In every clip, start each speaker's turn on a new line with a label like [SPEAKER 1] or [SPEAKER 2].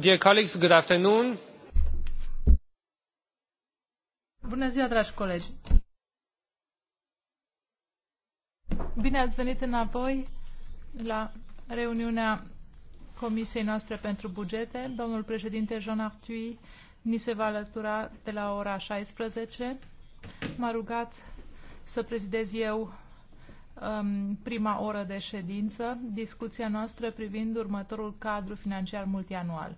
[SPEAKER 1] Dear colleagues, good afternoon.
[SPEAKER 2] Bună ziua, dragi colegi. Bine ați venit înapoi la reuniunea Comisiei noastre pentru bugete. Domnul președinte Jean Artui ni se va alătura de la ora 16. M-a rugat să prezidez eu Um, prima oră de ședință discuția noastră privind următorul cadru financiar multianual.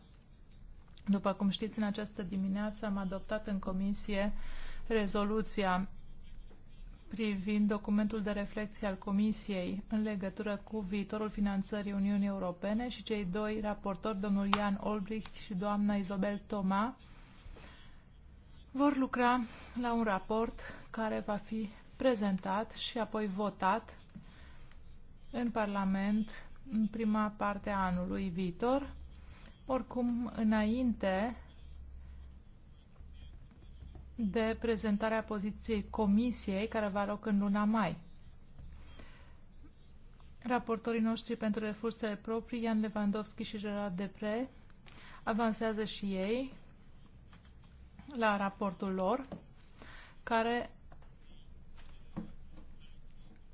[SPEAKER 2] După cum știți, în această dimineață am adoptat în comisie rezoluția privind documentul de reflexie al Comisiei în legătură cu viitorul finanțării Uniunii Europene și cei doi raportori, domnul Ian Olbricht și doamna Izabel Toma, vor lucra la un raport care va fi prezentat și apoi votat în Parlament în prima parte a anului viitor, oricum înainte de prezentarea poziției Comisiei care va loc în luna mai. Raportorii noștri pentru refursele proprii, Ian Lewandowski și Gerard Depre, avansează și ei la raportul lor, care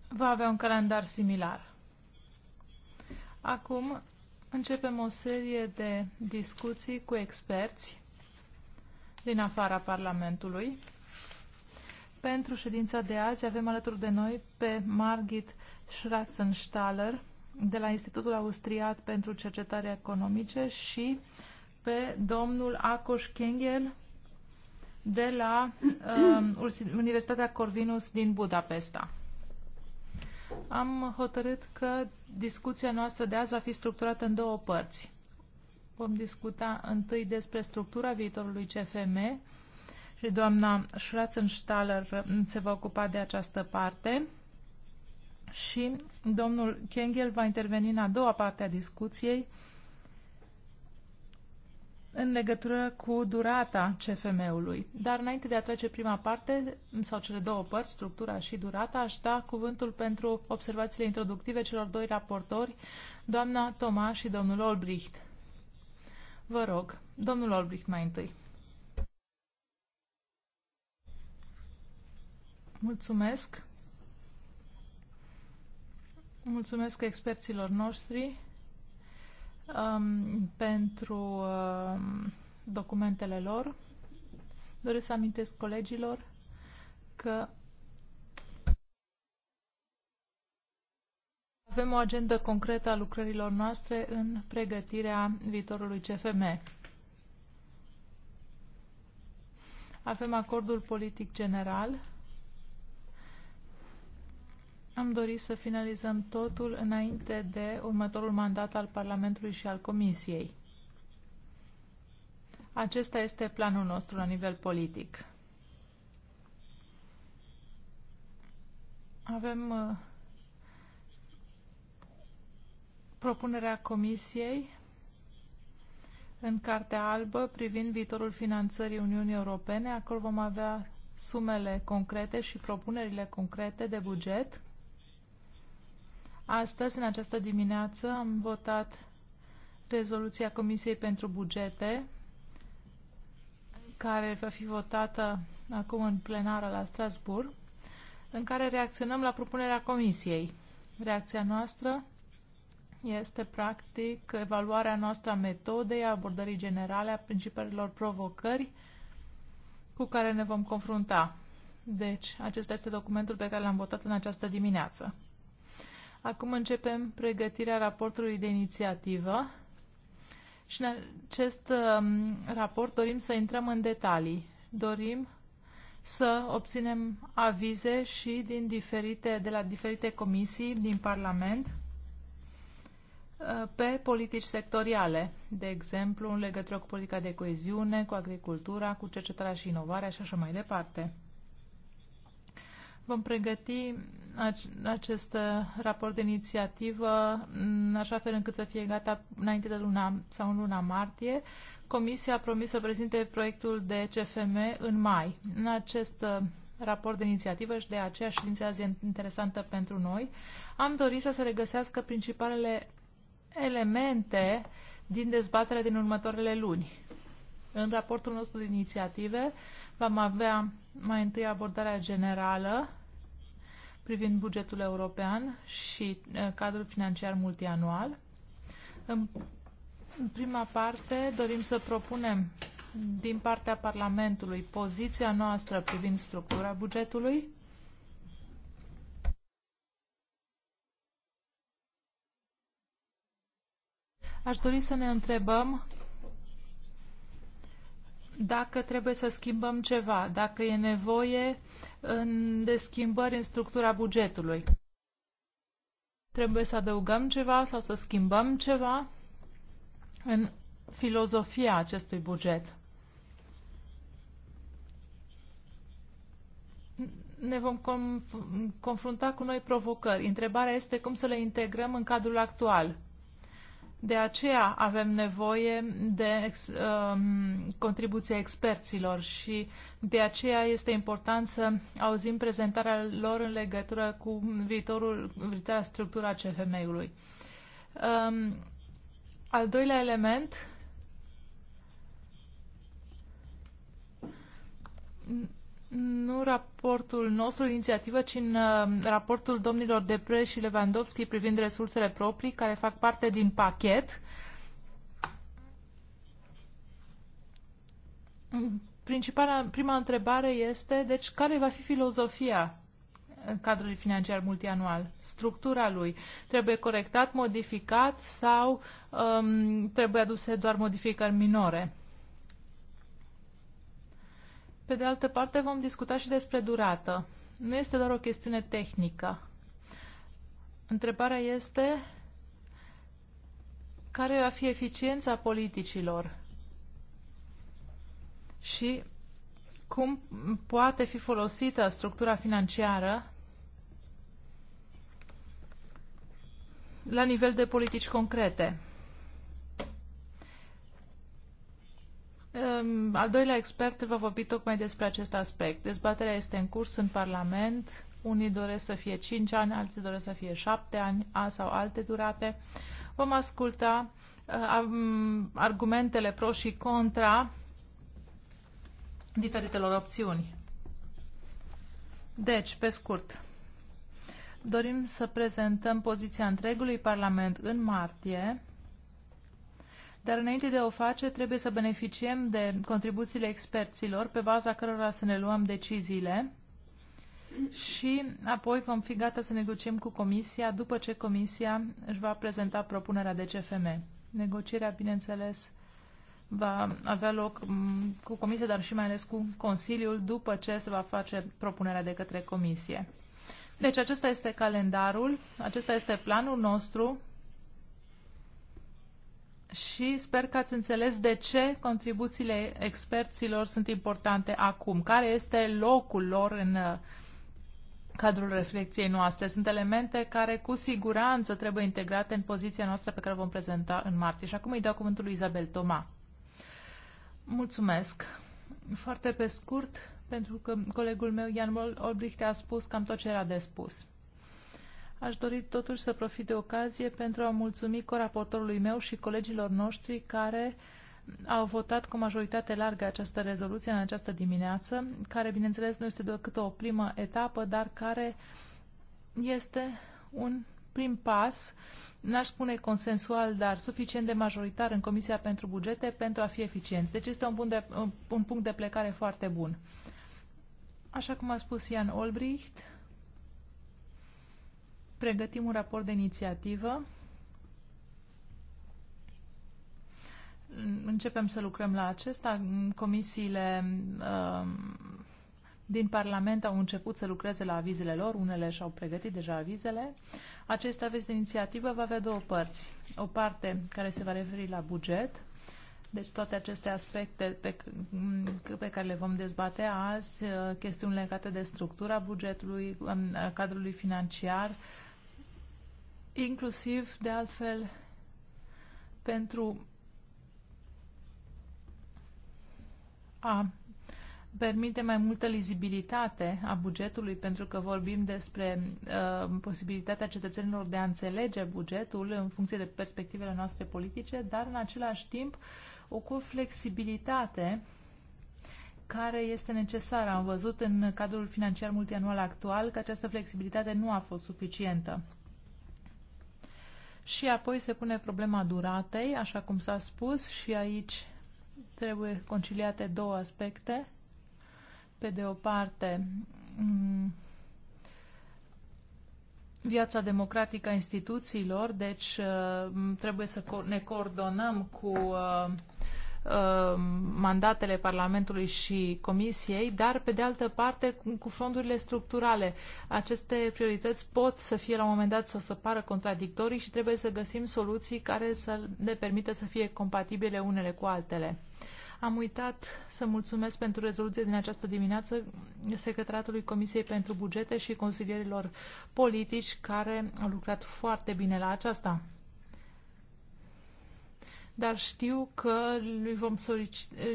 [SPEAKER 2] va avea un calendar similar. Acum începem o serie de discuții cu experți din afara Parlamentului. Pentru ședința de azi avem alături de noi pe Margit Schratzenstaller de la Institutul Austriat pentru Cercetare Economice și pe domnul Akos Kengel de la uh, Universitatea Corvinus din Budapesta am hotărât că discuția noastră de azi va fi structurată în două părți. Vom discuta întâi despre structura viitorului CFM și doamna Schratzenstaller se va ocupa de această parte și domnul Kengel va interveni în a doua parte a discuției în legătură cu durata CFM-ului. Dar înainte de a trece prima parte, sau cele două părți, structura și durata, aș da cuvântul pentru observațiile introductive celor doi raportori, doamna Toma și domnul Olbricht. Vă rog, domnul Olbricht mai întâi. Mulțumesc. Mulțumesc experților noștri um, pentru um, documentele lor. Doresc să amintesc colegilor că avem o agendă concretă a lucrărilor noastre în pregătirea viitorului CFM. Avem acordul politic general am dorit să finalizăm totul înainte de următorul mandat al Parlamentului și al Comisiei. Acesta este planul nostru la nivel politic. Avem uh, propunerea Comisiei în Cartea Albă privind viitorul finanțării Uniunii Europene. Acolo vom avea sumele concrete și propunerile concrete de buget Astăzi, în această dimineață, am votat rezoluția Comisiei pentru Bugete, care va fi votată acum în plenară la Strasburg, în care reacționăm la propunerea Comisiei. Reacția noastră este practic evaluarea noastră a metodei, a abordării generale, a principalelor provocări cu care ne vom confrunta. Deci, acesta este documentul pe care l-am votat în această dimineață. Acum începem pregătirea raportului de inițiativă și în acest um, raport dorim să intrăm în detalii. Dorim să obținem avize și din diferite, de la diferite comisii din Parlament uh, pe politici sectoriale, de exemplu în legătură cu politica de coeziune, cu agricultura, cu cercetarea și inovarea și așa mai departe. Vom pregăti acest uh, raport de inițiativă în așa fel încât să fie gata înainte de luna sau în luna martie. Comisia a promis să prezinte proiectul de CFM în mai. În acest uh, raport de inițiativă și de aceea ședință interesantă pentru noi, am dorit să se regăsească principalele elemente din dezbaterea din următoarele luni. În raportul nostru de inițiative vom avea mai întâi abordarea generală privind bugetul european și cadrul financiar multianual. În prima parte dorim să propunem din partea Parlamentului poziția noastră privind structura bugetului. Aș dori să ne întrebăm dacă trebuie să schimbăm ceva, dacă e nevoie în, de schimbări în structura bugetului. Trebuie să adăugăm ceva sau să schimbăm ceva în filozofia acestui buget. ne vom conf- confrunta cu noi provocări. Întrebarea este cum să le integrăm în cadrul actual. De aceea avem nevoie de ex, um, contribuția experților și de aceea este important să auzim prezentarea lor în legătură cu viitorul, viitoarea structură a CFM-ului. Um, al doilea element nu raportul nostru, inițiativă, ci în uh, raportul domnilor Depre și Lewandowski privind resursele proprii, care fac parte din pachet. Principala, prima întrebare este, deci, care va fi filozofia cadrului financiar multianual, structura lui? Trebuie corectat, modificat sau um, trebuie aduse doar modificări minore? Pe de altă parte, vom discuta și despre durată. Nu este doar o chestiune tehnică. Întrebarea este care va fi eficiența politicilor și cum poate fi folosită structura financiară la nivel de politici concrete. Ehm, al doilea expert va vorbi tocmai despre acest aspect. Dezbaterea este în curs în Parlament. Unii doresc să fie 5 ani, alții doresc să fie 7 ani a, sau alte durate. Vom asculta eh, argumentele pro și contra diferitelor opțiuni. Deci, pe scurt, dorim să prezentăm poziția întregului Parlament în martie dar înainte de a o face, trebuie să beneficiem de contribuțiile experților pe baza cărora să ne luăm deciziile și apoi vom fi gata să negociem cu Comisia după ce Comisia își va prezenta propunerea de CFM. Negocierea, bineînțeles, va avea loc mm, cu Comisia, dar și mai ales cu Consiliul după ce se va face propunerea de către Comisie. Deci acesta este calendarul, acesta este planul nostru și sper că ați înțeles de ce contribuțiile experților sunt importante acum, care este locul lor în uh, cadrul reflexiei noastre. Sunt elemente care cu siguranță trebuie integrate în poziția noastră pe care o vom prezenta în martie. Și acum îi dau cuvântul lui Isabel Toma. Mulțumesc. Foarte pe scurt, pentru că colegul meu, Jan Olbricht, a spus cam tot ce era de spus. Aș dori totuși să profit de ocazie pentru a mulțumi coraportorului meu și colegilor noștri care au votat cu majoritate largă această rezoluție în această dimineață, care, bineînțeles, nu este decât o primă etapă, dar care este un prim pas, n-aș spune consensual, dar suficient de majoritar în Comisia pentru Bugete pentru a fi eficienți. Deci este un, bun de, un punct de plecare foarte bun. Așa cum a spus Ian Olbricht, pregătim un raport de inițiativă. Începem să lucrăm la acesta. Comisiile uh, din Parlament au început să lucreze la avizele lor, unele și-au pregătit deja avizele. Acest aviz de inițiativă va avea două părți. O parte care se va referi la buget, deci toate aceste aspecte pe, pe care le vom dezbate azi, uh, chestiuni legate de structura bugetului, um, cadrului financiar, inclusiv, de altfel, pentru a permite mai multă lizibilitate a bugetului, pentru că vorbim despre uh, posibilitatea cetățenilor de a înțelege bugetul în funcție de perspectivele noastre politice, dar în același timp o cu flexibilitate care este necesară. Am văzut în cadrul financiar multianual actual că această flexibilitate nu a fost suficientă. Și apoi se pune problema duratei, așa cum s-a spus, și aici trebuie conciliate două aspecte. Pe de o parte, mm, viața democratică a instituțiilor, deci uh, trebuie să ne coordonăm cu uh, Uh, mandatele Parlamentului și Comisiei, dar pe de altă parte cu fondurile structurale. Aceste priorități pot să fie la un moment dat să se pară contradictorii și trebuie să găsim soluții care să ne permită să fie compatibile unele cu altele. Am uitat să mulțumesc pentru rezoluție din această dimineață Secretaratului Comisiei pentru Bugete și consilierilor politici care au lucrat foarte bine la aceasta dar știu că lui vom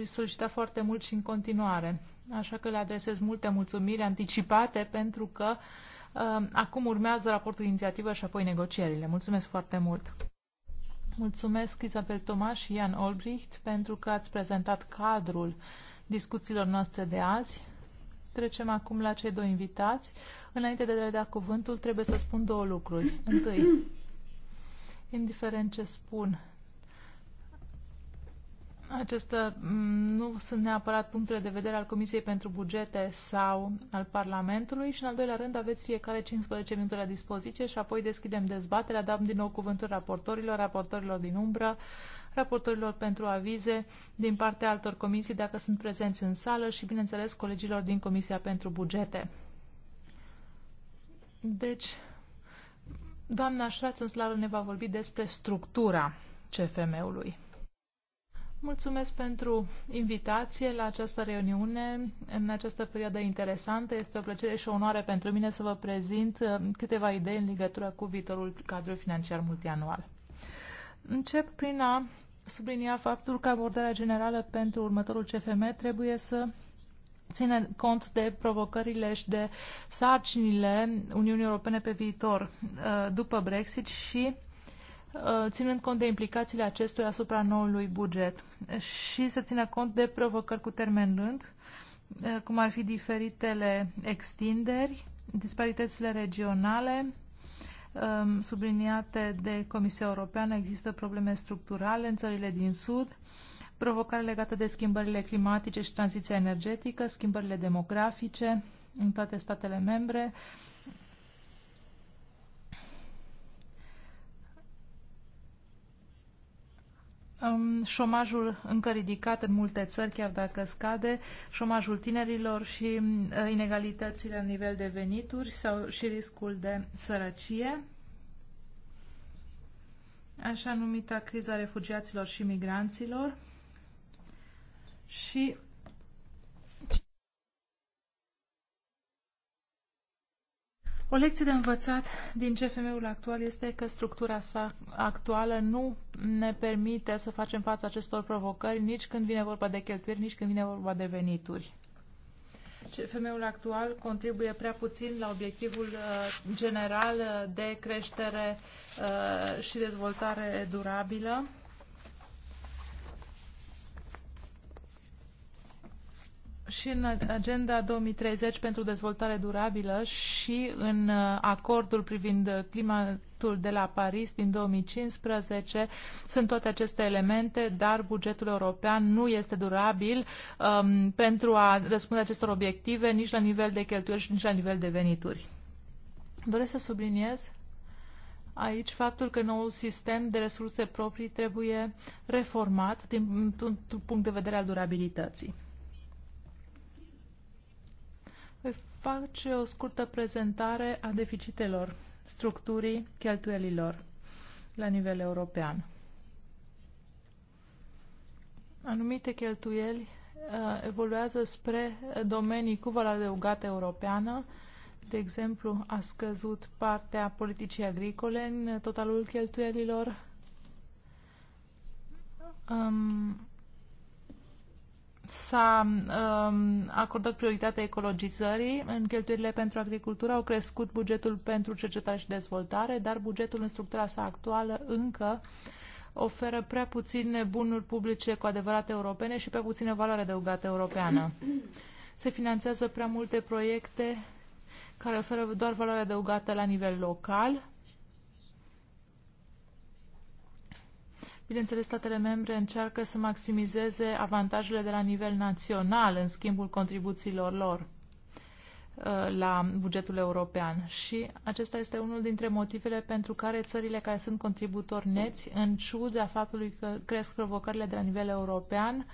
[SPEAKER 2] solicita foarte mult și în continuare. Așa că le adresez multe mulțumiri anticipate pentru că uh, acum urmează raportul inițiativă și apoi negocierile. Mulțumesc foarte mult! Mulțumesc Isabel Tomaș și Ian Olbricht pentru că ați prezentat cadrul discuțiilor noastre de azi. Trecem acum la cei doi invitați. Înainte de a le da cuvântul, trebuie să spun două lucruri. Întâi, indiferent ce spun, Acestea mm, nu sunt neapărat punctele de vedere al Comisiei pentru Bugete sau al Parlamentului și, în al doilea rând, aveți fiecare 15 minute la dispoziție și apoi deschidem dezbaterea, dăm din nou cuvântul raportorilor, raportorilor din umbră, raportorilor pentru avize din partea altor comisii dacă sunt prezenți în sală și, bineînțeles, colegilor din Comisia pentru Bugete. Deci, doamna Șrațânslaru ne va vorbi despre structura CFM-ului. Mulțumesc pentru invitație la această reuniune, în această perioadă interesantă. Este o plăcere și o onoare pentru mine să vă prezint uh, câteva idei în legătură cu viitorul cadru financiar multianual. Încep prin a sublinia faptul că abordarea generală pentru următorul CFM trebuie să ține cont de provocările și de sarcinile Uniunii Europene pe viitor uh, după Brexit și Uh, ținând cont de implicațiile acestuia asupra noului buget și să țină cont de provocări cu termen lung, uh, cum ar fi diferitele extinderi, disparitățile regionale, um, subliniate de Comisia Europeană, există probleme structurale în țările din Sud, provocare legată de schimbările climatice și tranziția energetică, schimbările demografice în toate statele membre, uh, șomajul încă ridicat în multe țări, chiar dacă scade, șomajul tinerilor și inegalitățile la nivel de venituri sau și riscul de sărăcie, așa numita criza refugiaților și migranților și O lecție de învățat din CFM-ul actual este că structura sa actuală nu ne permite să facem față acestor provocări nici când vine vorba de cheltuieli, nici când vine vorba de venituri. CFM-ul actual contribuie prea puțin la obiectivul uh, general uh, de creștere uh, și dezvoltare durabilă și în agenda 2030 pentru dezvoltare durabilă și în uh, acordul privind climatul de la Paris din 2015 sunt toate aceste elemente, dar bugetul european nu este durabil um, pentru a răspunde acestor obiective nici la nivel de cheltuieli și nici la nivel de venituri. Doresc să subliniez aici faptul că noul sistem de resurse proprii trebuie reformat din punct de vedere al durabilității. Voi face o scurtă prezentare a deficitelor structurii cheltuielilor la nivel european. Anumite cheltuieli uh, evoluează spre domenii cu valoare adăugată europeană. De exemplu, a scăzut partea politicii agricole în totalul cheltuielilor. Um, s-a um, acordat prioritatea ecologizării în cheltuielile pentru agricultură, au crescut bugetul pentru cercetare și dezvoltare, dar bugetul în structura sa actuală încă oferă prea puține bunuri publice cu adevărat europene și prea puține valoare adăugată europeană. Se finanțează prea multe proiecte care oferă doar valoare adăugată la nivel local, Bineînțeles, statele membre încearcă să maximizeze avantajele de la nivel național în schimbul contribuțiilor lor uh, la bugetul european și acesta este unul dintre motivele pentru care țările care sunt contributori neți, în ciuda faptului că cresc provocările de la nivel european,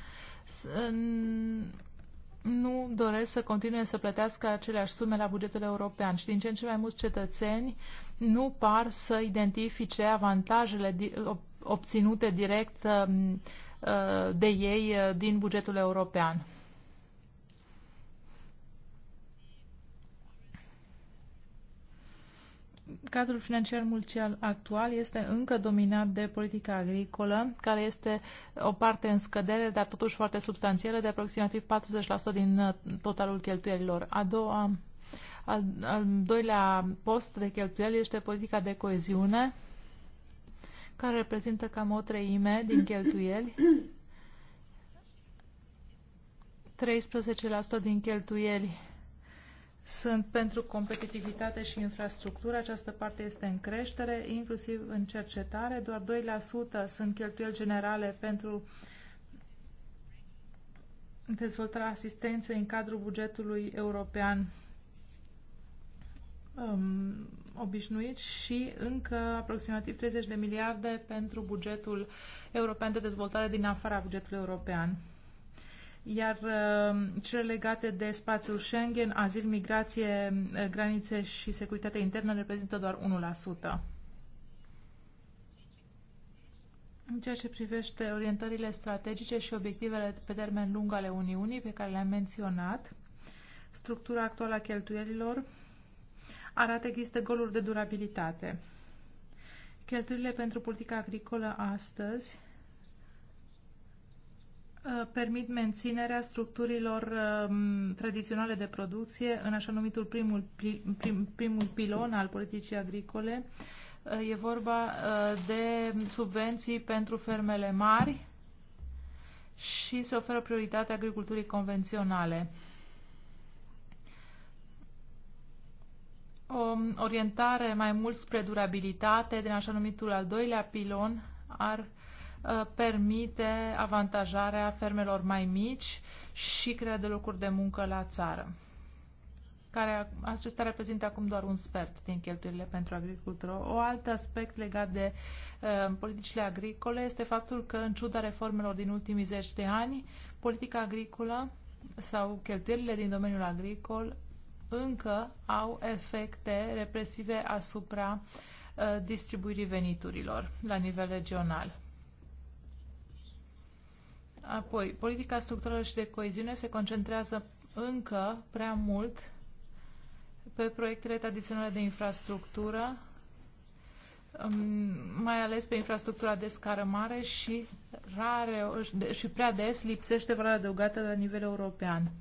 [SPEAKER 2] nu doresc să continue să plătească aceleași sume la bugetul european și din ce în ce mai mulți cetățeni nu par să identifice avantajele obținute direct um, uh, de ei uh, din bugetul european. Cadrul financiar multial actual este încă dominat de politica agricolă, care este o parte în scădere, dar totuși foarte substanțială, de aproximativ 40% din uh, totalul cheltuielilor. A doua al, al doilea post de cheltuieli este politica de coeziune, care reprezintă cam o treime din cheltuieli. 13% din cheltuieli sunt pentru competitivitate și infrastructură. Această parte este în creștere, inclusiv în cercetare. Doar 2% sunt cheltuieli generale pentru dezvoltarea asistenței în cadrul bugetului european um, obișnuit și încă aproximativ 30 de miliarde pentru bugetul european de dezvoltare din afara bugetului european. Iar um, cele legate de spațiul Schengen, azil, migrație, uh, granițe și securitate internă reprezintă doar 1%. În ceea ce privește orientările strategice și obiectivele pe termen lung ale Uniunii pe care le-am menționat, structura actuală a cheltuielilor arată există goluri de durabilitate. Cheltuielile pentru politica agricolă astăzi uh, permit menținerea structurilor um, tradiționale de producție în așa numitul primul, prim, primul pilon al politicii agricole. Uh, e vorba uh, de subvenții pentru fermele mari și se oferă prioritate agriculturii convenționale. o um, orientare mai mult spre durabilitate din așa numitul al doilea pilon ar uh, permite avantajarea fermelor mai mici și crearea de locuri de muncă la țară, care acestea reprezintă acum doar un sfert din cheltuielile pentru agricultură. O alt aspect legat de uh, politicile agricole este faptul că, în ciuda reformelor din ultimii zeci de ani, politica agricolă sau cheltuielile din domeniul agricol încă au efecte represive asupra uh, distribuirii veniturilor la nivel regional. Apoi, politica structurală și de coeziune se concentrează încă prea mult pe proiectele tradiționale de infrastructură, um, mai ales pe infrastructura de scară mare și, rare, și prea des lipsește valoarea adăugată la nivel european.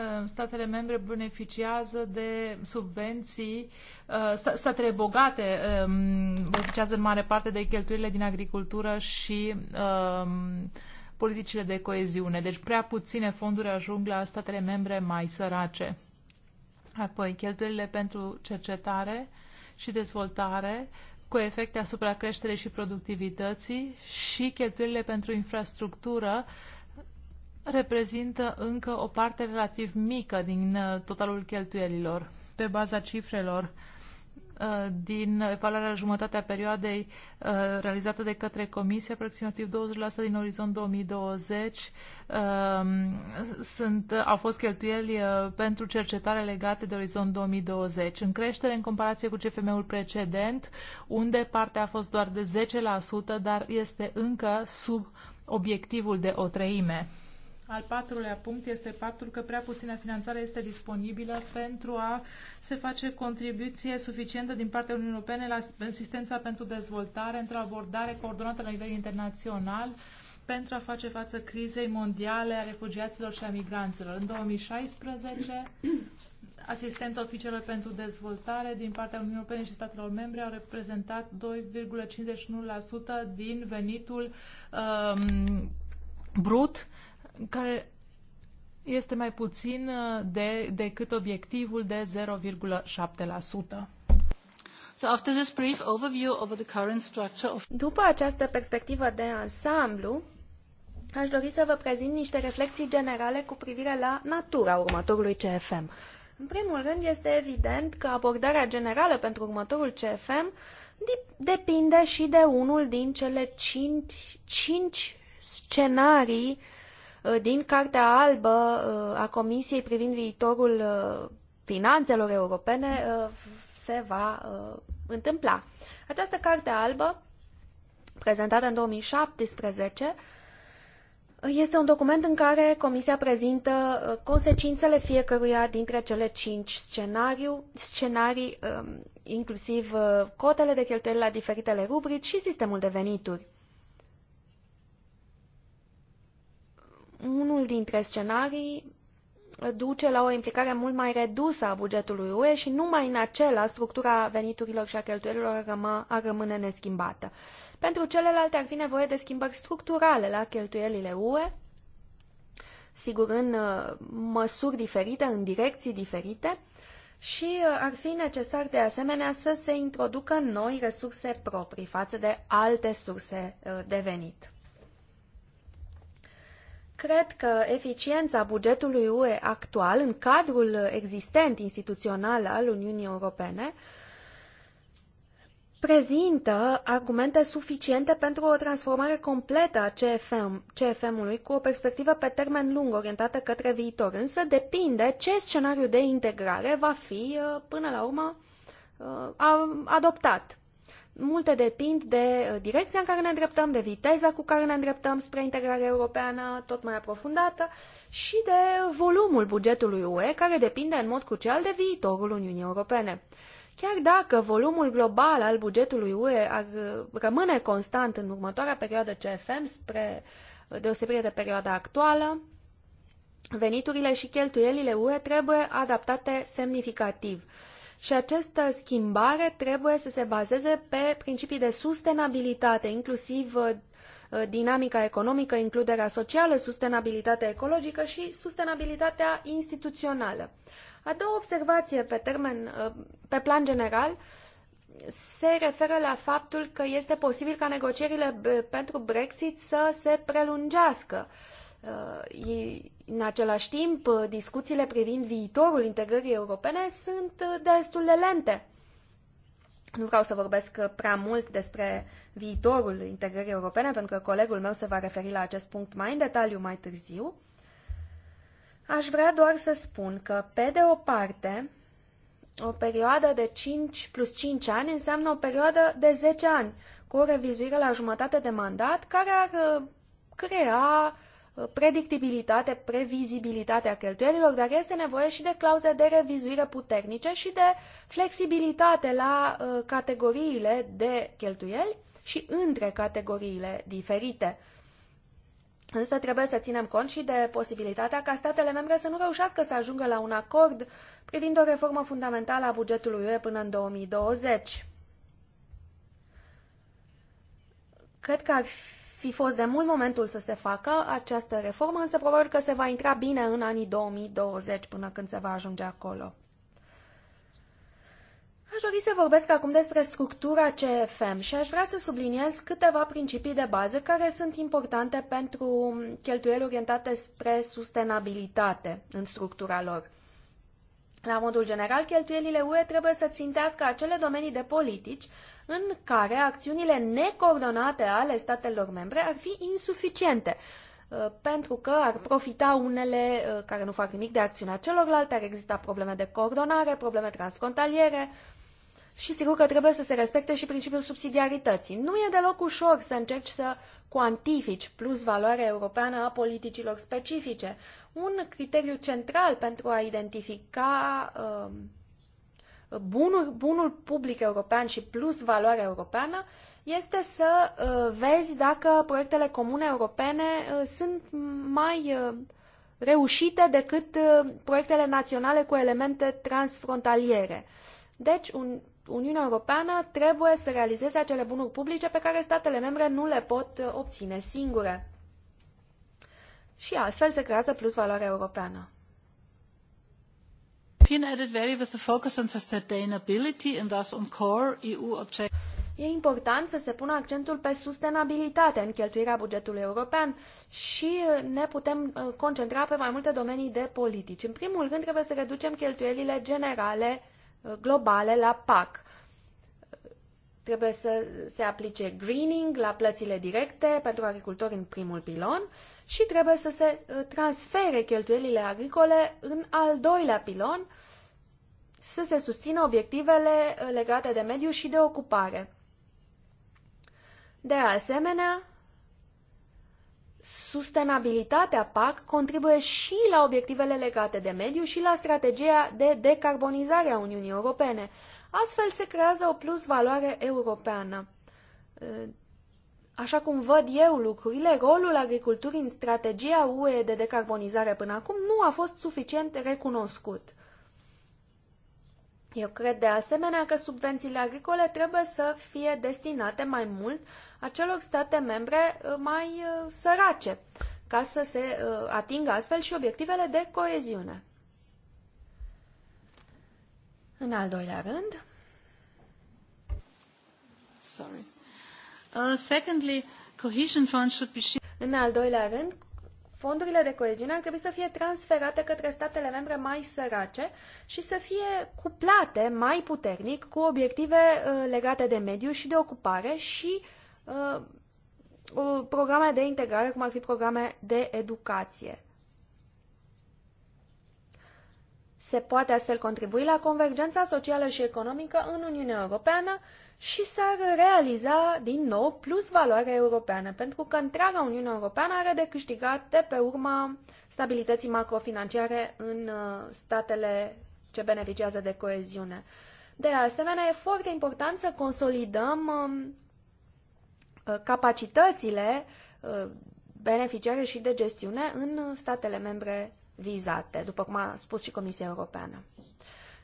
[SPEAKER 2] Uh, statele membre beneficiază de subvenții, uh, statele bogate um, beneficiază în mare parte de cheltuielile din agricultură și um, politicile de coeziune. Deci prea puține fonduri ajung la statele membre mai sărace. Apoi, cheltuielile pentru cercetare și dezvoltare cu efecte asupra creșterii și productivității și cheltuielile pentru infrastructură uh, reprezintă încă o parte relativ mică din uh, totalul cheltuielilor. Pe baza cifrelor uh, din evaluarea jumătatea perioadei uh, realizată de către Comisie, aproximativ 20% din orizont 2020 um, sunt, au fost cheltuieli pentru cercetare legate de orizont 2020. În creștere în comparație cu CFM-ul precedent, unde partea a fost doar de 10%, dar este încă sub obiectivul de o treime. Al patrulea punct este faptul că prea puțină finanțare este disponibilă pentru a se face contribuție suficientă din partea Uniunii Europene la asistența pentru dezvoltare într-o abordare coordonată la nivel internațional pentru a face față crizei mondiale a refugiaților și a migranților. În 2016, asistența oficială pentru dezvoltare din partea Uniunii Europene și statelor membre au reprezentat 2,51% din venitul um, brut care este mai puțin uh, de, decât obiectivul de 0,7%. So
[SPEAKER 3] after this brief overview over the current structure of... După această perspectivă de ansamblu, aș dori să vă prezint niște reflexii generale cu privire la natura următorului CFM. În primul rând, este evident că abordarea generală pentru următorul CFM depinde și de unul din cele cinci, cinci scenarii uh, Uh, din Cartea Albă uh, a Comisiei privind viitorul uh, finanțelor europene se va întâmpla. Această Carte Albă, prezentată în 2017, este un document în care Comisia prezintă consecințele fiecăruia dintre cele cinci scenariu, scenarii, um, inclusiv cotele de cheltuieli la diferitele rubrici și sistemul de venituri. unul dintre scenarii duce la o implicare mult mai redusă a bugetului UE și numai în acela structura veniturilor și a cheltuielilor ar, rămâne neschimbată. Pentru celelalte ar fi nevoie de schimbări structurale la cheltuielile UE, sigur în uh, măsuri diferite, în direcții diferite, și uh, ar fi necesar de asemenea să se introducă noi resurse proprii față de alte surse uh, de venit. Cred că eficiența bugetului UE actual, în cadrul existent instituțional al Uniunii Europene, prezintă argumente suficiente pentru o transformare completă a CFM, CFM-ului cu o perspectivă pe termen lung orientată către viitor, însă depinde ce scenariu de integrare va fi uh, până la urmă uh, adoptat. Multe depind de uh, direcția în care ne îndreptăm, de viteza cu care ne îndreptăm spre integrarea europeană tot mai aprofundată și de volumul bugetului UE, care depinde în mod crucial de viitorul Uniunii Europene. Chiar dacă volumul global al bugetului UE ar uh, rămâne constant în următoarea perioadă CFM, spre uh, deosebire de perioada actuală, veniturile și cheltuielile UE trebuie adaptate semnificativ. Și această schimbare trebuie să se bazeze pe principii de sustenabilitate, inclusiv uh, dinamica economică, includerea socială, sustenabilitatea ecologică și sustenabilitatea instituțională. A doua observație pe termen, uh, pe plan general, se referă la faptul că este posibil ca negocierile uh, pentru Brexit să se prelungească. În același timp, discuțiile privind viitorul integrării europene sunt uh, destul de lente. Nu vreau să vorbesc uh, prea mult despre viitorul integrării europene, pentru că colegul meu se va referi la acest punct mai în detaliu mai târziu. Aș vrea doar să spun că, pe de o parte, o perioadă de 5 plus 5 ani înseamnă o perioadă de 10 ani, cu o revizuire la jumătate de mandat, care ar uh, crea predictibilitate, a cheltuielilor, dar este nevoie și de clauze de revizuire puternice și de flexibilitate la uh, categoriile de cheltuieli și între categoriile diferite. Însă trebuie să ținem cont și de posibilitatea ca statele membre să nu reușească să ajungă la un acord privind o reformă fundamentală a bugetului UE până în 2020. Cred că ar fi fi fost de mult momentul să se facă această reformă, însă probabil că se va intra bine în anii 2020 până când se va ajunge acolo. Aș dori să vorbesc acum despre structura CFM și aș vrea să subliniez câteva principii de bază care sunt importante pentru cheltuieli orientate spre sustenabilitate în structura lor. La modul general, cheltuielile UE trebuie să țintească acele domenii de politici în care acțiunile necoordonate ale statelor membre ar fi insuficiente uh, pentru că ar profita unele uh, care nu fac nimic de acțiunea celorlalte, ar exista probleme de coordonare, probleme transfrontaliere și sigur că trebuie să se respecte și principiul subsidiarității. Nu e deloc ușor să încerci să cuantifici plus valoarea europeană a politicilor specifice. Un criteriu central pentru a identifica uh, bunul bunul public european și plus valoarea europeană este să uh, vezi dacă proiectele comune europene uh, sunt mai uh, reușite decât proiectele naționale cu elemente transfrontaliere. Deci, un, Uniunea Europeană trebuie să realizeze acele bunuri publice pe care statele membre nu le pot obține singure. Și astfel se creează plus valoarea europeană. European added value with a focus on sustainability and thus on core EU objectives. E important să se pună accentul pe sustenabilitate în cheltuirea bugetului european și uh, ne putem uh, concentra pe mai multe domenii de politici. În primul rând, trebuie să reducem cheltuielile generale uh, globale la PAC. Trebuie să se aplice greening la plățile directe pentru agricultori în primul pilon și trebuie să se uh, transfere cheltuielile agricole în al doilea pilon, să se susțină obiectivele uh, legate de mediu și de ocupare. De asemenea, sustenabilitatea PAC contribuie și la obiectivele legate de mediu și la strategia de decarbonizare a Uniunii Europene. Astfel se creează o plus valoare europeană. Uh, Așa cum văd eu lucrurile, rolul agriculturii în strategia UE de decarbonizare până acum nu a fost suficient recunoscut. Eu cred de asemenea că subvențiile agricole trebuie să fie destinate mai mult acelor state membre uh, mai uh, sărace, ca să se uh, atingă astfel și obiectivele de coeziune. În al doilea rând. Sorry. Uh, secondly, cohesion funds should be În al doilea rând, fondurile de coeziune ar trebui să fie transferate către statele membre mai sărace și să fie cuplate mai puternic cu obiective uh, legate de mediu și de ocupare și uh, programe de integrare, cum ar fi programe de educație. Se poate astfel contribui la convergența socială și economică în Uniunea Europeană și s-ar realiza din nou plus valoarea europeană, pentru că întreaga Uniune Europeană are de câștigat de pe urma stabilității macrofinanciare în uh, statele ce beneficiază de coeziune. De asemenea, e foarte important să consolidăm um, uh, capacitățile uh, beneficiare și de gestiune în statele membre vizate, după cum a spus și Comisia Europeană.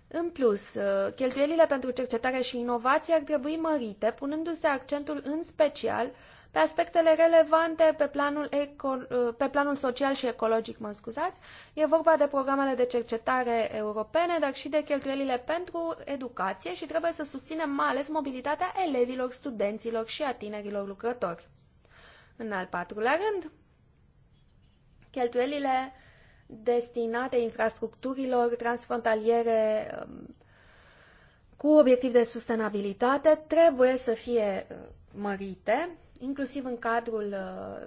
[SPEAKER 3] În plus, uh, cheltuielile pentru cercetare și inovație ar trebui mărite, punându-se accentul în special pe aspectele relevante pe planul, eco, uh, pe planul social și ecologic, mă scuzați. E vorba de programele de cercetare europene, dar și de cheltuielile pentru educație și trebuie să susținem mai ales mobilitatea elevilor, studenților și a tinerilor lucrători. În al patrulea rând, cheltuielile destinate infrastructurilor transfrontaliere um, cu obiectiv de sustenabilitate trebuie să fie uh, mărite, inclusiv în cadrul uh,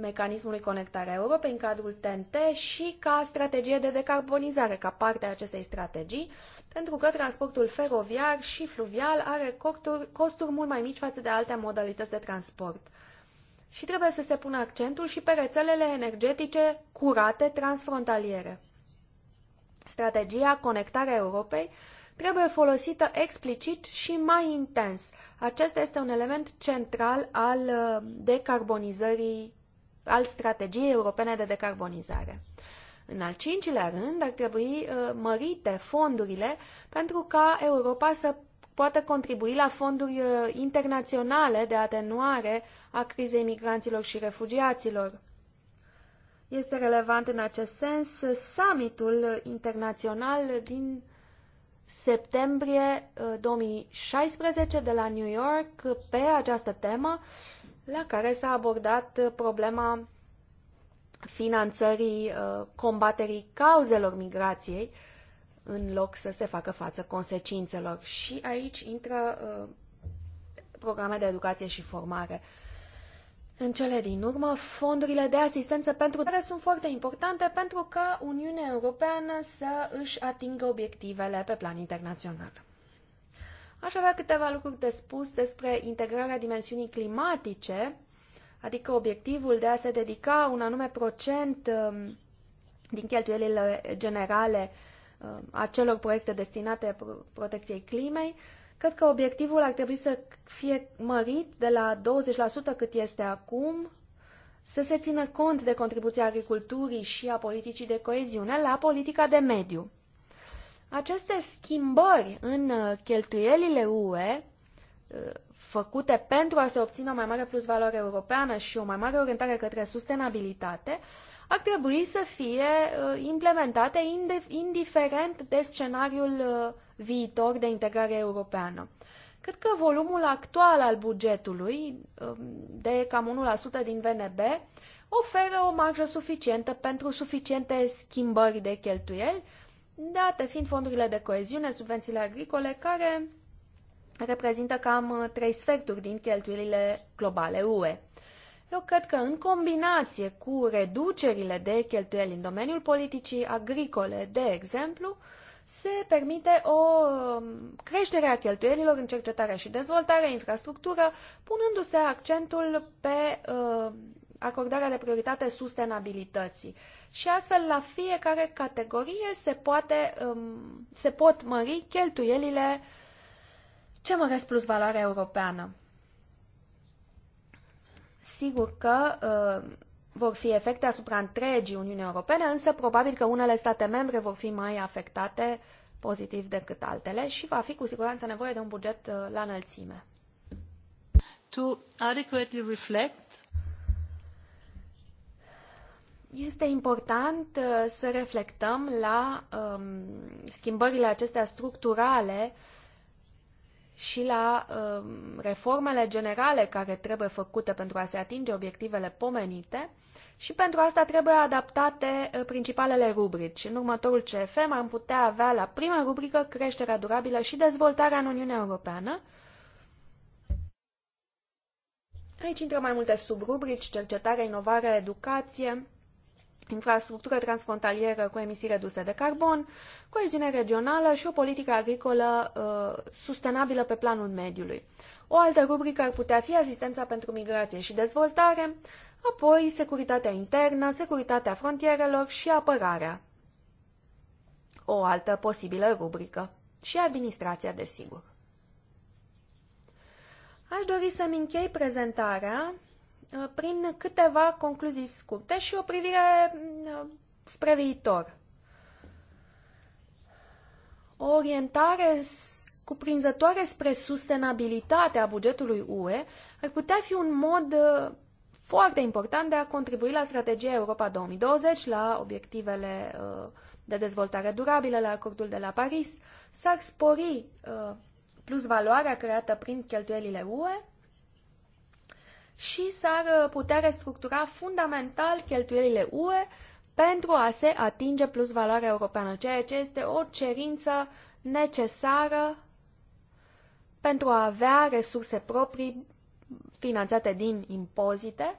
[SPEAKER 3] mecanismului Conectarea Europei, în cadrul TNT și ca strategie de decarbonizare, ca parte a acestei strategii, pentru că transportul feroviar și fluvial are costuri, costuri mult mai mici față de alte modalități de transport și trebuie să se pună accentul și pe rețelele energetice curate transfrontaliere. Strategia Conectarea Europei trebuie folosită explicit și mai intens. Acesta este un element central al uh, decarbonizării, al strategiei europene de decarbonizare. În al cincilea rând, ar trebui uh, mărite fondurile pentru ca Europa să poată contribui la fonduri uh, internaționale de atenuare a crizei migranților și refugiaților. Este relevant în acest sens summitul internațional din septembrie 2016 uh, de la New York pe această temă, la care s-a abordat problema finanțării uh, combaterii cauzelor migrației în loc să se facă față consecințelor. Și aici intră uh, programe de educație și formare. În cele din urmă, fondurile de asistență pentru care sunt foarte importante pentru ca Uniunea Europeană să își atingă obiectivele pe plan internațional. Aș avea câteva lucruri de spus despre integrarea dimensiunii climatice, adică obiectivul de a se dedica un anume procent um, din cheltuielile generale Uh, acelor proiecte destinate protecției climei, cred că obiectivul ar trebui să fie mărit de la 20% cât este acum, să se țină cont de contribuția agriculturii și a politicii de coeziune la politica de mediu. Aceste schimbări în uh, cheltuielile UE uh, făcute pentru a se obține o mai mare plusvaloare europeană și o mai mare orientare către sustenabilitate ar trebui să fie uh, implementate indiferent de scenariul uh, viitor de integrare europeană. Cred că volumul actual al bugetului, um, de cam 1% din VNB, oferă o marjă suficientă pentru suficiente schimbări de cheltuieli, date fiind fondurile de coeziune, subvențiile agricole, care reprezintă cam trei sferturi din cheltuielile globale UE. Eu cred că în combinație cu reducerile de cheltuieli în domeniul politicii agricole, de exemplu, se permite o um, creștere a cheltuielilor în cercetarea și dezvoltare, infrastructură, punându-se accentul pe uh, acordarea de prioritate sustenabilității. Și astfel, la fiecare categorie se, poate, um, se pot mări cheltuielile ce măresc plus valoarea europeană. Sigur că uh, vor fi efecte asupra întregii Uniuni Europene, însă probabil că unele state membre vor fi mai afectate pozitiv decât altele și va fi cu siguranță nevoie de un buget uh, la înălțime. To adequately reflect este important uh, să reflectăm la um, schimbările acestea structurale uh, și la uh, reformele generale care trebuie făcute pentru a se atinge obiectivele pomenite și pentru asta trebuie adaptate uh, principalele rubrici. În următorul CFM am putea avea la prima rubrică creșterea durabilă și dezvoltarea în Uniunea Europeană. Aici intră mai multe subrubrici, cercetare, inovare, educație, infrastructură transfrontalieră cu emisii reduse de carbon, coeziune regională și o politică agricolă uh, sustenabilă pe planul mediului. O altă rubrică ar putea fi asistența pentru migrație și dezvoltare, apoi securitatea internă, securitatea frontierelor și apărarea. O altă posibilă rubrică și administrația, desigur. Aș dori să-mi închei prezentarea Uh, prin câteva concluzii scurte și o privire mm, uh, spre viitor. O orientare cuprinzătoare spre sustenabilitatea bugetului UE ar putea fi un mod uh, foarte important de a contribui la strategia Europa 2020, la obiectivele de dezvoltare durabilă, la acordul de la Paris. S-ar spori plus valoarea creată prin cheltuielile UE și s-ar uh, putea restructura fundamental cheltuielile UE pentru a se atinge plus valoarea europeană, ceea ce este o cerință necesară pentru a avea resurse proprii finanțate din impozite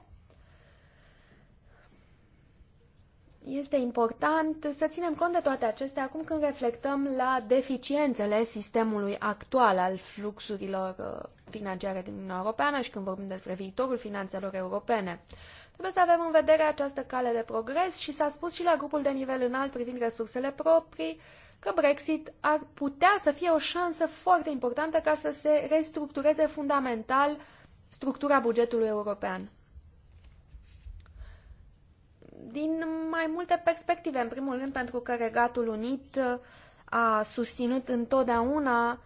[SPEAKER 3] Este important să ținem cont de toate acestea acum când reflectăm la deficiențele sistemului actual al fluxurilor uh, financiare din Uniunea Europeană și când vorbim despre viitorul finanțelor europene. Trebuie să avem în vedere această cale de progres și s-a spus și la grupul de nivel înalt privind resursele proprii că Brexit ar putea să fie o șansă foarte importantă ca să se restructureze fundamental structura bugetului european din mai multe perspective. În primul rând pentru că Regatul Unit uh, a susținut întotdeauna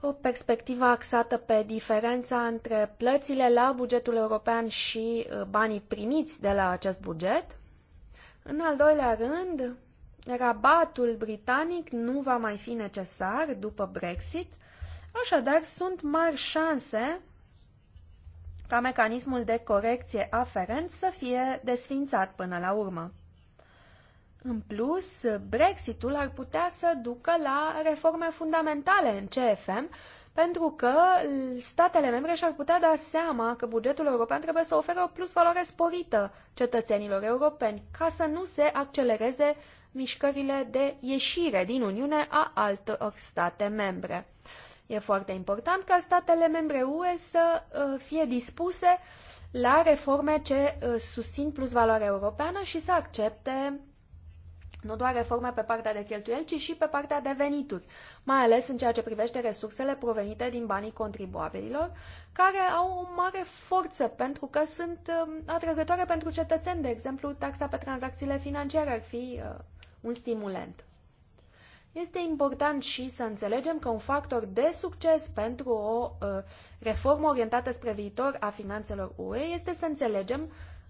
[SPEAKER 3] o perspectivă axată pe diferența între plățile la bugetul european și uh, banii primiți de la acest buget. În al doilea rând, rabatul britanic nu va mai fi necesar după Brexit, așadar sunt mari șanse ca mecanismul de corecție aferent să fie desfințat până la urmă. În plus, Brexitul ar putea să ducă la reforme fundamentale în CFM, pentru că statele membre și-ar putea da seama că bugetul european trebuie să ofere o plusvaloare sporită cetățenilor europeni, ca să nu se accelereze mișcările de ieșire din Uniune a altor state membre. E foarte important ca statele membre UE să uh, fie dispuse la reforme ce uh, susțin plus valoarea europeană și să accepte nu doar reforme pe partea de cheltuieli, ci și pe partea de venituri, mai ales în ceea ce privește resursele provenite din banii contribuabililor, care au o mare forță pentru că sunt um, atrăgătoare pentru cetățeni. De exemplu, taxa pe tranzacțiile financiare ar fi uh, un stimulent. Este important și să înțelegem că un factor de succes pentru o uh, reformă orientată spre viitor a finanțelor UE este să înțelegem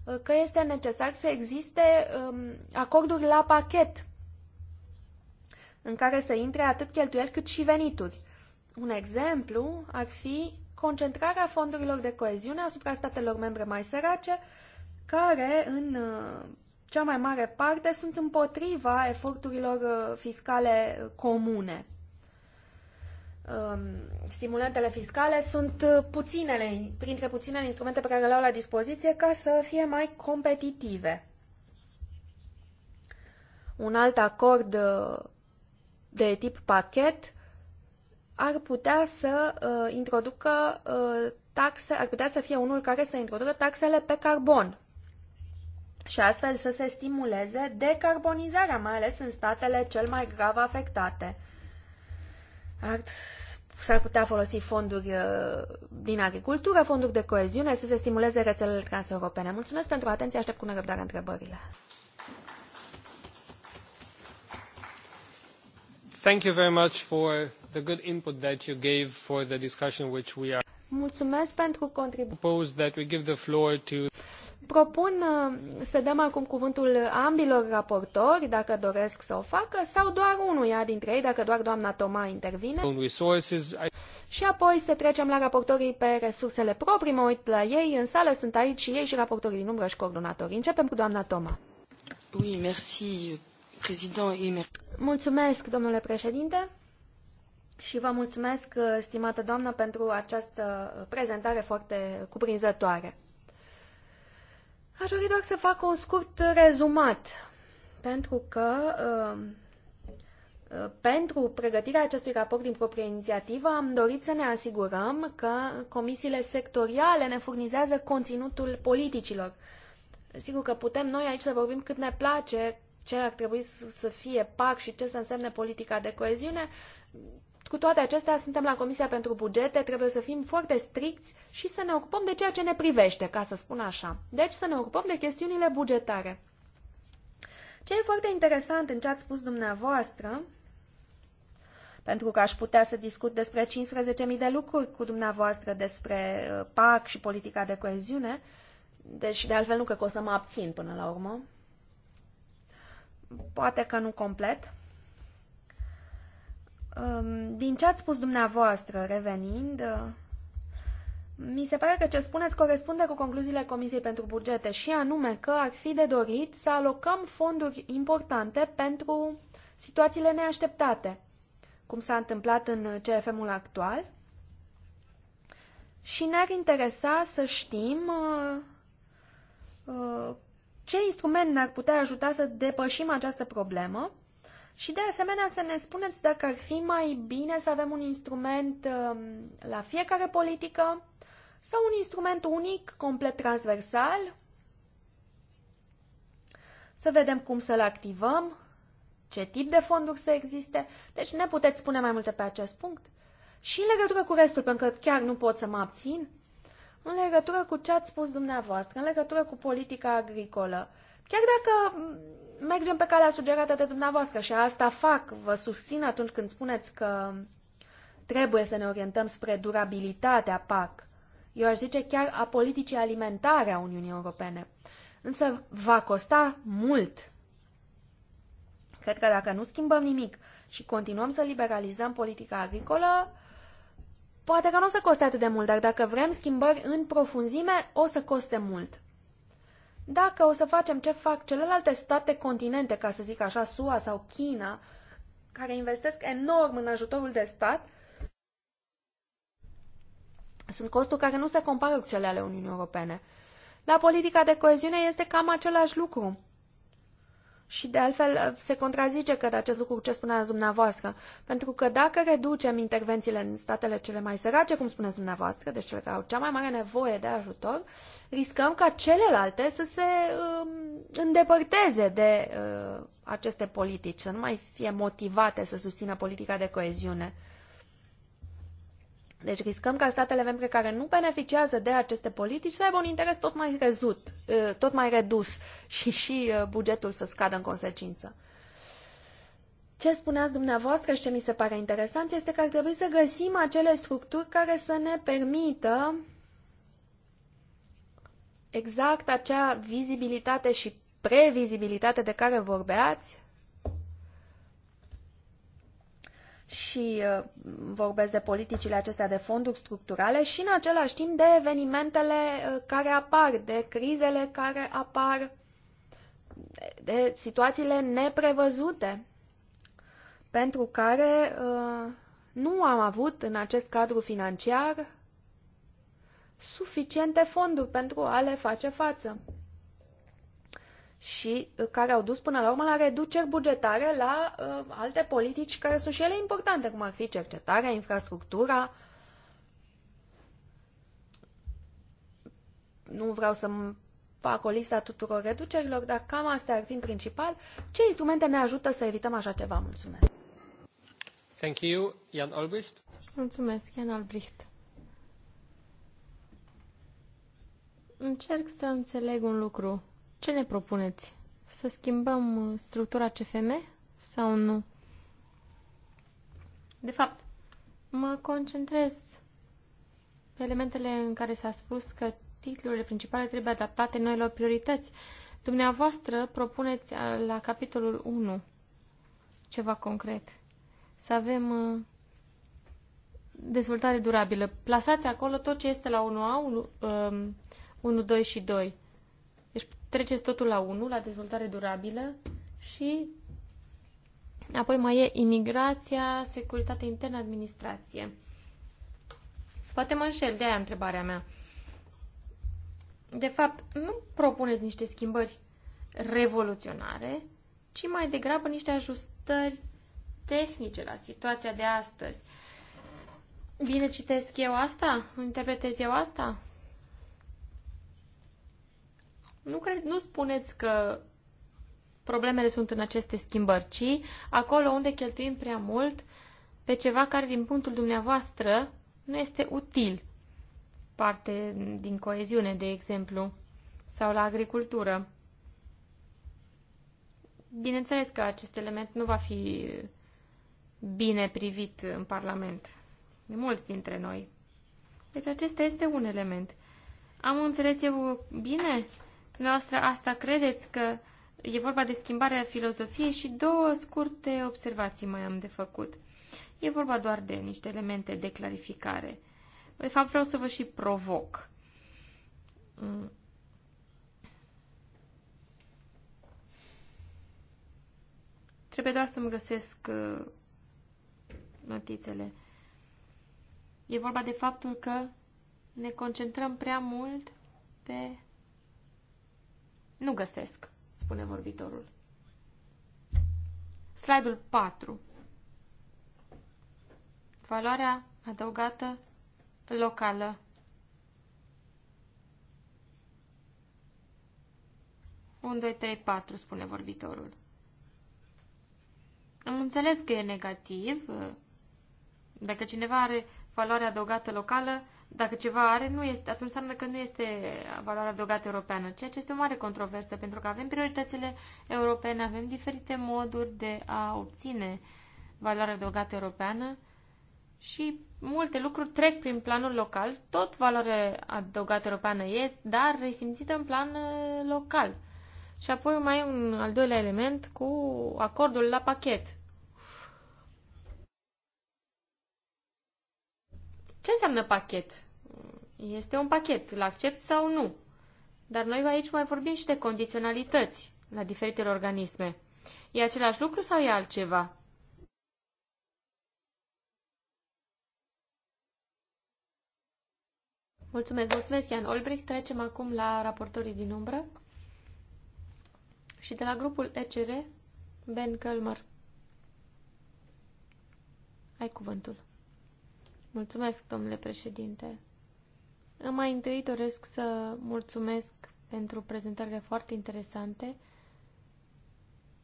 [SPEAKER 3] uh, că este necesar să existe um, acorduri la pachet în care să intre atât cheltuieli cât și venituri. Un exemplu ar fi concentrarea fondurilor de coeziune asupra statelor membre mai sărace, care în uh, cea mai mare parte sunt împotriva eforturilor uh, fiscale uh, comune. Um, stimulentele fiscale sunt uh, puținele, printre puținele instrumente pe care le au la dispoziție ca să fie mai competitive. Un alt acord de tip pachet ar putea să introducă taxe, ar putea să fie unul care să introducă taxele pe carbon, și astfel să se stimuleze decarbonizarea, mai ales în statele cel mai grav afectate. s-ar putea folosi fonduri uh, din agricultură, fonduri de coeziune, să se stimuleze rețelele transeuropene. Mulțumesc pentru atenție, aștept cu nerăbdare întrebările.
[SPEAKER 1] Thank you very much for the good input that you gave for the discussion which we are.
[SPEAKER 3] Mulțumesc pentru contribuție. Propun uh, să dăm acum cuvântul ambilor raportori, dacă doresc să o facă, sau doar unuia dintre ei, dacă doar doamna Toma intervine. Și apoi să trecem la raportorii pe resursele proprii. Mă uit la ei în sală, sunt aici și ei și raportorii din umbră și coordonatorii. Începem cu doamna Toma. Oui, merci, président. Mulțumesc, domnule președinte. Și vă mulțumesc, stimată doamnă, pentru această prezentare foarte cuprinzătoare. Aș dori doar să fac un scurt rezumat, pentru că um, uh, pentru pregătirea acestui raport din proprie inițiativă am dorit să ne asigurăm că comisiile sectoriale ne furnizează conținutul politicilor. Sigur că putem noi aici să vorbim cât ne place ce ar trebui să fie PAC și ce să însemne politica de coeziune, cu toate acestea, suntem la Comisia pentru Bugete, trebuie să fim foarte stricți și să ne ocupăm de ceea ce ne privește, ca să spun așa. Deci să ne ocupăm de chestiunile bugetare. Ce e foarte interesant în ce ați spus dumneavoastră, pentru că aș putea să discut despre 15.000 de lucruri cu dumneavoastră despre uh, PAC și politica de coeziune, deci de altfel nu cred că o să mă abțin până la urmă. Poate că nu complet. Ehm, din ce ați spus dumneavoastră, revenind, ehm, mi se pare că ce spuneți corespunde cu concluziile Comisiei pentru Bugete și anume că ar fi de dorit să alocăm fonduri importante pentru situațiile neașteptate, cum s-a întâmplat în CFM-ul actual. Și ne-ar interesa să știm ehm, ce instrument ne-ar putea ajuta să depășim această problemă și de asemenea să ne spuneți dacă ar fi mai bine să avem un instrument um, la fiecare politică sau un instrument unic, complet transversal, să vedem cum să-l activăm, ce tip de fonduri să existe. Deci ne puteți spune mai multe pe acest punct. Și în legătură cu restul, pentru că chiar nu pot să mă abțin, în legătură cu ce ați spus dumneavoastră, în legătură cu politica agricolă, Chiar dacă mergem pe calea sugerată de dumneavoastră și asta fac, vă susțin atunci când spuneți că trebuie să ne orientăm spre durabilitatea PAC. Eu aș zice chiar a politicii alimentare a Uniunii Europene. Însă va costa mult. Cred că dacă nu schimbăm nimic și continuăm să liberalizăm politica agricolă, poate că nu o să coste atât de mult, dar dacă vrem schimbări în profunzime, o să coste mult. Dacă o să facem ce fac celelalte state continente, ca să zic așa, SUA sau China, care investesc enorm în ajutorul de stat, sunt costuri care nu se compară cu cele ale Uniunii Europene. La politica de coeziune este cam același lucru. Și de altfel se contrazice cred acest lucru cu ce spuneați dumneavoastră. Pentru că dacă reducem intervențiile în statele cele mai sărace, cum spuneți dumneavoastră, deci cele care au cea mai mare nevoie de ajutor, riscăm ca celelalte să se uh, îndepărteze de uh, aceste politici, să nu mai fie motivate să susțină politica de coeziune. Deci riscăm ca statele membre care nu beneficiază de aceste politici să aibă un interes tot mai, rezut, tot mai redus și și bugetul să scadă în consecință. Ce spuneați dumneavoastră și ce mi se pare interesant este că ar trebui să găsim acele structuri care să ne permită exact acea vizibilitate și previzibilitate de care vorbeați și uh, vorbesc de politicile acestea de fonduri structurale și în același timp de evenimentele uh, care apar, de crizele care apar, de situațiile neprevăzute pentru care uh, nu am avut în acest cadru financiar suficiente fonduri pentru a le face față și uh, care au dus până la urmă la reduceri bugetare la uh, alte politici care sunt și ele importante, cum ar fi cercetarea, infrastructura. Nu vreau să fac o listă a tuturor reducerilor, dar cam astea ar fi în principal. Ce instrumente ne ajută să evităm așa ceva? Mulțumesc!
[SPEAKER 1] Thank you, Jan Albrecht.
[SPEAKER 3] Mulțumesc, Jan Albrecht.
[SPEAKER 4] Încerc să înțeleg un lucru. Ce ne propuneți? Să schimbăm uh, structura CFM sau nu? De fapt, mă concentrez pe elementele în care s-a spus că titlurile principale trebuie adaptate noilor priorități. Dumneavoastră propuneți uh, la capitolul 1 ceva concret. Să avem uh, dezvoltare durabilă. Plasați acolo tot ce este la 1A, 1, 1 2 și 2 treceți totul la 1, la dezvoltare durabilă și apoi mai e imigrația, securitate internă, administrație. Poate mă înșel, de-aia întrebarea mea. De fapt, nu propuneți niște schimbări revoluționare, ci mai degrabă niște ajustări tehnice la situația de astăzi. Bine citesc eu asta? Interpretez eu asta? nu, cred, nu spuneți că problemele sunt în aceste schimbări, ci acolo unde cheltuim prea mult pe ceva care, din punctul dumneavoastră, nu este util. Parte din coeziune, de exemplu, sau la agricultură. Bineînțeles că acest element nu va fi bine privit în Parlament de mulți dintre noi. Deci acesta este un element. Am înțeles eu bine Dumneavoastră asta credeți că e vorba de schimbarea filozofiei și două scurte observații mai am de făcut. E vorba doar de niște elemente de clarificare. De fapt, vreau să vă și provoc. Mm. Trebuie doar să-mi găsesc uh, notițele. E vorba de faptul că ne concentrăm prea mult pe nu găsesc, spune vorbitorul. Slide-ul 4. Valoarea adăugată locală. Un, doi, trei, patru, spune vorbitorul. Am înțeles că e negativ. Dacă cineva are valoare adăugată locală, dacă ceva are, nu este, atunci înseamnă că nu este valoarea adăugată europeană, ceea ce este o mare controversă, pentru că avem prioritățile europene, avem diferite moduri de a obține valoarea adăugată europeană și multe lucruri trec prin planul local, tot valoarea adăugată europeană e, dar resimțită în plan uh, local. Și apoi mai un al doilea element cu acordul la pachet. Ce înseamnă pachet? Este un pachet, îl accept sau nu? Dar noi aici mai vorbim și de condiționalități la diferitele organisme. E același lucru sau e altceva? Mulțumesc, mulțumesc, Ian Olbrich. Trecem acum la raportorii din umbră. Și de la grupul ECR, Ben Kölmer. Ai cuvântul. Mulțumesc, domnule președinte. Mai întâi doresc să mulțumesc pentru prezentările foarte interesante.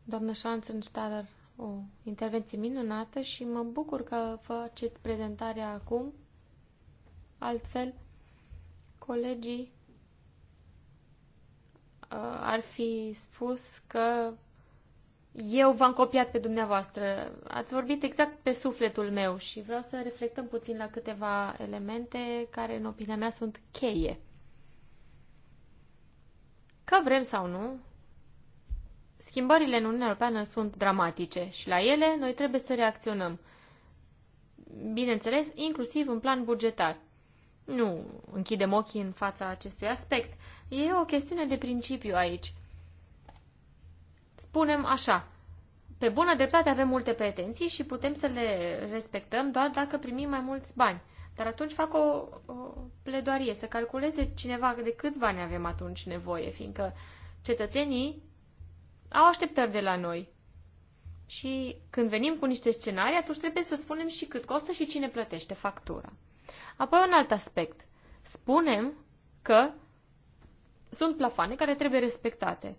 [SPEAKER 4] Doamna Schanzenstadler, o intervenție minunată și mă bucur că faceți prezentarea acum. Altfel, colegii uh, ar fi spus că eu v-am copiat pe dumneavoastră. Ați vorbit exact pe sufletul meu și vreau să reflectăm puțin la câteva elemente care, în opinia mea, sunt cheie. Că vrem sau nu, schimbările în Uniunea Europeană sunt dramatice și la ele noi trebuie să reacționăm. Bineînțeles, inclusiv în plan bugetar. Nu închidem ochii în fața acestui aspect. E o chestiune de principiu aici spunem așa, pe bună dreptate avem multe pretenții și putem să le respectăm doar dacă primim mai mulți bani. Dar atunci fac o, o pledoarie, să calculeze cineva de câți bani avem atunci nevoie, fiindcă cetățenii au așteptări de la noi. Și când venim cu niște scenarii, atunci trebuie să spunem și cât costă și cine plătește factura. Apoi un alt aspect. Spunem că sunt plafane care trebuie respectate.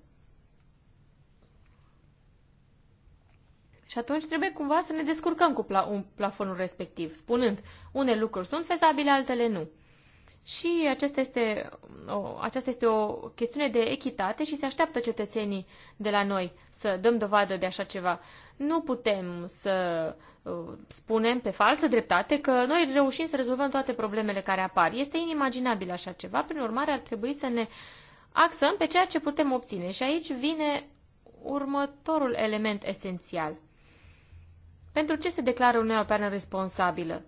[SPEAKER 4] Și atunci trebuie cumva să ne descurcăm cu pla- un plafonul respectiv, spunând unele lucruri sunt fezabile, altele nu. Și aceasta este o, aceasta este o chestiune de echitate și se așteaptă cetățenii de la noi să dăm dovadă de așa ceva. Nu putem să uh, spunem pe falsă dreptate că noi reușim să rezolvăm toate problemele care apar. Este inimaginabil așa ceva, prin urmare ar trebui să ne axăm pe ceea ce putem obține. Și aici vine următorul element esențial. Pentru ce se declară Uniunea Europeană responsabilă?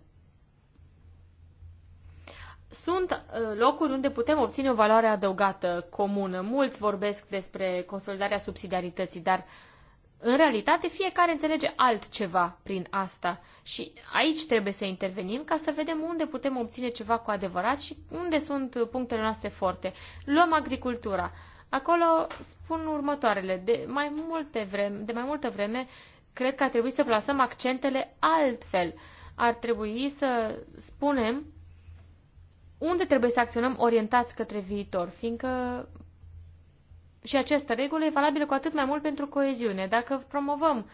[SPEAKER 4] Sunt uh, locuri unde putem obține o valoare adăugată comună. Mulți vorbesc despre consolidarea subsidiarității, dar în realitate fiecare înțelege altceva prin asta și aici trebuie să intervenim ca să vedem unde putem obține ceva cu adevărat și unde sunt punctele noastre forte. Luăm agricultura. Acolo spun următoarele. De mai, multe vreme, de mai multă vreme cred că ar trebui să plasăm accentele altfel. Ar trebui să spunem unde trebuie să acționăm orientați către viitor, fiindcă și această regulă e valabilă cu atât mai mult pentru coeziune. Dacă promovăm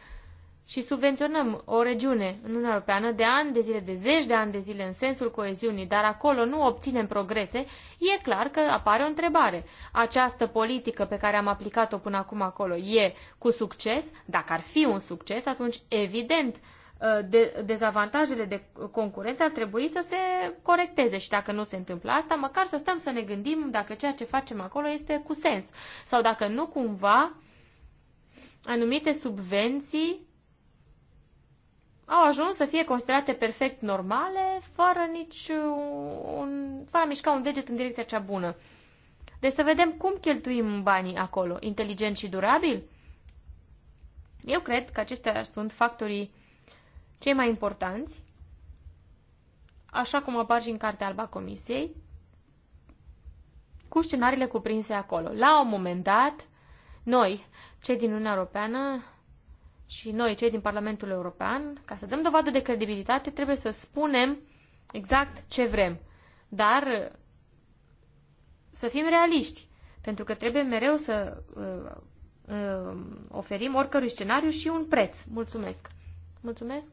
[SPEAKER 4] și subvenționăm o regiune în Uniunea Europeană de ani de zile, de zeci de ani de zile în sensul coeziunii, dar acolo nu obținem progrese, e clar că apare o întrebare. Această politică pe care am aplicat-o până acum acolo e cu succes? Dacă ar fi un succes, atunci evident ă, de, dezavantajele de concurență ar trebui să se corecteze și dacă nu se întâmplă asta, măcar să stăm să ne gândim dacă ceea ce facem acolo este cu sens sau dacă nu cumva anumite subvenții au ajuns să fie considerate perfect normale, fără nici uh, un, fără a mișca un deget în direcția cea bună. Deci să vedem cum cheltuim banii acolo, inteligent și durabil? Eu cred că acestea sunt factorii cei mai importanți, așa cum apar și în Cartea Alba Comisiei, cu scenariile cuprinse acolo. La un moment dat, noi, cei din Uniunea Europeană, și noi, cei din Parlamentul European, ca să dăm dovadă de credibilitate, trebuie să spunem exact ce vrem. Dar să fim realiști, pentru că trebuie mereu să uh, uh, oferim oricărui scenariu și un preț. Mulțumesc! Mulțumesc!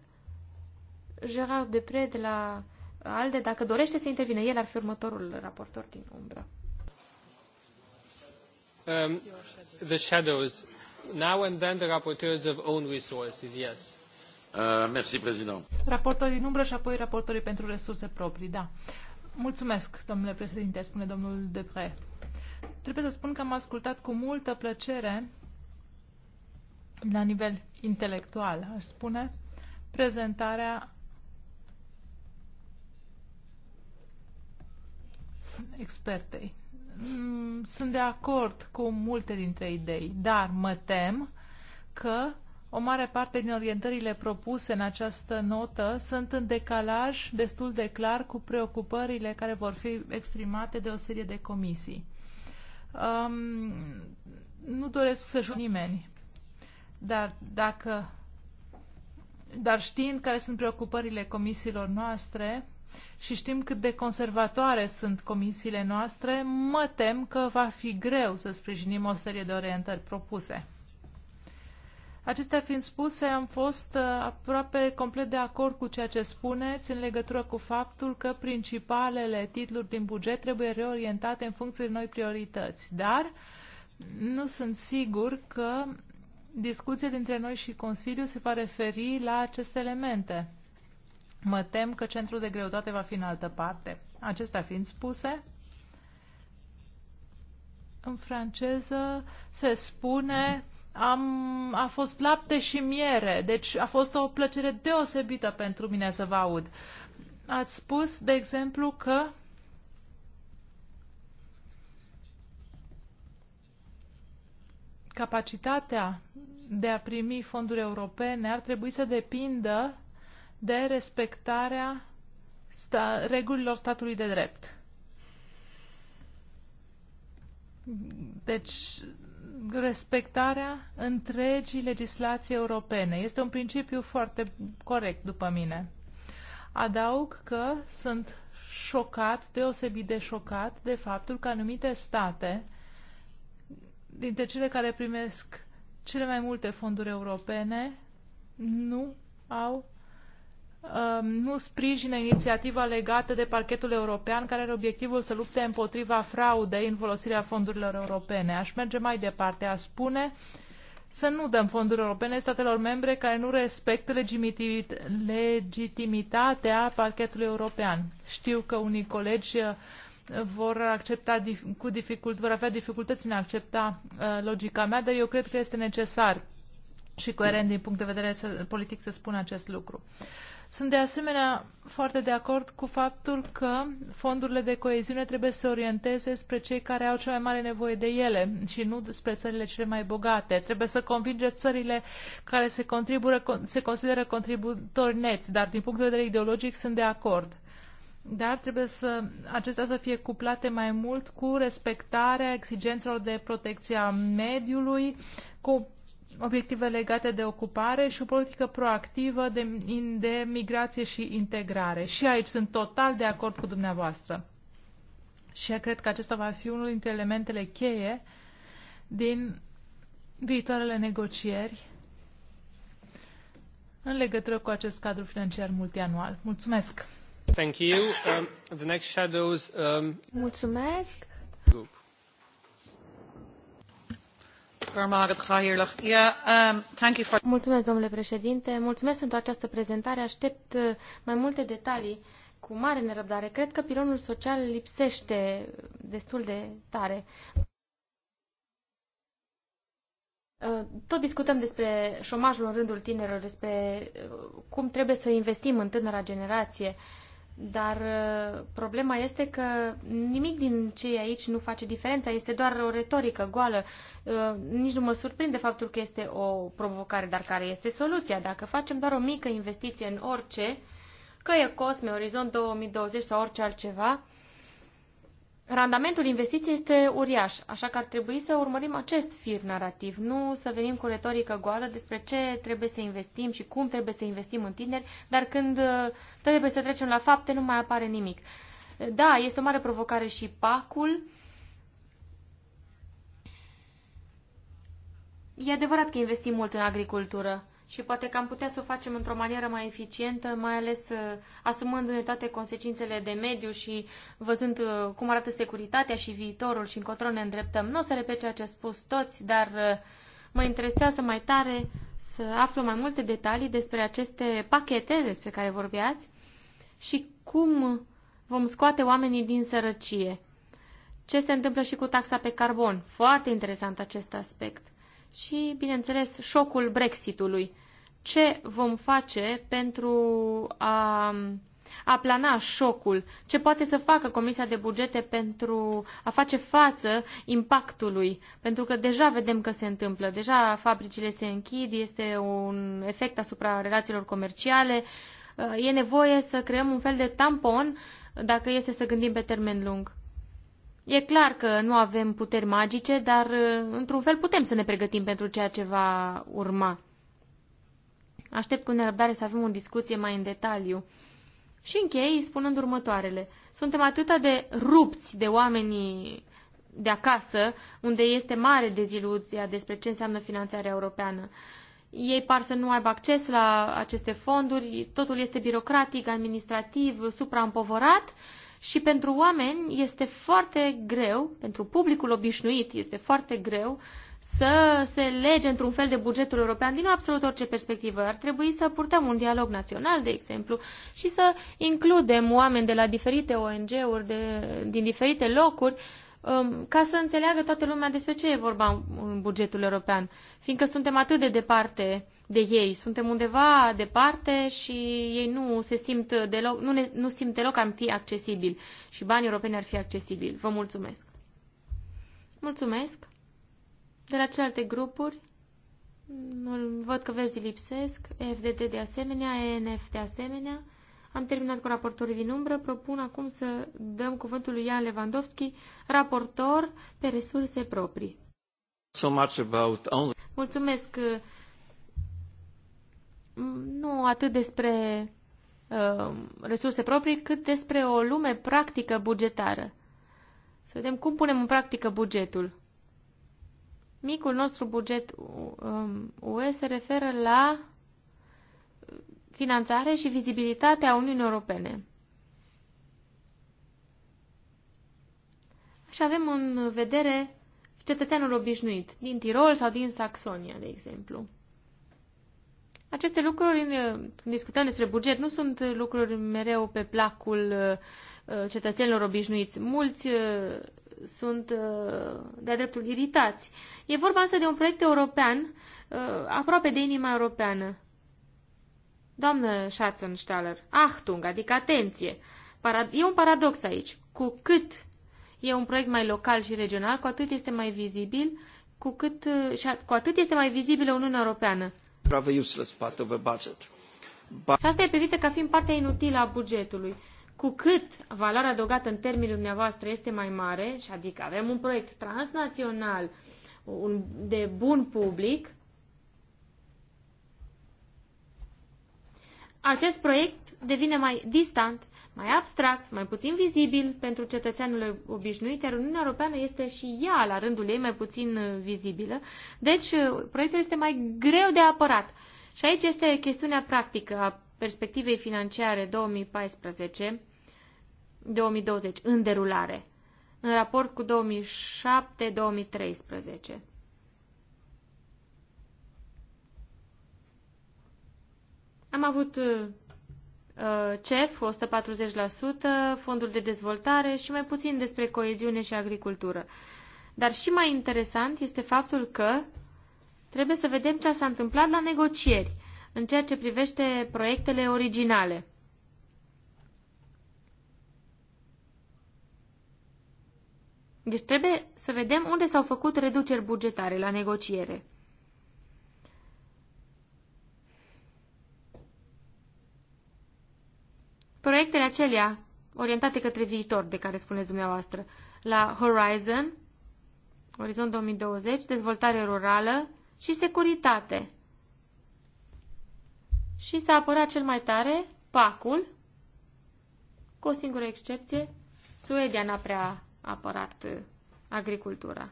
[SPEAKER 4] Gerard Depre de la ALDE, dacă dorește să intervine, el ar fi următorul raportor din umbră.
[SPEAKER 1] Um, the shadows now and then the rapporteurs of own resources, yes. Uh, merci, President.
[SPEAKER 2] Raportorii în umbră și apoi raportorii pentru resurse proprii, da. Mulțumesc, domnule președinte, spune domnul Depre. Trebuie să spun că am ascultat cu multă plăcere, la nivel intelectual, aș spune, prezentarea expertei Mm, sunt de acord cu multe dintre idei, dar mă tem că o mare parte din orientările propuse în această notă sunt în decalaj destul de clar cu preocupările care vor fi exprimate de o serie de comisii. Um, nu doresc să joc nimeni, dar dacă dar știind care sunt preocupările comisiilor noastre, și știm cât de conservatoare sunt comisiile noastre, mă tem că va fi greu să sprijinim o serie de orientări propuse. Acestea fiind spuse, am fost uh, aproape complet de acord cu ceea ce spuneți în legătură cu faptul că principalele titluri din buget trebuie reorientate în funcție de noi priorități, dar nu sunt sigur că discuția dintre noi și Consiliu se va referi la aceste elemente. Mă tem că centrul de greutate va fi în altă parte. Acestea fiind spuse, în franceză se spune am, a fost lapte și miere, deci a fost o plăcere deosebită pentru mine să vă aud. Ați spus, de exemplu, că capacitatea de a primi fonduri europene ar trebui să depindă de respectarea sta regulilor statului de drept. Deci, respectarea întregii legislații europene. Este un principiu foarte corect, după mine. Adaug că sunt șocat, deosebit de șocat, de faptul că anumite state, dintre cele care primesc cele mai multe fonduri europene, nu au Um, nu sprijină inițiativa legată de parchetul european, care are obiectivul să lupte împotriva fraudei în folosirea fondurilor europene. Aș merge mai departe, a spune să nu dăm fonduri europene statelor membre care nu respectă legitimitatea parchetului european. Știu că unii colegi uh, vor accepta cu dificult, vor avea dificultăți în a accepta uh, logica mea, dar eu cred că este necesar și coerent din punct de vedere politic să spun acest lucru. Uh, sunt de asemenea foarte de acord cu faptul că fondurile de coeziune trebuie să orienteze spre cei care au cea mai mare nevoie de ele și nu spre țările cele mai bogate. Trebuie să convinge țările care se, se consideră contributori neți, dar din punct de vedere ideologic sunt de acord. Dar trebuie să acestea să fie cuplate mai mult cu respectarea exigențelor de protecția mediului, cu obiective legate de ocupare și o politică proactivă de, de migrație și integrare. Și aici sunt total de acord cu dumneavoastră. Și eu cred că acesta va fi unul dintre elementele cheie din viitoarele negocieri în legătură cu acest cadru financiar multianual. Mulțumesc!
[SPEAKER 1] Thank you. Um, the next shadows, um...
[SPEAKER 2] Mulțumesc!
[SPEAKER 1] Group.
[SPEAKER 4] Um, Mulțumesc, domnule președinte. Mulțumesc pentru această prezentare. Aștept uh, mai multe detalii cu mare nerăbdare. Cred că pilonul social lipsește destul de tare. Uh, tot discutăm despre șomajul în rândul tinerilor, despre uh, cum trebuie să investim în tânăra generație. Uh, dar uh, problema este că nimic din ce e aici nu face diferența, este doar o retorică goală. Uh, nici nu mă surprinde faptul că este o provocare, dar care este soluția? Dacă facem doar o mică investiție în orice, că e Cosme, Orizont 2020 sau orice altceva, randamentul investiției este uriaș, așa că ar trebui să urmărim acest fir narrativ, nu să venim cu retorică goală despre ce trebuie să investim și cum trebuie să investim în tineri, dar când uh, trebuie să trecem la fapte nu mai apare nimic. Da, este o mare provocare și pacul. E adevărat că investim mult în agricultură, și poate că am putea să o facem într-o manieră mai eficientă, mai ales uh, asumându-ne toate consecințele de mediu și văzând uh, cum arată securitatea și viitorul și încotro ne îndreptăm. Nu o să repet ceea ce spus toți, dar uh, mă interesează mai tare să aflu mai multe detalii despre aceste pachete despre care vorbeați și cum vom scoate oamenii din sărăcie. Ce se întâmplă și cu taxa pe carbon? Foarte interesant acest aspect și, bineînțeles, șocul Brexitului. Ce vom face pentru a aplana șocul? Ce poate să facă Comisia de Bugete pentru a face față impactului? Pentru că deja vedem că se întâmplă. Deja fabricile se închid, este un efect asupra relațiilor comerciale. E nevoie să creăm un fel de tampon dacă este să gândim pe termen lung. E clar că nu avem puteri magice, dar uh, într-un fel putem să ne pregătim pentru ceea ce va urma. Aștept cu nerăbdare să avem o discuție mai în detaliu. Și închei spunând următoarele. Suntem atâta de rupți de oamenii de acasă, unde este mare deziluzia despre ce înseamnă finanțarea europeană. Ei par să nu aibă acces la aceste fonduri, totul este birocratic, administrativ, supraîmpovărat și pentru oameni este foarte greu, pentru publicul obișnuit este foarte greu să se lege într-un fel de bugetul european din absolut orice perspectivă. Ar trebui să purtăm un dialog național, de exemplu, și să includem oameni de la diferite ONG-uri, din diferite locuri, Um, ca să înțeleagă toată lumea despre ce e vorba în bugetul european, fiindcă suntem atât de departe de ei, suntem undeva departe și ei nu se simt deloc, nu, ne, nu simt deloc că am fi accesibil și banii europeni ar fi accesibili. Vă mulțumesc! Mulțumesc! De la celelalte grupuri, văd că verzii lipsesc, FDD de asemenea, ENF de asemenea, am terminat cu raportorii din umbră. Propun acum să dăm cuvântul lui Ian Lewandowski, raportor pe resurse proprii. So much about only... Mulțumesc. Nu atât despre uh, resurse proprii, cât despre o lume practică bugetară. Să vedem cum punem în practică bugetul. Micul nostru buget UE uh, um, se referă la finanțare și a Uniunii Europene. Și avem în vedere cetățeanul obișnuit, din Tirol sau din Saxonia, de exemplu. Aceste lucruri, când discutăm despre buget, nu sunt lucruri mereu pe placul uh, uh, cetățenilor obișnuiți. Mulți uh, sunt de-a dreptul iritați. E vorba însă de un proiect european aproape de inima europeană. Doamnă Schatzenstaller, Achtung, adică atenție! Parad- e un paradox aici. Cu cât e un proiect mai local și regional, cu atât este mai vizibil, cu, cât, uh, și cu atât este mai vizibilă Uniunea Europeană.
[SPEAKER 3] Useless part of a budget.
[SPEAKER 4] Și asta e privită ca fiind partea inutilă a bugetului. Cu cât valoarea adăugată în termenii dumneavoastră este mai mare, și adică avem un proiect transnațional un, de bun public, acest proiect devine mai distant, mai abstract, mai puțin vizibil pentru cetățeanul obișnuit, iar Uniunea Europeană este și ea, la rândul ei, mai puțin uh, vizibilă. Deci, uh, proiectul este mai greu de apărat. Și aici este chestiunea practică a perspectivei financiare 2014-2020 în derulare, în raport cu 2007-2013. Am avut uh, uh, CEF, 140%, fondul de dezvoltare și mai puțin despre coeziune și agricultură. Dar și mai interesant este faptul că trebuie să vedem ce s-a întâmplat la negocieri în ceea ce privește proiectele originale. Deci trebuie să vedem unde s-au făcut reduceri bugetare la negociere. proiectele acelea orientate către viitor, de care spuneți dumneavoastră, la Horizon, Orizont 2020, dezvoltare rurală și securitate. Și s-a apărat cel mai tare pacul, cu o singură excepție, Suedia n-a prea apărat uh, agricultura.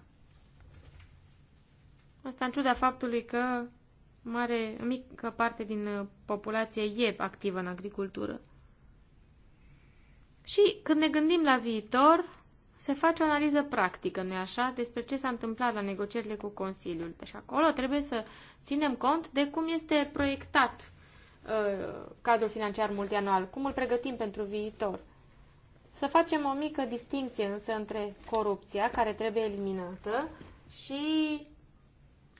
[SPEAKER 4] Asta în ciuda faptului că mare, mică parte din uh, populație e activă în agricultură. Și când ne gândim la viitor, se face o analiză practică, nu-i așa, despre ce s-a întâmplat la negocierile cu Consiliul. Deci acolo trebuie să ținem cont de cum este proiectat uh, cadrul financiar multianual, cum îl pregătim pentru viitor. Să facem o mică distinție însă între corupția, care trebuie eliminată, și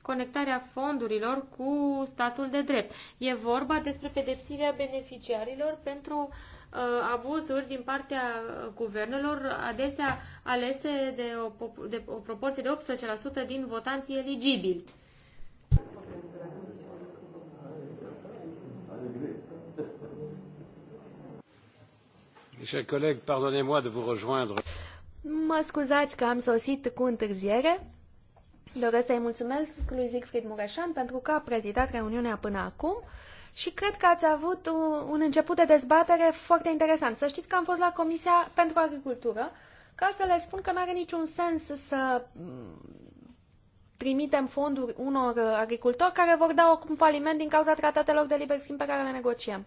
[SPEAKER 4] conectarea fondurilor cu statul de drept. E vorba despre pedepsirea beneficiarilor pentru uh, Uh, abuzuri din partea uh, guvernelor, adesea alese de o, de o proporție de 18% din votanții eligibili.
[SPEAKER 1] coleg, pardonnez-moi de vous rejoindre.
[SPEAKER 3] Mă scuzați că am sosit cu întârziere. Doresc să-i mulțumesc lui Siegfried Mureșan pentru că a prezidat reuniunea până acum și cred că ați avut un început de dezbatere foarte interesant. Să știți că am fost la Comisia pentru Agricultură ca să le spun că nu are niciun sens să trimitem fonduri unor agricultori care vor da acum faliment din cauza tratatelor de liber schimb pe care le negociem.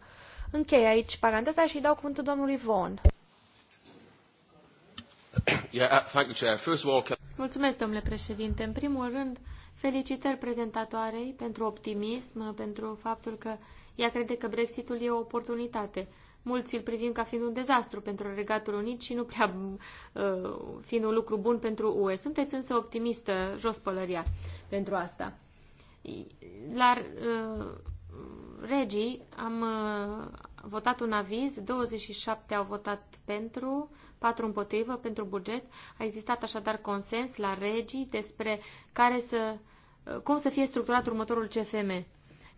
[SPEAKER 3] Închei aici paranteza și dau cuvântul domnului Von. Uh,
[SPEAKER 4] Mulțumesc, domnule președinte. În primul rând, felicitări prezentatoarei pentru optimism, pentru faptul că ea crede că Brexitul e o oportunitate. Mulți îl privim ca fiind un dezastru pentru Regatul Unit și nu prea uh, fiind un lucru bun pentru UE. Sunteți însă optimistă, jos pălăria, pentru asta. La uh, regii am uh, votat un aviz, 27 au votat pentru, 4 împotrivă pentru buget. A existat așadar consens la regii despre care să, uh, cum să fie structurat următorul CFM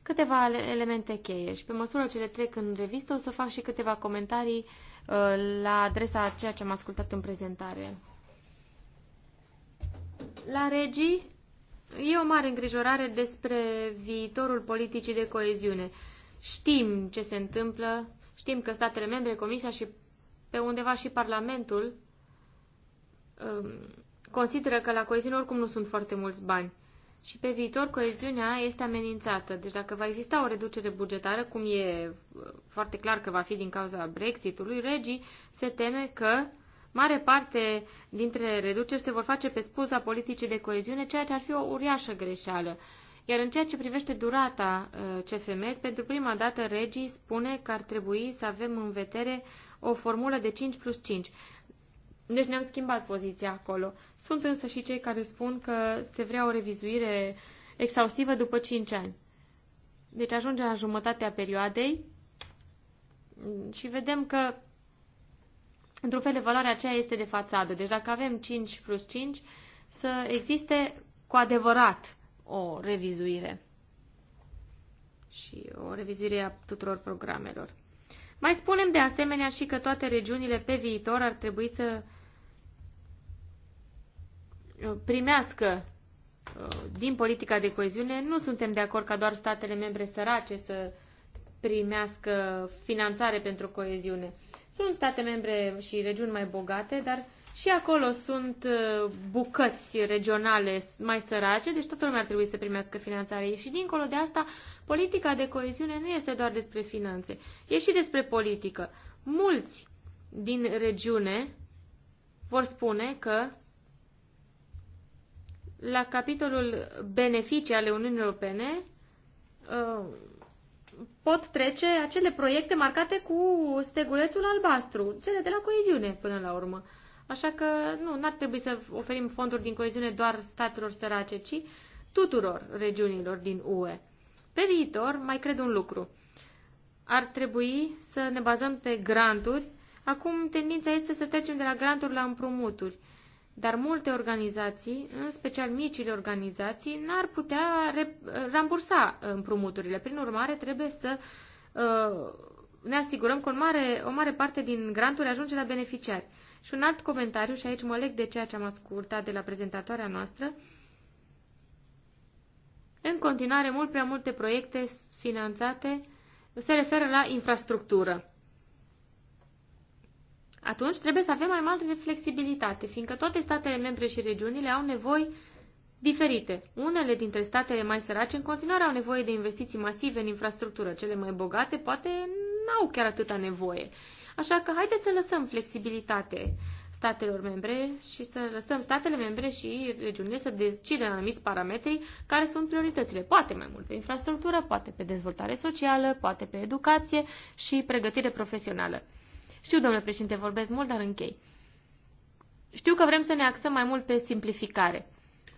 [SPEAKER 4] câteva elemente cheie și pe măsură ce le trec în revistă o să fac și câteva comentarii uh, la adresa a ceea ce am ascultat în prezentare. La regii e o mare îngrijorare despre viitorul politicii de coeziune. Știm ce se întâmplă, știm că statele membre, Comisia și pe undeva și Parlamentul um, consideră că la coeziune oricum nu sunt foarte mulți bani și pe viitor coeziunea este amenințată. Deci dacă va exista o reducere bugetară, cum e foarte clar că va fi din cauza Brexitului, regii se teme că mare parte dintre reduceri se vor face pe spuza politicii de coeziune, ceea ce ar fi o uriașă greșeală. Iar în ceea ce privește durata uh, CFM, pentru prima dată regii spune că ar trebui să avem în vedere o formulă de 5 plus 5. Deci ne-am schimbat poziția acolo. Sunt însă și cei care spun că se vrea o revizuire exhaustivă după 5 ani. Deci ajungem la jumătatea perioadei și vedem că, într-un fel, valoarea aceea este de fațadă. Deci dacă avem 5 plus 5, să existe cu adevărat o revizuire și o revizuire a tuturor programelor. Mai spunem de asemenea și că toate regiunile pe viitor ar trebui să primească uh, din politica de coeziune. Nu suntem de acord ca doar statele membre sărace să primească finanțare pentru coeziune. Sunt state membre și regiuni mai bogate, dar și acolo sunt uh, bucăți regionale mai sărace, deci toată lumea ar trebui să primească finanțare. Și dincolo de asta, politica de coeziune nu este doar despre finanțe, e și despre politică. Mulți din regiune vor spune că la capitolul beneficii ale Uniunii Europene uh, pot trece acele proiecte marcate cu stegulețul albastru, cele de la coeziune până la urmă. Așa că nu, n-ar trebui să oferim fonduri din coeziune doar statelor sărace, ci tuturor regiunilor din UE. Pe viitor, mai cred un lucru. Ar trebui să ne bazăm pe granturi. Acum, tendința este să trecem de la granturi la împrumuturi. Dar multe organizații, în special micile organizații, n-ar putea rambursa împrumuturile. Prin urmare, trebuie să uh, ne asigurăm că o mare, o mare parte din granturi ajunge la beneficiari. Și un alt comentariu, și aici mă leg de ceea ce am ascultat de la prezentatoarea noastră, în continuare, mult prea multe proiecte finanțate se referă la infrastructură atunci trebuie să avem mai mare flexibilitate, fiindcă toate statele membre și regiunile au nevoi diferite. Unele dintre statele mai sărace în continuare au nevoie de investiții masive în infrastructură. Cele mai bogate poate n-au chiar atâta nevoie. Așa că haideți să lăsăm flexibilitate statelor membre și să lăsăm statele membre și regiunile să decidă în anumiți parametri care sunt prioritățile. Poate mai mult pe infrastructură, poate pe dezvoltare socială, poate pe educație și pregătire profesională. Știu, domnule președinte, vorbesc mult, dar închei. Știu că vrem să ne axăm mai mult pe simplificare.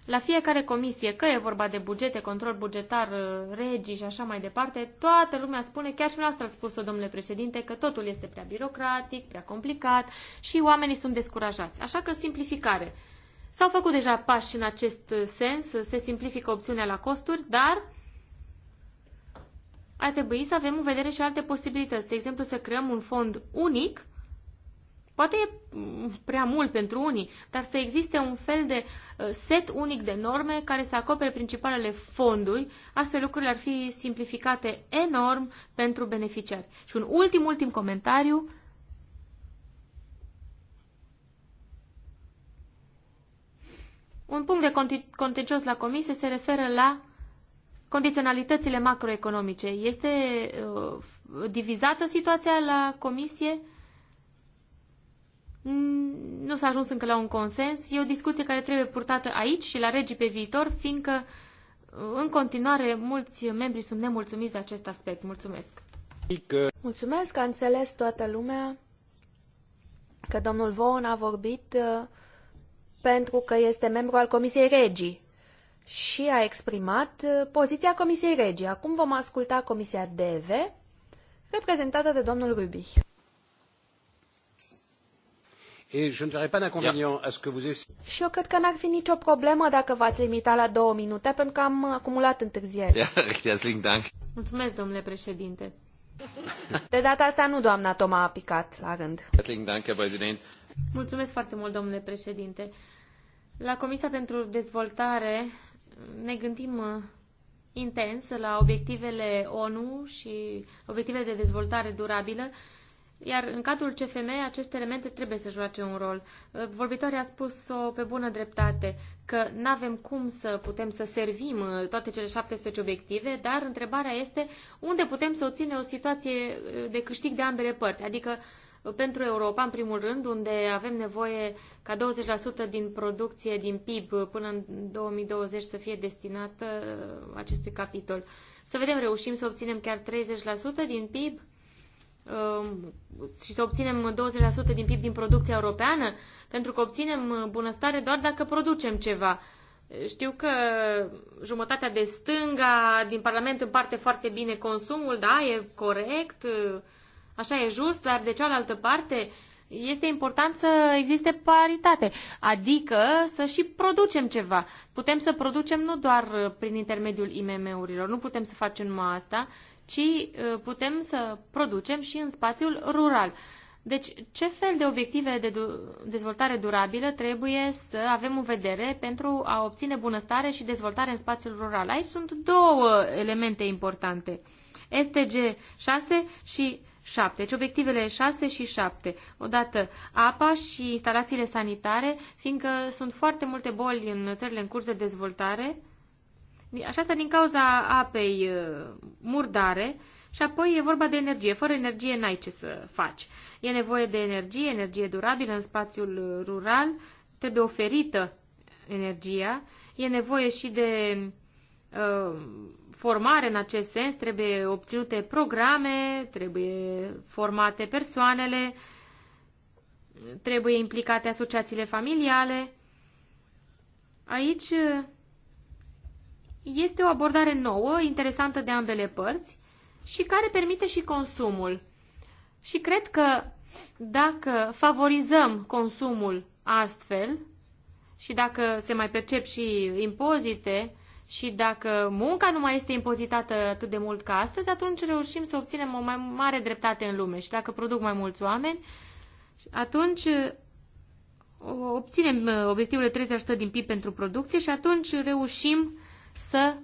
[SPEAKER 4] La fiecare comisie, că e vorba de bugete, control bugetar, uh, regii și așa mai departe, toată lumea spune, chiar și noastră ați spus-o, domnule președinte, că totul este prea birocratic, prea complicat și oamenii sunt descurajați. Așa că simplificare. S-au făcut deja pași în acest uh, sens, se simplifică opțiunea la costuri, dar ar trebui să avem în vedere și alte posibilități. De exemplu, să creăm un fond unic, poate e mm, prea mult pentru unii, dar să existe un fel de uh, set unic de norme care să acopere principalele fonduri, astfel lucrurile ar fi simplificate enorm pentru beneficiari. Și un ultim, ultim comentariu. Un punct de contencios la comisie se referă la condiționalitățile macroeconomice. Este uh, divizată situația la comisie? Nu s-a ajuns încă la un consens. E o discuție care trebuie purtată aici și la regii pe viitor, fiindcă uh, în continuare mulți membri sunt nemulțumiți de acest aspect. Mulțumesc!
[SPEAKER 3] Mulțumesc, a înțeles toată lumea că domnul Vaughan a vorbit uh, pentru că este membru al Comisiei Regii și a exprimat uh, poziția Comisiei Regii. Acum vom asculta Comisia DEVE, reprezentată de domnul Rubi. Și eu cred că n-ar fi nicio problemă dacă v-ați limita la două minute, pentru că am acumulat întârziere.
[SPEAKER 4] Mulțumesc, domnule președinte.
[SPEAKER 3] De data asta nu doamna
[SPEAKER 4] Toma a picat la rând. Mulțumesc foarte mult, domnule președinte. La Comisia pentru Dezvoltare ne gândim uh, intens la obiectivele ONU și obiectivele de dezvoltare durabilă, iar în cadrul CFM aceste elemente trebuie să joace un rol. Uh, vorbitoarea a spus-o pe bună dreptate că nu avem cum să putem să servim uh, toate cele 17 obiective, dar întrebarea este unde putem să obținem o situație de câștig de ambele părți, adică pentru Europa, în primul rând, unde avem nevoie ca 20% din producție din PIB până în 2020 să fie destinată uh, acestui capitol. Să vedem, reușim să obținem chiar 30% din PIB um, și să obținem 20% din PIB din producția europeană, pentru că obținem uh, bunăstare doar dacă producem ceva. Știu că jumătatea de stânga din Parlament împarte foarte bine consumul, da, e corect, uh, Așa e just, dar de cealaltă parte este important să existe paritate, adică să și producem ceva. Putem să producem nu doar uh, prin intermediul IMM-urilor, nu putem să facem numai asta, ci uh, putem să producem și în spațiul rural. Deci, ce fel de obiective de dezvoltare durabilă trebuie să avem în vedere pentru a obține bunăstare și dezvoltare în spațiul rural? Aici sunt două elemente importante. STG 6 și 7. Deci obiectivele 6 și 7. Odată apa și instalațiile sanitare, fiindcă sunt foarte multe boli în țările în curs de dezvoltare, așa asta din cauza apei uh, murdare, și apoi e vorba de energie. Fără energie n-ai ce să faci. E nevoie de energie, energie durabilă în spațiul rural, trebuie oferită energia, e nevoie și de uh, formare în acest sens, trebuie obținute programe, trebuie formate persoanele, trebuie implicate asociațiile familiale. Aici este o abordare nouă, interesantă de ambele părți și care permite și consumul. Și cred că dacă favorizăm consumul astfel și dacă se mai percep și impozite, și dacă munca nu mai este impozitată atât de mult ca astăzi, atunci reușim să obținem o mai mare dreptate în lume. Și dacă produc mai mulți oameni, atunci uh, obținem uh, obiectivele 30% din PIB pentru producție și atunci reușim să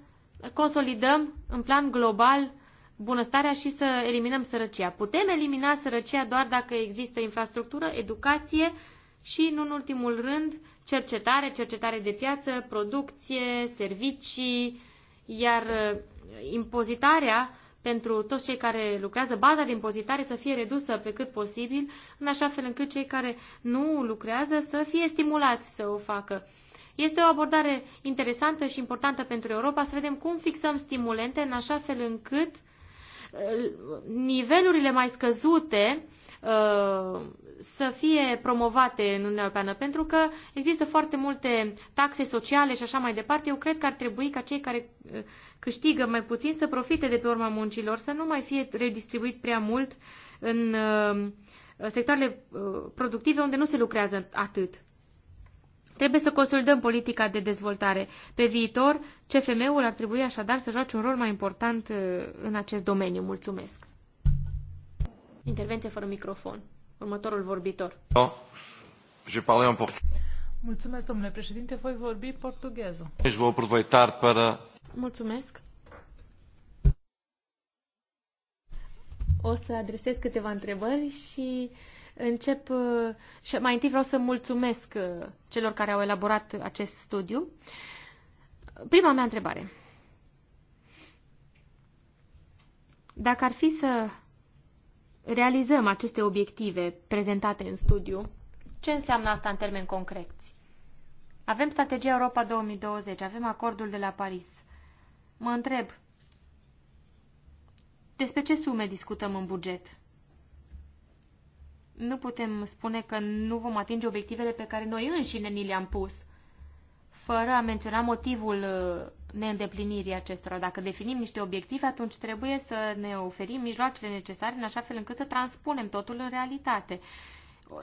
[SPEAKER 4] consolidăm în plan global bunăstarea și să eliminăm sărăcia. Putem elimina sărăcia doar dacă există infrastructură, educație și, nu în ultimul rând, cercetare, cercetare de piață, producție, servicii, iar uh, impozitarea pentru toți cei care lucrează, baza de impozitare să fie redusă pe cât posibil, în așa fel încât cei care nu lucrează să fie stimulați să o facă. Este o abordare interesantă și importantă pentru Europa să vedem cum fixăm stimulente în așa fel încât uh, nivelurile mai scăzute uh, Uh, să fie promovate în Uniunea Europeană, pentru că există foarte multe taxe sociale și așa mai departe. Eu cred că ar trebui ca cei care uh, câștigă mai puțin să profite de pe urma muncilor, să nu mai fie redistribuit prea mult în uh, sectoarele productive unde nu se lucrează atât. Trebuie să consolidăm politica de dezvoltare. Pe viitor, CFM-ul ar trebui așadar să joace un rol mai important în acest domeniu. Mulțumesc! Intervenție fără microfon. Următorul vorbitor.
[SPEAKER 1] No. Je parle en port...
[SPEAKER 4] Mulțumesc,
[SPEAKER 2] domnule președinte. Voi vorbi portugheză.
[SPEAKER 1] Deci vă aproveitar pentru.
[SPEAKER 2] Mulțumesc.
[SPEAKER 4] O să adresez câteva întrebări și încep și mai întâi vreau să mulțumesc celor care au elaborat acest studiu. Prima mea întrebare. Dacă ar fi să realizăm aceste obiective prezentate în studiu, ce înseamnă asta în termeni concreți? Avem strategia Europa 2020, avem acordul de la Paris. Mă întreb, despre ce sume discutăm în buget? Nu putem spune că nu vom atinge obiectivele pe care noi înșine ni le-am pus, fără a menționa motivul neîndeplinirii acestora. Dacă definim niște obiective, atunci trebuie să ne oferim mijloacele necesare în așa fel încât să transpunem totul în realitate.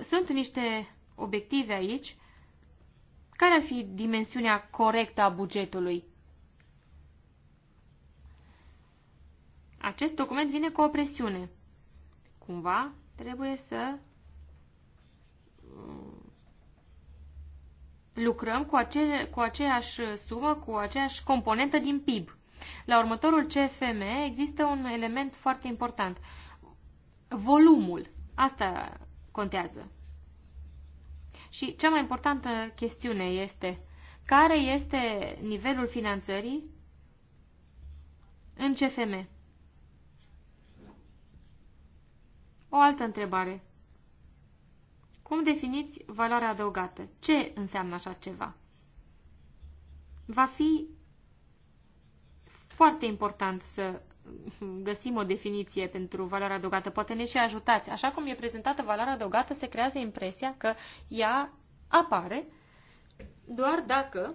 [SPEAKER 4] Sunt niște obiective aici. Care ar fi dimensiunea corectă a bugetului? Acest document vine cu o presiune. Cumva trebuie să lucrăm cu, ace- cu aceeași sumă, cu aceeași componentă din PIB. La următorul CFM există un element foarte important. Volumul. Asta contează. Și cea mai importantă chestiune este care este nivelul finanțării în CFM. O altă întrebare. Cum definiți valoarea adăugată? Ce înseamnă așa ceva? Va fi foarte important să găsim o definiție pentru valoarea adăugată. Poate ne și ajutați. Așa cum e prezentată valoarea adăugată, se creează impresia că ea apare doar dacă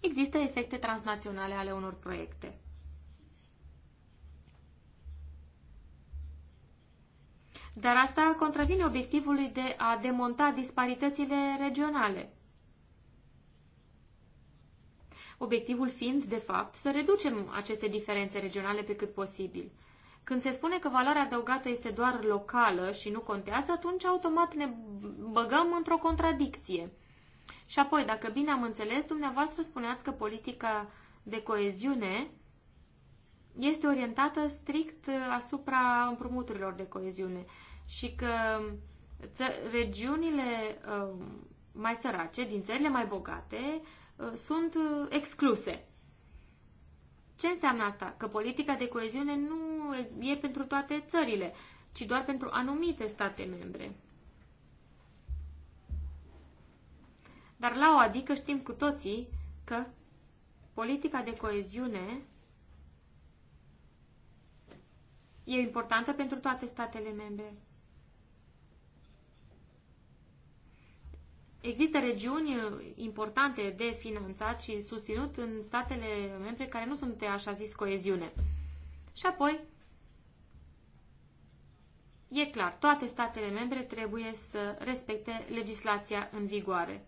[SPEAKER 4] există efecte transnaționale ale unor proiecte. dar asta contravine obiectivului de a demonta disparitățile regionale. Obiectivul fiind, de fapt, să reducem aceste diferențe regionale pe cât posibil. Când se spune că valoarea adăugată este doar locală și nu contează, atunci automat ne băgăm într-o contradicție. Și apoi, dacă bine am înțeles, dumneavoastră spuneați că politica de coeziune este orientată strict asupra împrumuturilor de coeziune și că regiunile um, mai sărace, din țările mai bogate, uh, sunt uh, excluse. Ce înseamnă asta? Că politica de coeziune nu e pentru toate țările, ci doar pentru anumite state membre. Dar la o adică știm cu toții că politica de coeziune e importantă pentru toate statele membre. Există regiuni importante de finanțat și susținut în statele membre care nu sunt de așa zis coeziune. Și apoi, e clar, toate statele membre trebuie să respecte legislația în vigoare.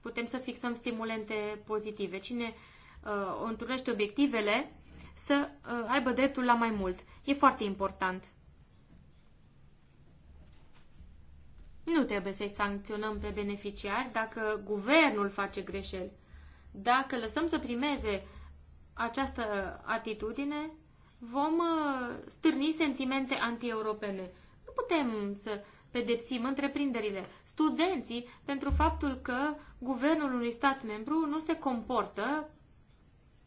[SPEAKER 4] Putem să fixăm stimulente pozitive. Cine uh, întrunește obiectivele să uh, aibă dreptul la mai mult. E foarte important. Nu trebuie să-i sancționăm pe beneficiari dacă guvernul face greșeli. Dacă lăsăm să primeze această atitudine, vom uh, stârni sentimente antieuropene. Nu putem să pedepsim întreprinderile, studenții, pentru faptul că guvernul unui stat membru nu se comportă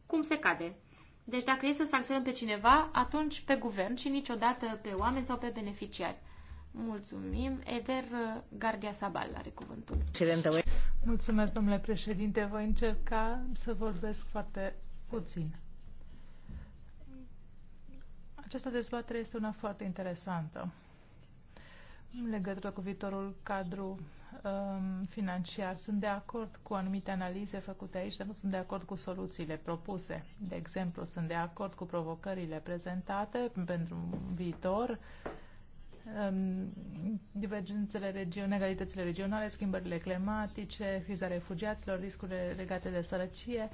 [SPEAKER 4] cum se cade. Deci dacă e să sancționăm pe cineva, atunci pe guvern și niciodată pe oameni sau pe beneficiari. Mulțumim. Eder uh, Gardia Sabal are cuvântul.
[SPEAKER 2] Mulțumesc, domnule președinte. Voi încerca
[SPEAKER 4] să vorbesc
[SPEAKER 2] foarte puțin. Această dezbatere este una foarte interesantă în legătură cu viitorul cadru um, financiar. Sunt de acord cu anumite analize făcute aici, dar nu sunt de acord cu soluțiile propuse. De exemplu, sunt de acord cu provocările prezentate pentru viitor, uh, divergențele regiunii, egalitățile regionale, schimbările climatice, criza refugiaților, riscurile legate de sărăcie.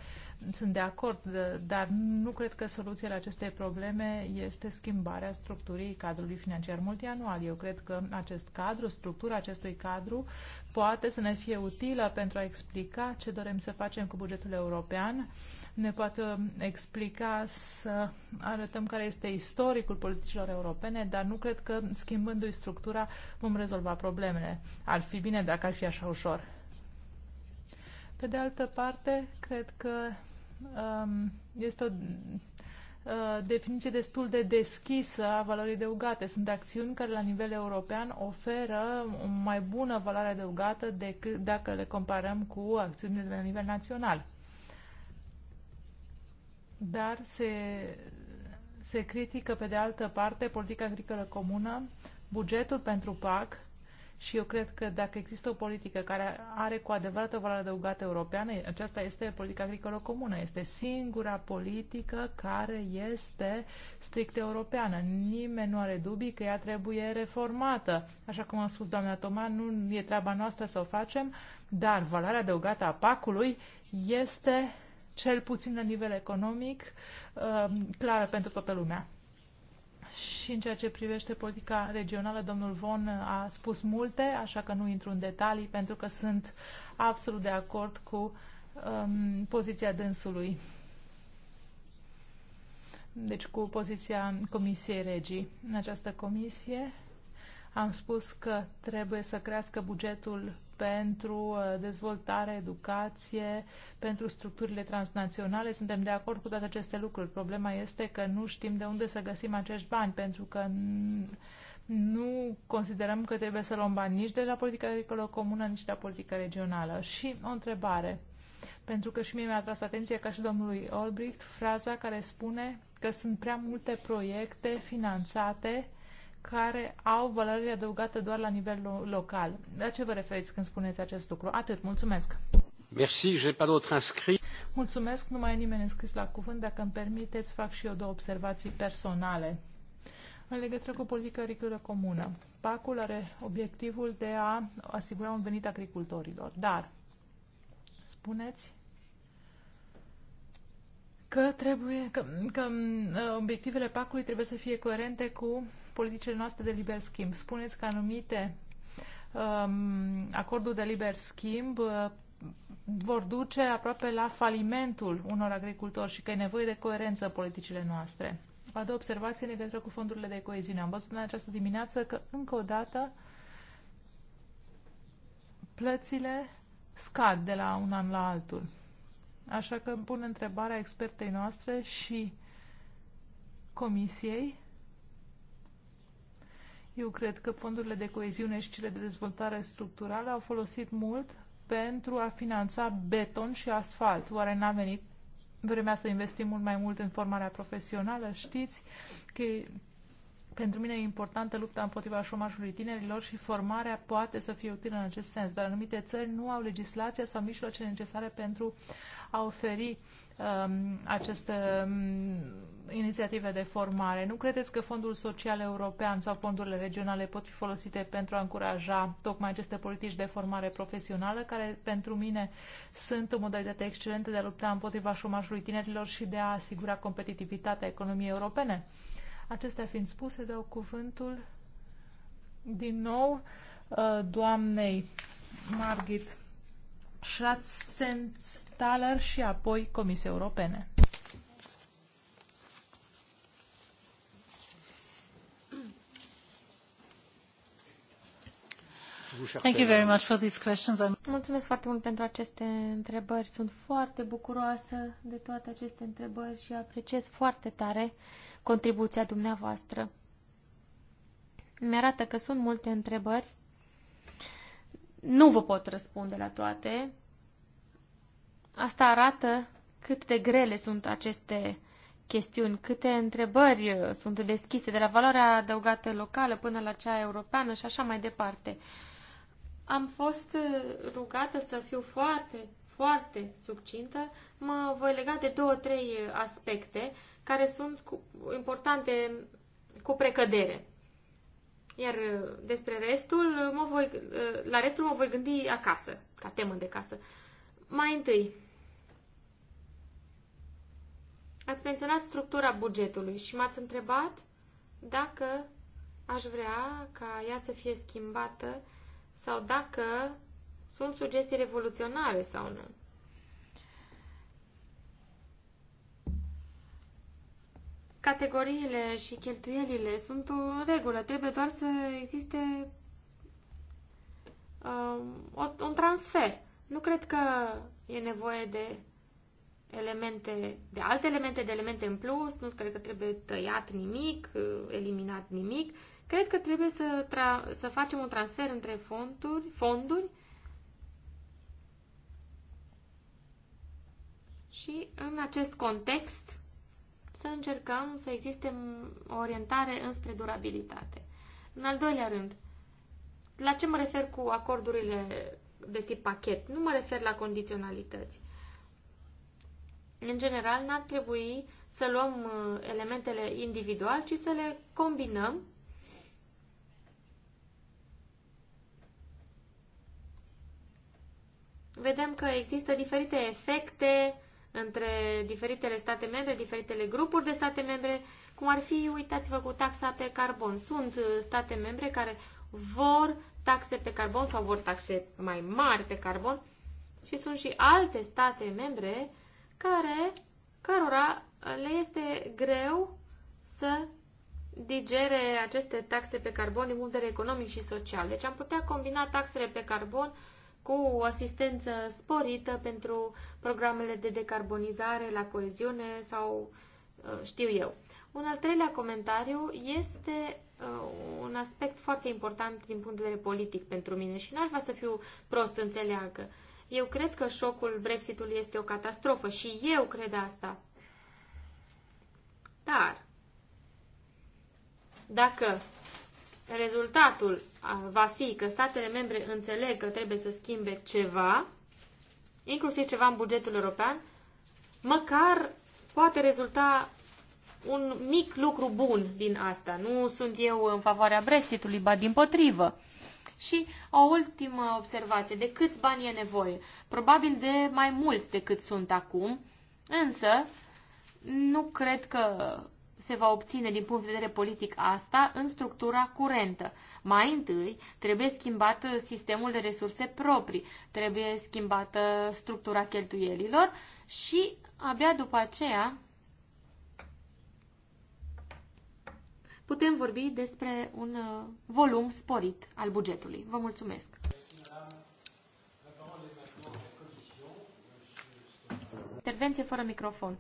[SPEAKER 2] Sunt de acord, dar nu cred că soluția la aceste probleme este schimbarea structurii cadrului financiar multianual. Eu cred că acest cadru, structura acestui cadru, poate să ne fie utilă pentru a explica ce dorem să facem cu bugetul european, ne poate explica să arătăm care este istoricul politicilor europene, dar nu cred că schimbându-i structura vom rezolva problemele. Ar fi bine dacă ar fi așa ușor. Pe de altă parte, cred că um, este o Uh, definiție destul de deschisă a valorii adăugate. Sunt acțiuni care la nivel european oferă o mai bună valoare adăugată decât dacă le comparăm cu acțiunile de la nivel național. Dar se, se critică, pe de altă parte, politica agricolă comună, bugetul pentru PAC, și eu cred că dacă există o politică care are cu adevărat o valoare adăugată europeană, aceasta este politica agricolă comună. Este singura politică care este strict europeană. Nimeni nu are dubii că ea trebuie reformată. Așa cum a spus doamna Toma, nu e treaba noastră să o facem, dar valoarea adăugată a pacului este cel puțin la nivel economic uh, clară pentru toată lumea și în ceea ce privește politica regională, domnul Von a spus multe, așa că nu intru în detalii, pentru că sunt absolut de acord cu um, poziția dânsului. Deci cu poziția Comisiei Regii. În această comisie am spus că trebuie să crească bugetul pentru uh, dezvoltare, educație, pentru structurile transnaționale. Suntem de acord cu toate aceste lucruri. Problema este că nu știm de unde să găsim acești bani, pentru că nu considerăm că trebuie să luăm bani nici de la politica agricolă comună, nici de la politica regională. Și o întrebare, pentru că și mie mi-a atras atenția ca și domnului Olbricht fraza care spune că sunt prea multe proiecte finanțate care au valoare adăugată doar la nivel local. La ce vă referiți când spuneți acest lucru? Atât, mulțumesc!
[SPEAKER 1] Merci, j'ai pas d'autres inscrits.
[SPEAKER 2] Mulțumesc, nu mai e nimeni înscris la cuvânt. Dacă îmi permiteți, fac și eu două observații personale. În legătură cu politica agricolă comună, PAC-ul are obiectivul de a asigura un venit agricultorilor, dar spuneți că trebuie că, că obiectivele PAC-ului trebuie să fie coerente cu politicile noastre de liber schimb. Spuneți că anumite um, acorduri de liber schimb uh, vor duce aproape la falimentul unor agricultori și că e nevoie de coerență politicile noastre. Vă adă observații în legătură cu fondurile de coeziune. Am văzut în această dimineață că încă o dată plățile scad de la un an la altul. Așa că pun întrebarea expertei noastre și comisiei eu cred că fondurile de coeziune și cele de dezvoltare structurală au folosit mult pentru a finanța beton și asfalt. Oare n-a venit vremea să investim mult mai mult în formarea profesională? Știți că pentru mine e importantă lupta împotriva șomajului tinerilor și formarea poate să fie utilă în acest sens, dar anumite țări nu au legislația sau mijloacele necesare pentru a oferi um, aceste um, inițiative de formare. Nu credeți că Fondul Social European sau fondurile regionale pot fi folosite pentru a încuraja tocmai aceste politici de formare profesională, care pentru mine sunt o modalitate excelentă de a lupta împotriva șomajului tinerilor și de a asigura competitivitatea economiei europene? Uh, Acestea fiind spuse, dau cuvântul din nou uh, doamnei Margit Schratzenstaller și apoi Comisie Europene.
[SPEAKER 4] Thank you very much for these questions. Mulțumesc foarte mult pentru aceste întrebări. Sunt foarte bucuroasă de toate aceste întrebări și apreciez foarte tare uh, contribuția dumneavoastră. Mi-arată că sunt multe întrebări. Nu vă pot răspunde la toate. Asta arată cât de grele sunt aceste chestiuni, câte întrebări sunt deschise, de la valoarea adăugată locală până la cea europeană și așa mai departe. Am fost rugată să fiu foarte, foarte succintă. Mă voi lega de două, trei aspecte care sunt cu, importante cu precădere. Iar uh, despre restul, uh, mă voi, uh, la restul mă voi gândi acasă, ca temă de casă. Mai întâi, ați menționat structura bugetului și m-ați întrebat dacă aș vrea ca ea să fie schimbată sau dacă sunt sugestii revoluționare sau nu. categoriile și cheltuielile sunt o regulă, trebuie doar să existe um, un transfer. Nu cred că e nevoie de elemente, de alte elemente, de elemente în plus, nu cred că trebuie tăiat nimic, eliminat nimic. Cred că trebuie să, tra- să facem un transfer între fonduri, fonduri și în acest context să încercăm să existe o orientare înspre durabilitate. În al doilea rând, la ce mă refer cu acordurile de tip pachet? Nu mă refer la condiționalități. În general, n-ar trebui să luăm uh, elementele individual, ci să le combinăm vedem că există diferite efecte între diferitele state membre, diferitele grupuri de state membre, cum ar fi, uitați-vă, cu taxa pe carbon. Sunt uh, state membre care vor taxe pe carbon sau vor taxe mai mari pe carbon și sunt și alte state membre care, cărora uh, le este greu să digere aceste taxe pe carbon din punct de vedere economic și social. Deci am putea combina taxele pe carbon cu o asistență sporită pentru programele de decarbonizare la coeziune sau uh, știu eu. Un al treilea comentariu este uh, un aspect foarte important din punct de vedere politic pentru mine și n-aș vrea să fiu prost înțeleagă. Eu cred că șocul Brexitului este o catastrofă și eu cred asta. Dar dacă rezultatul va fi că statele membre înțeleg că trebuie să schimbe ceva, inclusiv ceva în bugetul european, măcar poate rezulta un mic lucru bun din asta. Nu sunt eu în favoarea Brexitului, ba din potrivă. Și o ultimă observație, de câți bani e nevoie? Probabil de mai mulți decât sunt acum, însă nu cred că se va obține din punct de vedere politic asta în structura curentă. Mai întâi trebuie schimbat uh, sistemul de resurse proprii, trebuie schimbată structura cheltuielilor și abia după aceea putem vorbi despre un uh, volum sporit al bugetului. Vă mulțumesc! Intervenție fără microfon.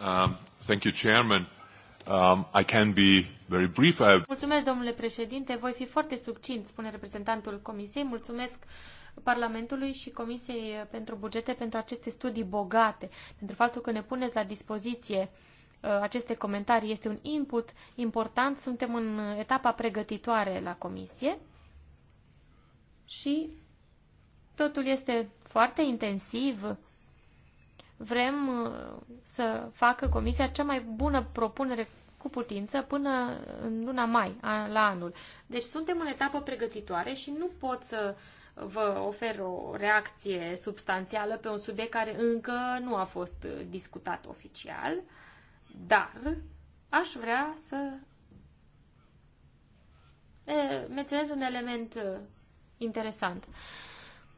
[SPEAKER 3] Um, thank you,
[SPEAKER 2] Chairman. Um, I can be very brief.
[SPEAKER 4] Mulțumesc, domnule președinte. Voi fi foarte succint, spune reprezentantul Comisiei. Mulțumesc Parlamentului și Comisiei pentru bugete pentru aceste studii bogate, pentru faptul că ne puneți la dispoziție uh, aceste comentarii. Este un input important. Suntem în etapa pregătitoare la Comisie și totul este foarte intensiv vrem uh, să facă Comisia cea mai bună propunere cu putință până în luna mai la anul. Deci suntem în etapă pregătitoare și nu pot să vă ofer o reacție substanțială pe un subiect care încă nu a fost discutat oficial, dar aș vrea să menționez un element interesant.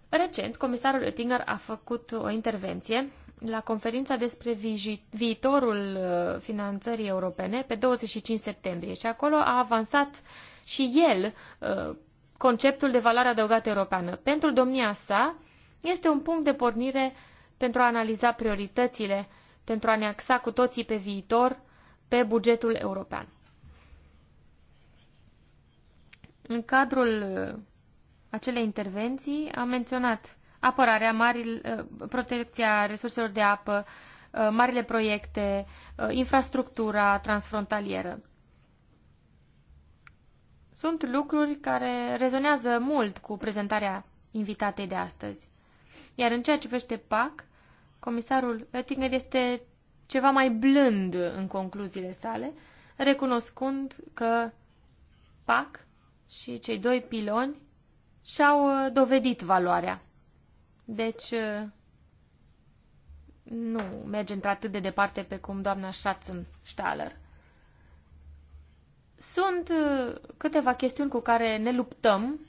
[SPEAKER 4] Recent, comisarul Oettinger a făcut o intervenție la conferința despre viitorul uh, finanțării europene pe 25 septembrie și acolo a avansat și el uh, conceptul de valoare adăugată europeană. Pentru domnia sa este un punct de pornire pentru a analiza prioritățile, pentru a ne axa cu toții pe viitor, pe bugetul european. În cadrul uh, acelei intervenții am menționat apărarea, mari, uh, protecția resurselor de apă, uh, marile proiecte, uh, infrastructura transfrontalieră. Sunt lucruri care rezonează mult cu prezentarea invitatei de astăzi. Iar în ceea ce privește PAC, comisarul Oettinger este ceva mai blând în concluziile sale, recunoscând că PAC și cei doi piloni și-au dovedit valoarea. Deci uh, nu merge într-atât de departe pe cum doamna Schratzenstaller. Sunt uh, câteva chestiuni cu care ne luptăm.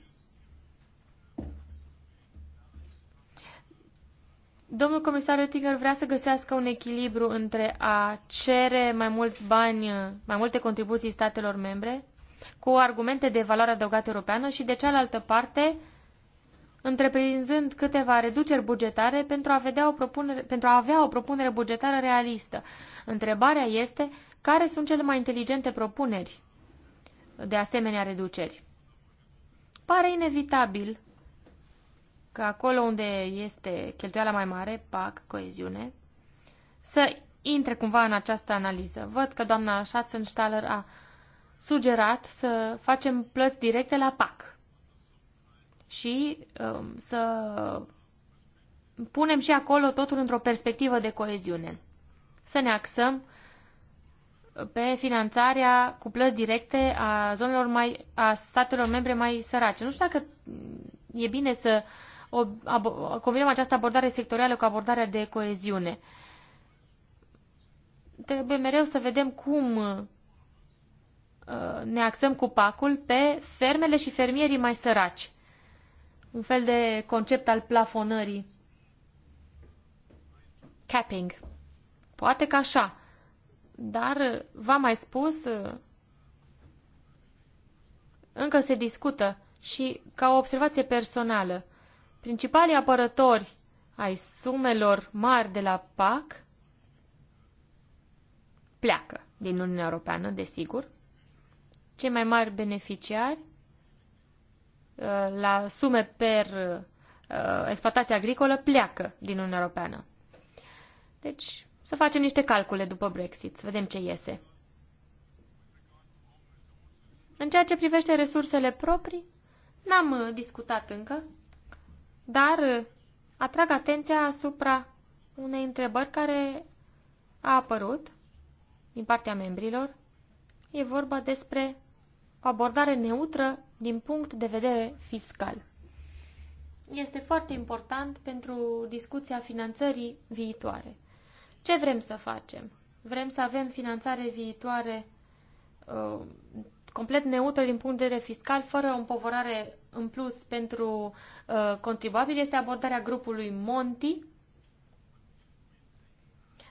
[SPEAKER 4] Domnul comisar Oettinger vrea să găsească un echilibru între a cere mai mulți bani, uh, mai multe contribuții statelor membre, cu argumente de valoare adăugată europeană și, de cealaltă parte, întreprinzând câteva reduceri bugetare pentru a, vedea o propunere, pentru a avea o propunere bugetară realistă. Întrebarea este care sunt cele mai inteligente propuneri de asemenea reduceri. Pare inevitabil că acolo unde este cheltuiala mai mare, PAC, coeziune, să intre cumva în această analiză. Văd că doamna Schatzenstaller a sugerat să facem plăți directe la PAC și um, să punem și acolo totul într-o perspectivă de coeziune. Să ne axăm pe finanțarea cu plăți directe a zonelor mai, a statelor membre mai sărace. Nu știu dacă e bine să combinăm această abordare sectorială cu abordarea de coeziune. Trebuie mereu să vedem cum uh, ne axăm cu pacul pe fermele și fermierii mai săraci un fel de concept al plafonării. Capping. Poate că așa. Dar v-am mai spus, încă se discută și ca o observație personală. Principalii apărători ai sumelor mari de la PAC pleacă din Uniunea Europeană, desigur. Cei mai mari beneficiari Uh, la sume per uh, exploatație agricolă pleacă din Uniunea Europeană. Deci, să facem niște calcule după Brexit, să vedem ce iese. În ceea ce privește resursele proprii, n-am uh, discutat încă, dar atrag atenția asupra unei întrebări care a apărut din partea membrilor. E vorba despre o abordare neutră din punct de vedere fiscal. Este foarte important pentru discuția finanțării viitoare. Ce vrem să facem? Vrem să avem finanțare viitoare uh, complet neutră din punct de vedere fiscal, fără o împovărare în plus pentru uh, contribuabili. Este abordarea grupului Monti.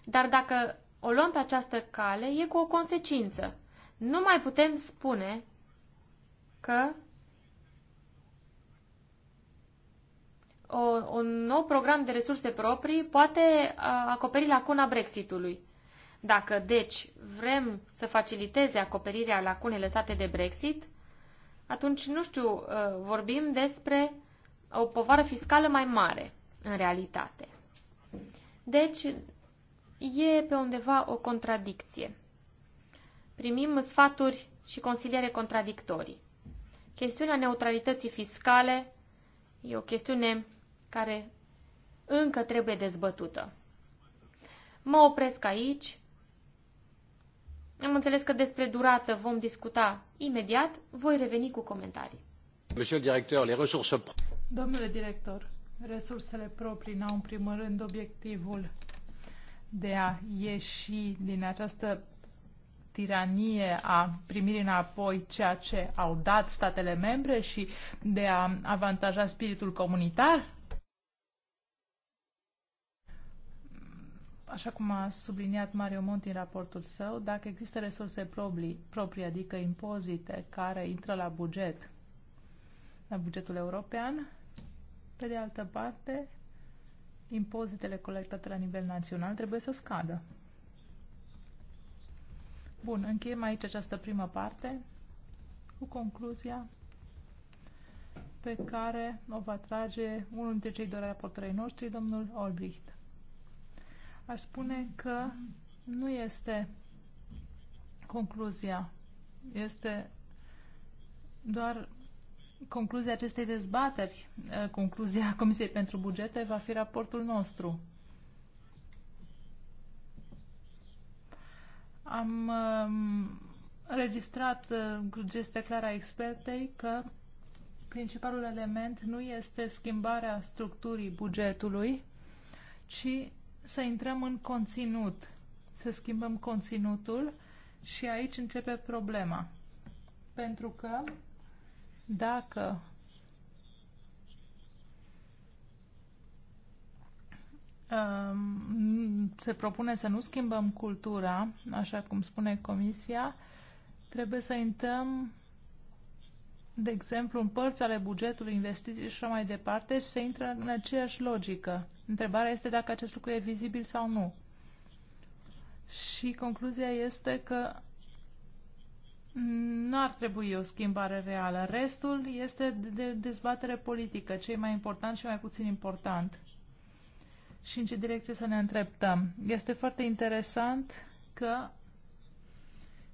[SPEAKER 4] Dar dacă o luăm pe această cale, e cu o consecință. Nu mai putem spune că o, un nou program de resurse proprii poate acoperi lacuna Brexitului. Dacă, deci, vrem să faciliteze acoperirea lacunei lăsate de Brexit, atunci, nu știu, vorbim despre o povară fiscală mai mare, în realitate. Deci, e pe undeva o contradicție. Primim sfaturi și consiliere contradictorii. Chestiunea neutralității fiscale e o chestiune care încă trebuie dezbătută. Mă opresc aici. Am înțeles că despre durată vom discuta imediat. Voi reveni cu comentarii.
[SPEAKER 1] les ressources...
[SPEAKER 4] Domnule director, resursele proprii n-au în primul
[SPEAKER 2] rând obiectivul de a ieși din această tiranie a primirii înapoi ceea ce au dat statele membre și de a avantaja spiritul comunitar? Așa cum a subliniat Mario Monti în raportul său, dacă există resurse proprii, proprii, adică impozite, care intră la buget, la bugetul european, pe de altă parte, impozitele colectate la nivel național trebuie să scadă. Bun, încheiem aici această primă parte cu concluzia pe care o va trage unul dintre cei doi raportorii noștri, domnul Olbricht. Aș spune că nu este concluzia, este doar concluzia acestei dezbateri. Concluzia Comisiei pentru Bugete va fi raportul nostru. Am um, înregistrat cu uh, geste clare a expertei că principalul element nu este schimbarea structurii bugetului, ci să intrăm în conținut, să schimbăm conținutul și aici începe problema. Pentru că dacă se propune să nu schimbăm cultura, așa cum spune Comisia, trebuie să intăm, de exemplu, în părți ale bugetului investiții și așa mai departe și să intră în aceeași logică. Întrebarea este dacă acest lucru e vizibil sau nu. Și concluzia este că nu ar trebui o schimbare reală. Restul este de dezbatere politică, ce e mai important și mai puțin important și în ce direcție să ne întreptăm. Este foarte interesant că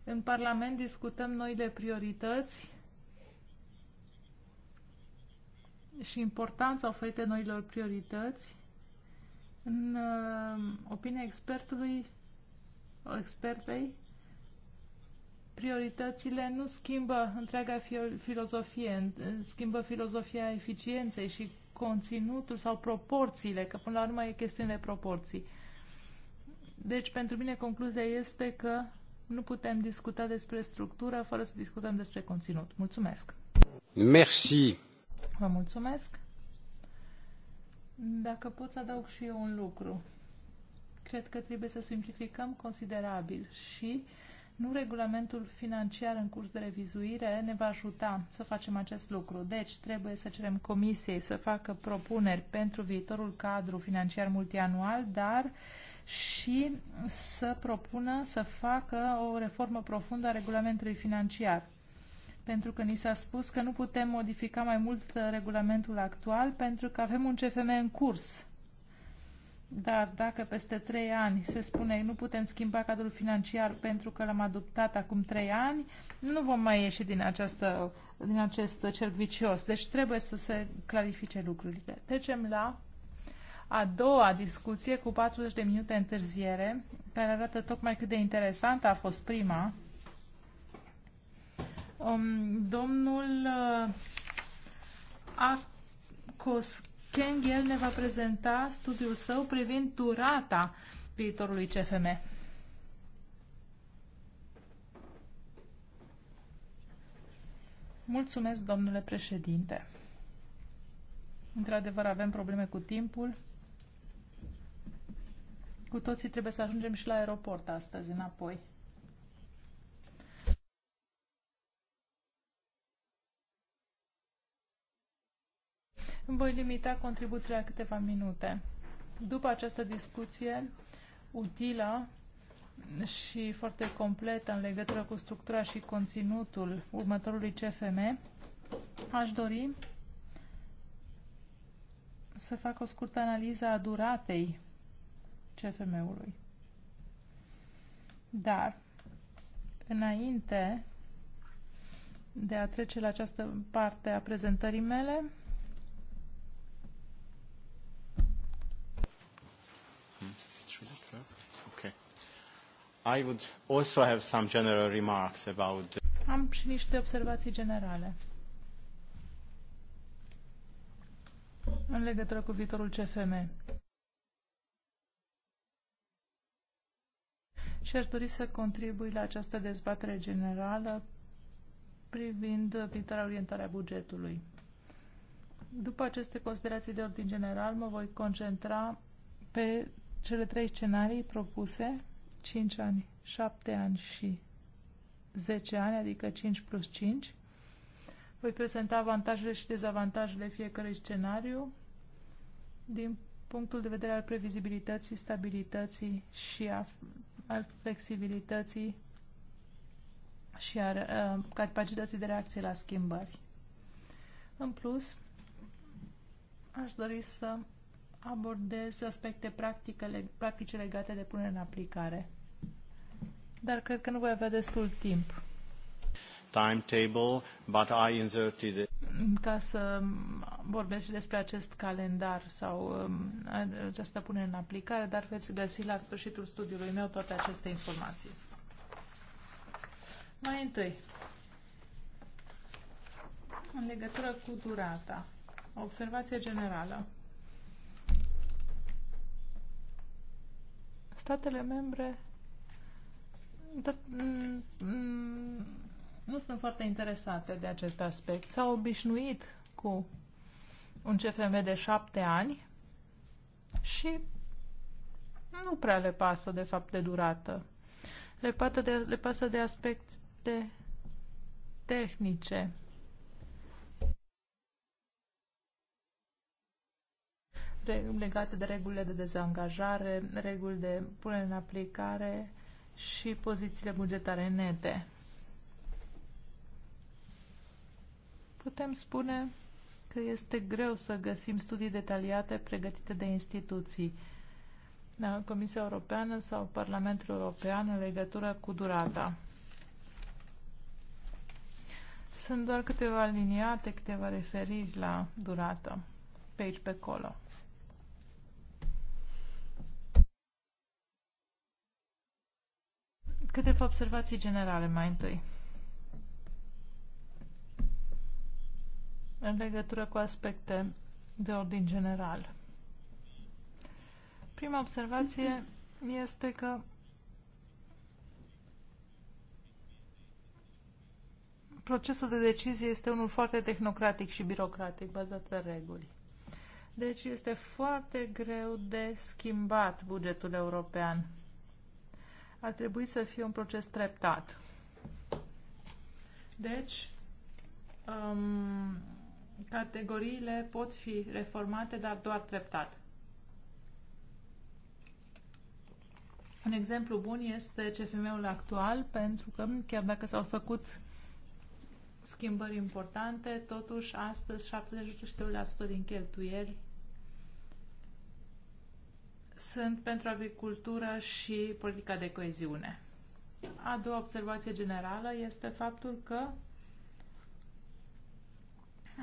[SPEAKER 2] în Parlament discutăm noile priorități și importanța oferită noilor priorități. În uh, opinia expertului, expertei, prioritățile nu schimbă întreaga filozofie, schimbă filozofia eficienței și conținutul sau proporțiile, că până la urmă e chestiune de proporții. Deci, pentru mine, concluzia este că nu putem discuta despre structură fără să discutăm despre conținut. Mulțumesc!
[SPEAKER 1] Merci!
[SPEAKER 2] Vă mulțumesc! Dacă pot să adaug și eu un lucru. Cred că trebuie să simplificăm considerabil și uh, nu regulamentul financiar în curs de revizuire ne va ajuta să facem acest lucru. Deci trebuie să cerem comisiei să facă propuneri pentru viitorul cadru financiar multianual, dar și să propună să facă o reformă profundă a regulamentului financiar. Pentru că ni s-a spus că nu putem modifica mai mult regulamentul actual pentru că avem un CFM în curs dar dacă peste trei ani se spune nu putem schimba cadrul financiar pentru că l-am adoptat acum trei ani, nu vom mai ieși din, această, din acest cerc vicios. Deci trebuie să se clarifice lucrurile. Trecem la a doua discuție cu 40 de minute întârziere, care arată tocmai cât de interesantă a fost prima. Um, domnul uh, Acos weekend el ne va prezenta studiul său privind durata viitorului CFM. Mulțumesc, domnule președinte. Într-adevăr, avem probleme cu timpul. Cu toții trebuie să ajungem și la aeroport astăzi, înapoi. Voi limita contribuția la câteva minute. După această discuție utilă și foarte completă în legătură cu structura și conținutul următorului CFM, aș dori să fac o scurtă analiză a duratei CFM-ului. Dar, înainte de a trece la această parte a prezentării mele,
[SPEAKER 1] I would also have some general remarks about...
[SPEAKER 2] Am și niște observații generale. În legătură cu viitorul CFM. Și aș dori să contribui la această dezbatere generală privind viitoarea orientare a bugetului. După aceste considerații de ordin general, mă voi concentra pe cele trei scenarii propuse 5 ani, 7 ani și 10 ani, adică 5 plus 5. Voi prezenta avantajele și dezavantajele fiecărui scenariu din punctul de vedere al previzibilității, stabilității și a, al flexibilității și a, a uh, capacității de reacție la schimbări. În plus, aș dori să abordez aspecte practice legate de punere în aplicare. Dar cred că nu voi avea destul timp.
[SPEAKER 3] Timetable, but I inserted
[SPEAKER 2] ca să vorbesc și despre acest calendar sau um, această punere în aplicare, dar veți găsi la sfârșitul studiului meu toate aceste informații. Mai întâi, în legătură cu durata, observație generală. Statele membre dar, mm, mm, nu sunt foarte interesate de acest aspect. S-au obișnuit cu un CFM de șapte ani și nu prea le pasă, de fapt, de durată. Le, pasă de, le pasă de aspecte tehnice. legate de regulile de dezangajare, reguli de punere în aplicare, și pozițiile bugetare nete. Putem spune că este greu să găsim studii detaliate pregătite de instituții, la da, Comisia Europeană sau Parlamentul European în legătură cu durata. Sunt doar câteva aliniate, câteva referiri la durată, pe aici, pe acolo. Câteva observații generale mai întâi. În legătură cu aspecte de ordin general. Prima observație este că procesul de decizie este unul foarte tehnocratic și birocratic, bazat pe reguli. Deci este foarte greu de schimbat bugetul european ar trebui să fie un proces treptat. Deci, um, categoriile pot fi reformate, dar doar treptat. Un exemplu bun este CFM-ul actual, pentru că chiar dacă s-au făcut schimbări importante, totuși astăzi 70% din cheltuieli sunt pentru agricultură și politica de coeziune. A doua observație generală este faptul că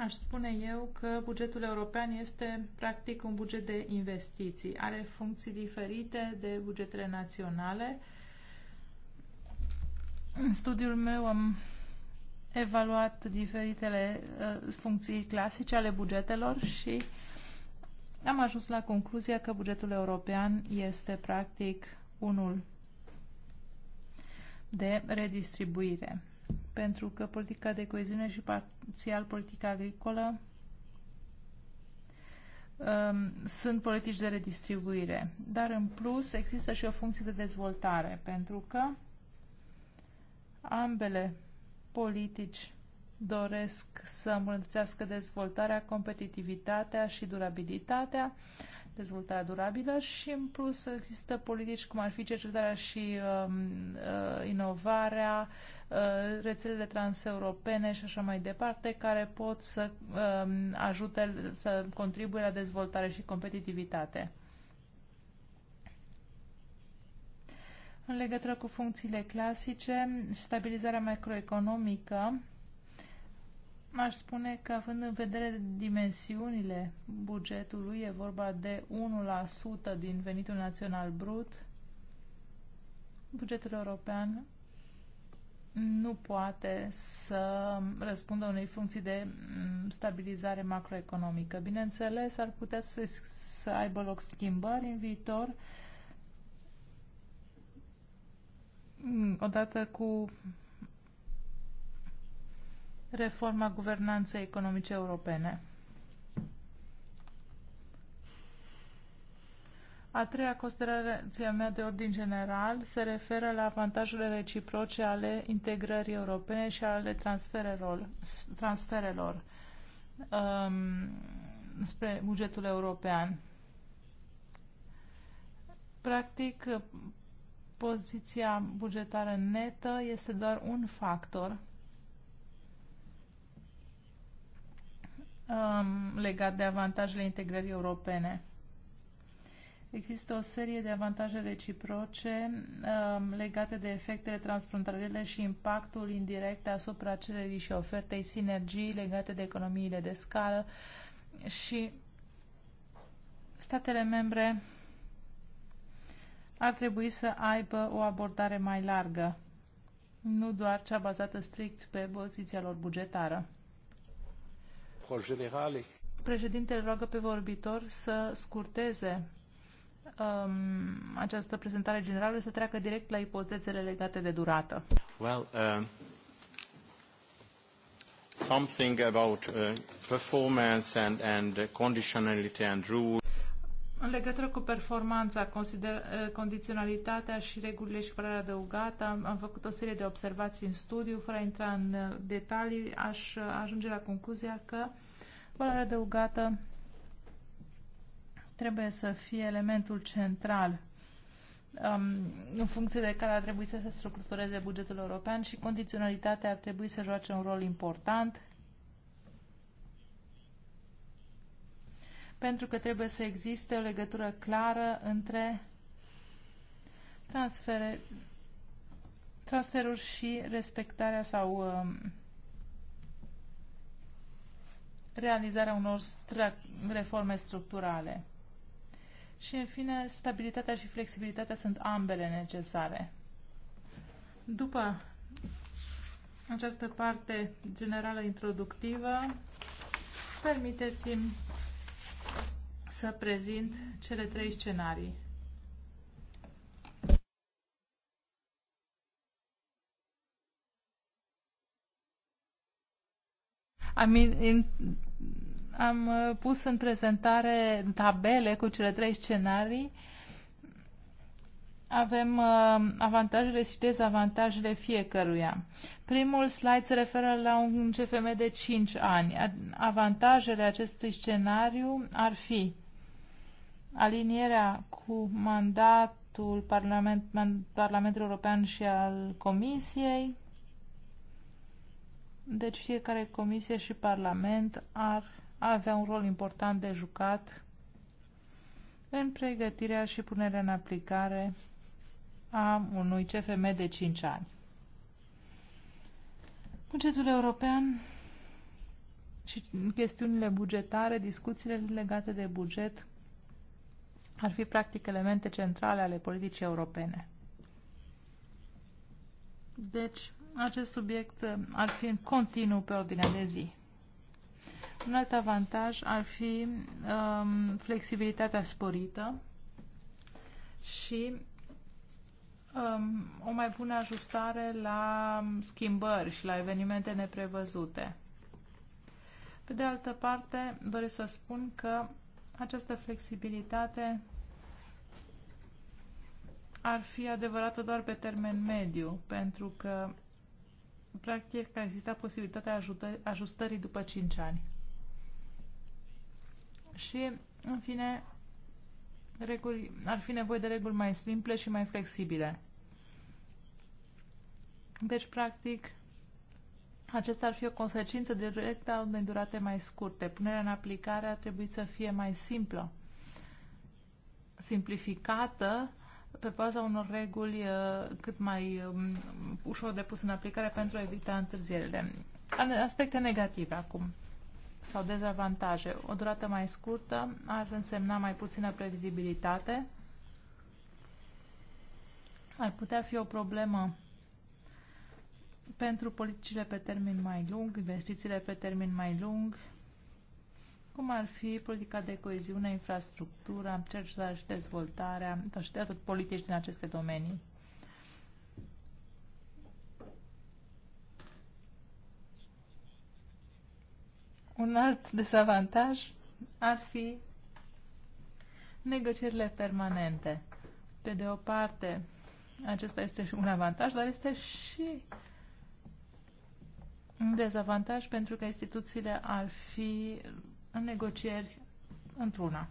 [SPEAKER 2] aș spune eu că bugetul european este practic un buget de investiții. Are funcții diferite de bugetele naționale. În studiul meu am evaluat diferitele uh, funcții clasice ale bugetelor și am ajuns la concluzia că bugetul european este practic unul de redistribuire, pentru că politica de coeziune și parțial politica agricolă um, sunt politici de redistribuire. Dar în plus există și o funcție de dezvoltare, pentru că ambele politici doresc să îmbunătățească dezvoltarea, competitivitatea și durabilitatea, dezvoltarea durabilă și în plus există politici cum ar fi cercetarea și um, uh, inovarea, uh, rețelele transeuropene și așa mai departe, care pot să uh, ajute să contribuie la dezvoltare și competitivitate. În legătură cu funcțiile clasice, stabilizarea macroeconomică Aș spune că, având în vedere dimensiunile bugetului, e vorba de 1% din venitul național brut, bugetul european nu poate să răspundă unei funcții de mm, stabilizare macroeconomică. Bineînțeles, ar putea să, să aibă loc schimbări în viitor, mm, odată cu reforma guvernanței economice europene. A treia considerație mea de ordin general se referă la avantajele reciproce ale integrării europene și ale transferelor, transferelor um, spre bugetul european. Practic, poziția bugetară netă este doar un factor um, legat de avantajele integrării europene. Există o serie de avantaje reciproce um, legate de efectele transfrontaliere și impactul indirect asupra cererii și ofertei sinergii legate de economiile de scală și statele membre ar trebui să aibă o abordare mai largă, nu doar cea bazată strict pe poziția lor bugetară. Președintele roagă pe vorbitor să scurteze um, această prezentare generală, să treacă direct la ipotezele legate de durată.
[SPEAKER 1] Well, um, something about uh, performance and, and conditionality and rules.
[SPEAKER 2] În legătură cu performanța, consider, eh, condiționalitatea și regulile și valoarea adăugată, am făcut o serie de observații în studiu, fără a intra în eh, detalii, aș eh, ajunge la concluzia că valoarea adăugată trebuie să fie elementul central um, în funcție de care ar trebui să se structureze bugetul european și condiționalitatea ar trebui să joace un rol important pentru că trebuie să existe o legătură clară între transfere, transferuri și respectarea sau um, realizarea unor reforme structurale. Și, în fine, stabilitatea și flexibilitatea sunt ambele necesare. După această parte generală introductivă, permiteți-mi să prezint cele trei scenarii. Am, in, in, am uh, pus în prezentare tabele cu cele trei scenarii. Avem uh, avantajele și dezavantajele fiecăruia. Primul slide se referă la un CFM de 5 ani. Avantajele acestui scenariu ar fi alinierea cu mandatul Parlament, Parlamentului European și al Comisiei. Deci fiecare comisie și parlament ar avea un rol important de jucat în pregătirea și punerea în aplicare a unui CFM de 5 ani. Bugetul european și chestiunile bugetare, discuțiile legate de buget ar fi practic elemente centrale ale politicii europene. Deci, acest subiect uh, ar fi în continuu pe ordinea de zi. Un alt avantaj ar fi um, flexibilitatea sporită și um, o mai bună ajustare la um, schimbări și la evenimente neprevăzute. Pe de altă parte, doresc să spun că această flexibilitate ar fi adevărată doar pe termen mediu, pentru că practic a existat posibilitatea ajustării după 5 ani. Și, în fine, reguli, ar fi nevoie de reguli mai simple și mai flexibile. Deci, practic, acesta ar fi o consecință directă a unei durate mai scurte. Punerea în aplicare ar trebui să fie mai simplă, simplificată pe baza unor reguli uh, cât mai um, ușor de pus în aplicare pentru a evita întârzierile. Aspecte negative acum sau dezavantaje. O durată mai scurtă ar însemna mai puțină previzibilitate. Ar putea fi o problemă pentru politicile pe termen mai lung, investițiile pe termen mai lung, cum ar fi politica de coeziune, infrastructura, cercetarea și dezvoltarea, dar și de atât politici din aceste domenii. Un alt dezavantaj ar fi negocierile permanente. Pe de o parte, acesta este și un avantaj, dar este și un dezavantaj pentru că instituțiile ar fi în negocieri într-una.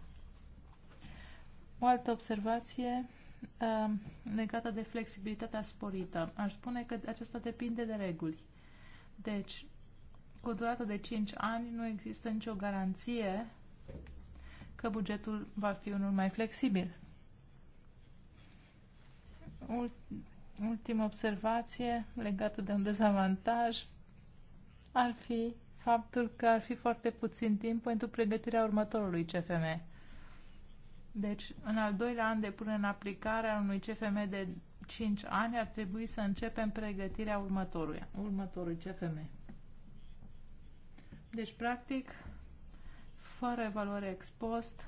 [SPEAKER 2] O altă observație uh, legată de flexibilitatea sporită. Aș spune că aceasta depinde de reguli. Deci, cu o durată de 5 ani nu există nicio garanție că bugetul va fi unul mai flexibil. Ultima observație legată de un dezavantaj ar fi faptul că ar fi foarte puțin timp pentru pregătirea următorului CFM. Deci, în al doilea an de până în aplicarea unui CFM de 5 ani, ar trebui să începem pregătirea următorului, următorului CFM. Deci, practic, fără evaluare expost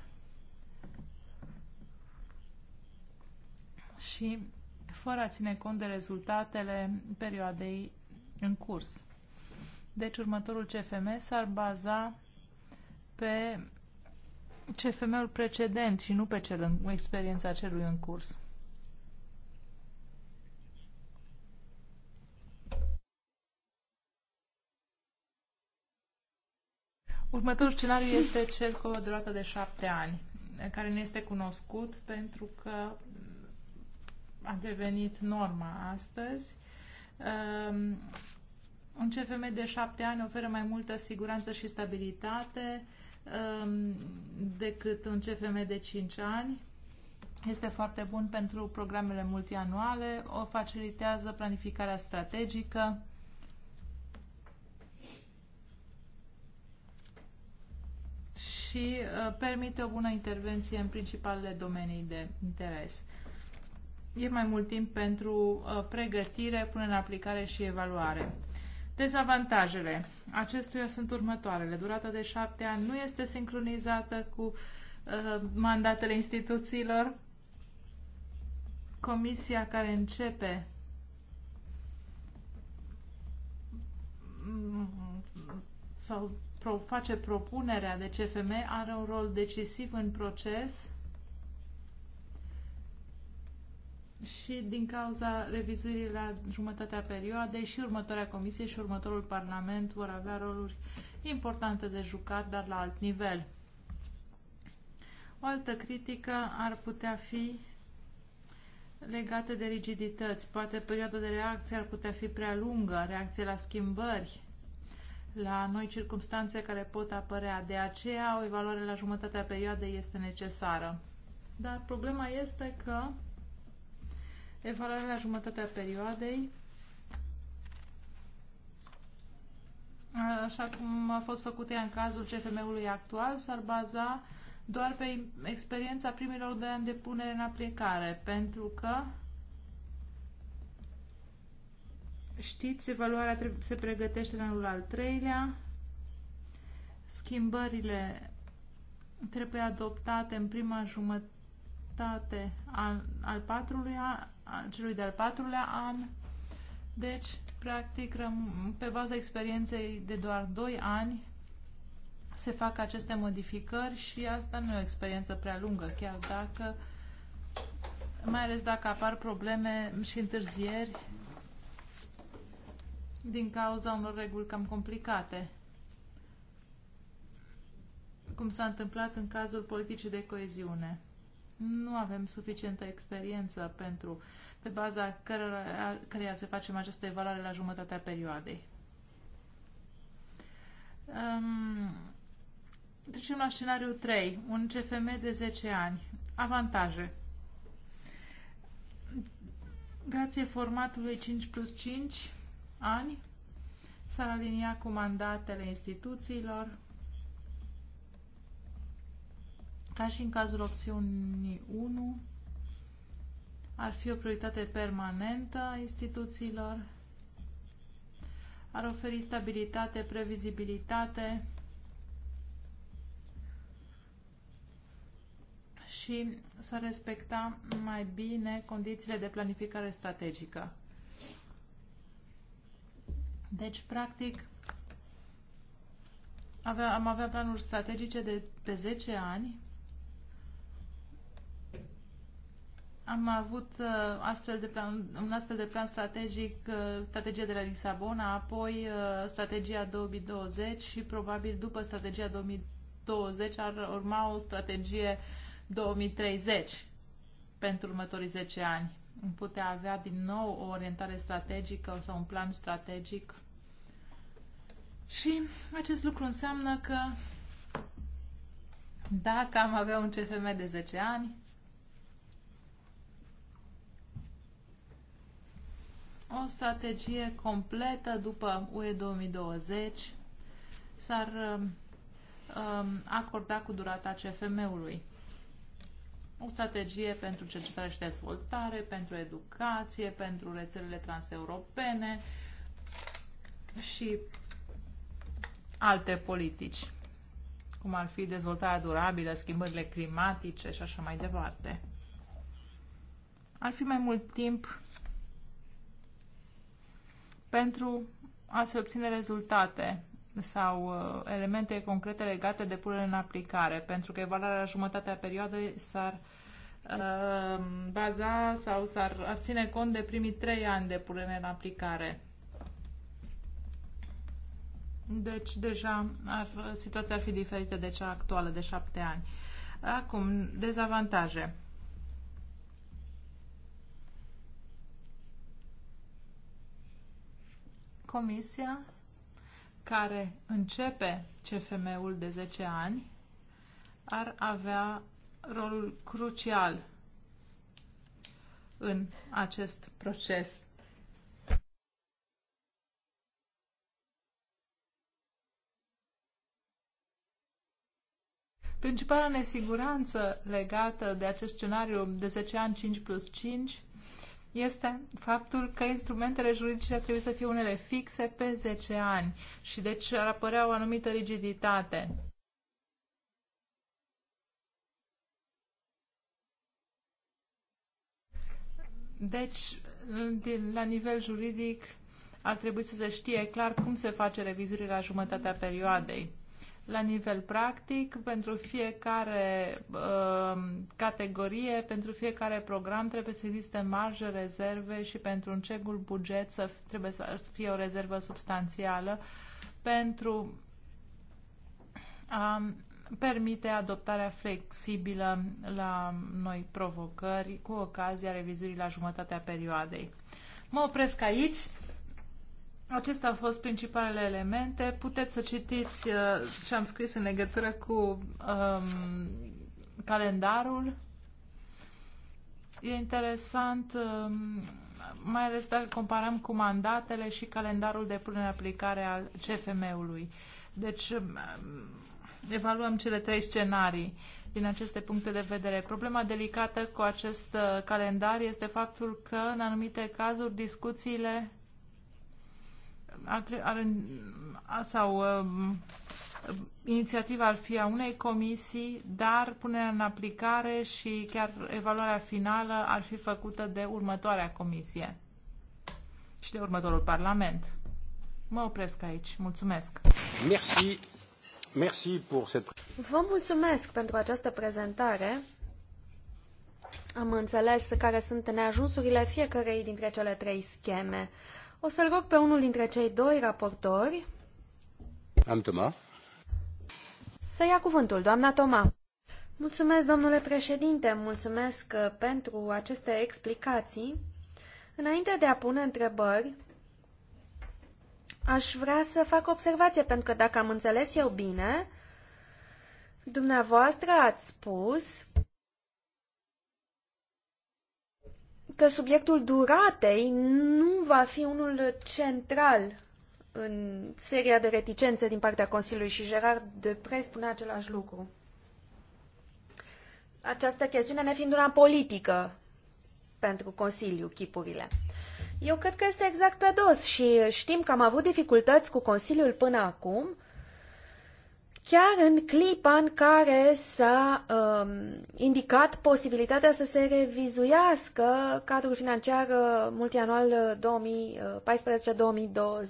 [SPEAKER 2] și fără a ține cont de rezultatele perioadei în curs. Deci următorul CFM s-ar baza pe CFM-ul precedent și nu pe cel în, experiența celui în curs. Următorul scenariu este cel cu o durată de șapte ani, care ne este cunoscut pentru că a devenit norma astăzi. Um, un CFM de șapte ani oferă mai multă siguranță și stabilitate um, decât un CFM de cinci ani. Este foarte bun pentru programele multianuale, o facilitează planificarea strategică. și uh, permite o bună intervenție în principalele domenii de interes. E mai mult timp pentru uh, pregătire, până în aplicare și evaluare. Dezavantajele acestuia sunt următoarele. Durata de șapte ani nu este sincronizată cu uh, mandatele instituțiilor. Comisia care începe mm, sau face propunerea de CFM are un rol decisiv în proces și din cauza revizuirii la jumătatea perioadei și următoarea comisie și următorul parlament vor avea roluri importante de jucat, dar la alt nivel. O altă critică ar putea fi legată de rigidități. Poate perioada de reacție ar putea fi prea lungă, reacție la schimbări, la noi circunstanțe care pot apărea. De aceea, o evaluare la jumătatea perioadei este necesară. Dar problema este că Evaluarea la jumătatea perioadei. Așa cum a fost făcută ea în cazul CFM-ului actual, s-ar baza doar pe experiența primilor de ani de punere în aplicare, pentru că știți, evaluarea se pregătește în anul al treilea, schimbările trebuie adoptate în prima jumătate al, al patrulea celui de-al patrulea an. Deci, practic, pe baza experienței de doar 2 ani se fac aceste modificări și asta nu e o experiență prea lungă, chiar dacă, mai ales dacă apar probleme și întârzieri din cauza unor reguli cam complicate cum s-a întâmplat în cazul politicii de coeziune nu avem suficientă experiență pentru, pe baza căreia, să facem această evaluare la jumătatea perioadei. Um, trecem la scenariul 3, un CFM de 10 ani. Avantaje. Grație formatului 5 plus 5 ani, s-ar alinia cu mandatele instituțiilor, Ca și în cazul opțiunii 1, ar fi o prioritate permanentă a instituțiilor, ar oferi stabilitate, previzibilitate și să respecta mai bine condițiile de planificare strategică. Deci, practic, avea, am avea planuri strategice de pe 10 ani Am avut uh, astfel de plan, un astfel de plan strategic, uh, strategia de la Lisabona, apoi uh, strategia 2020 și probabil după strategia 2020 ar urma o strategie 2030 pentru următorii 10 ani. Putea avea din nou o orientare strategică sau un plan strategic. Și acest lucru înseamnă că dacă am avea un CFM de 10 ani, o strategie completă după UE 2020 s-ar um, um, acorda cu durata CFM-ului. O strategie pentru cercetare și dezvoltare, pentru educație, pentru rețelele transeuropene și alte politici, cum ar fi dezvoltarea durabilă, schimbările climatice și așa mai departe. Ar fi mai mult timp pentru a se obține rezultate sau uh, elemente concrete legate de punere în aplicare, pentru că evaluarea la jumătatea perioadei s-ar uh, baza sau s-ar ar ține cont de primii trei ani de punere în aplicare. Deci, deja, ar, situația ar fi diferită de cea actuală de șapte ani. Acum, dezavantaje. Comisia care începe CFM-ul de 10 ani ar avea rolul crucial în acest proces. Principala nesiguranță legată de acest scenariu de 10 ani 5 plus 5 este faptul că instrumentele juridice ar trebui să fie unele fixe pe 10 ani și deci ar apărea o anumită rigiditate. Deci, la nivel juridic, ar trebui să se știe clar cum se face revizuirea la jumătatea perioadei la nivel practic, pentru fiecare uh, categorie, pentru fiecare program trebuie să existe marje, rezerve și pentru întregul buget să trebuie să fie o rezervă substanțială pentru a um, permite adoptarea flexibilă la noi provocări cu ocazia revizuirii la jumătatea perioadei. Mă opresc aici. Acestea au fost principalele elemente. Puteți să citiți uh, ce am scris în legătură cu um, calendarul. E interesant, um, mai ales dacă comparăm cu mandatele și calendarul de punere în aplicare al CFM-ului. Deci, um, evaluăm cele trei scenarii din aceste puncte de vedere. Problema delicată cu acest uh, calendar este faptul că, în anumite cazuri, discuțiile ar, ar, sau um, inițiativa ar fi a unei comisii, dar punerea în aplicare și chiar evaluarea finală ar fi făcută de următoarea comisie și de următorul parlament. Mă opresc aici. Mulțumesc.
[SPEAKER 1] Merci. Merci pour
[SPEAKER 3] cette... Vă mulțumesc pentru această prezentare. Am înțeles care sunt neajunsurile fiecarei dintre cele trei scheme. O să-l rog pe unul dintre cei doi raportori. Am Toma. Să ia cuvântul, doamna Toma. Mulțumesc, domnule președinte, mulțumesc uh, pentru aceste explicații. Înainte de a pune întrebări, aș vrea să fac observație, pentru că dacă am înțeles eu bine, dumneavoastră ați spus că subiectul duratei nu va fi unul central în seria de reticențe din partea Consiliului și Gerard Depre spune același lucru. Această chestiune ne fiind una politică pentru Consiliu, chipurile. Eu cred că este exact pe dos și știm că am avut dificultăți cu Consiliul până acum, chiar în clipa în care s-a um, indicat posibilitatea să se revizuiască cadrul financiar uh, multianual 2014-2020. Uh,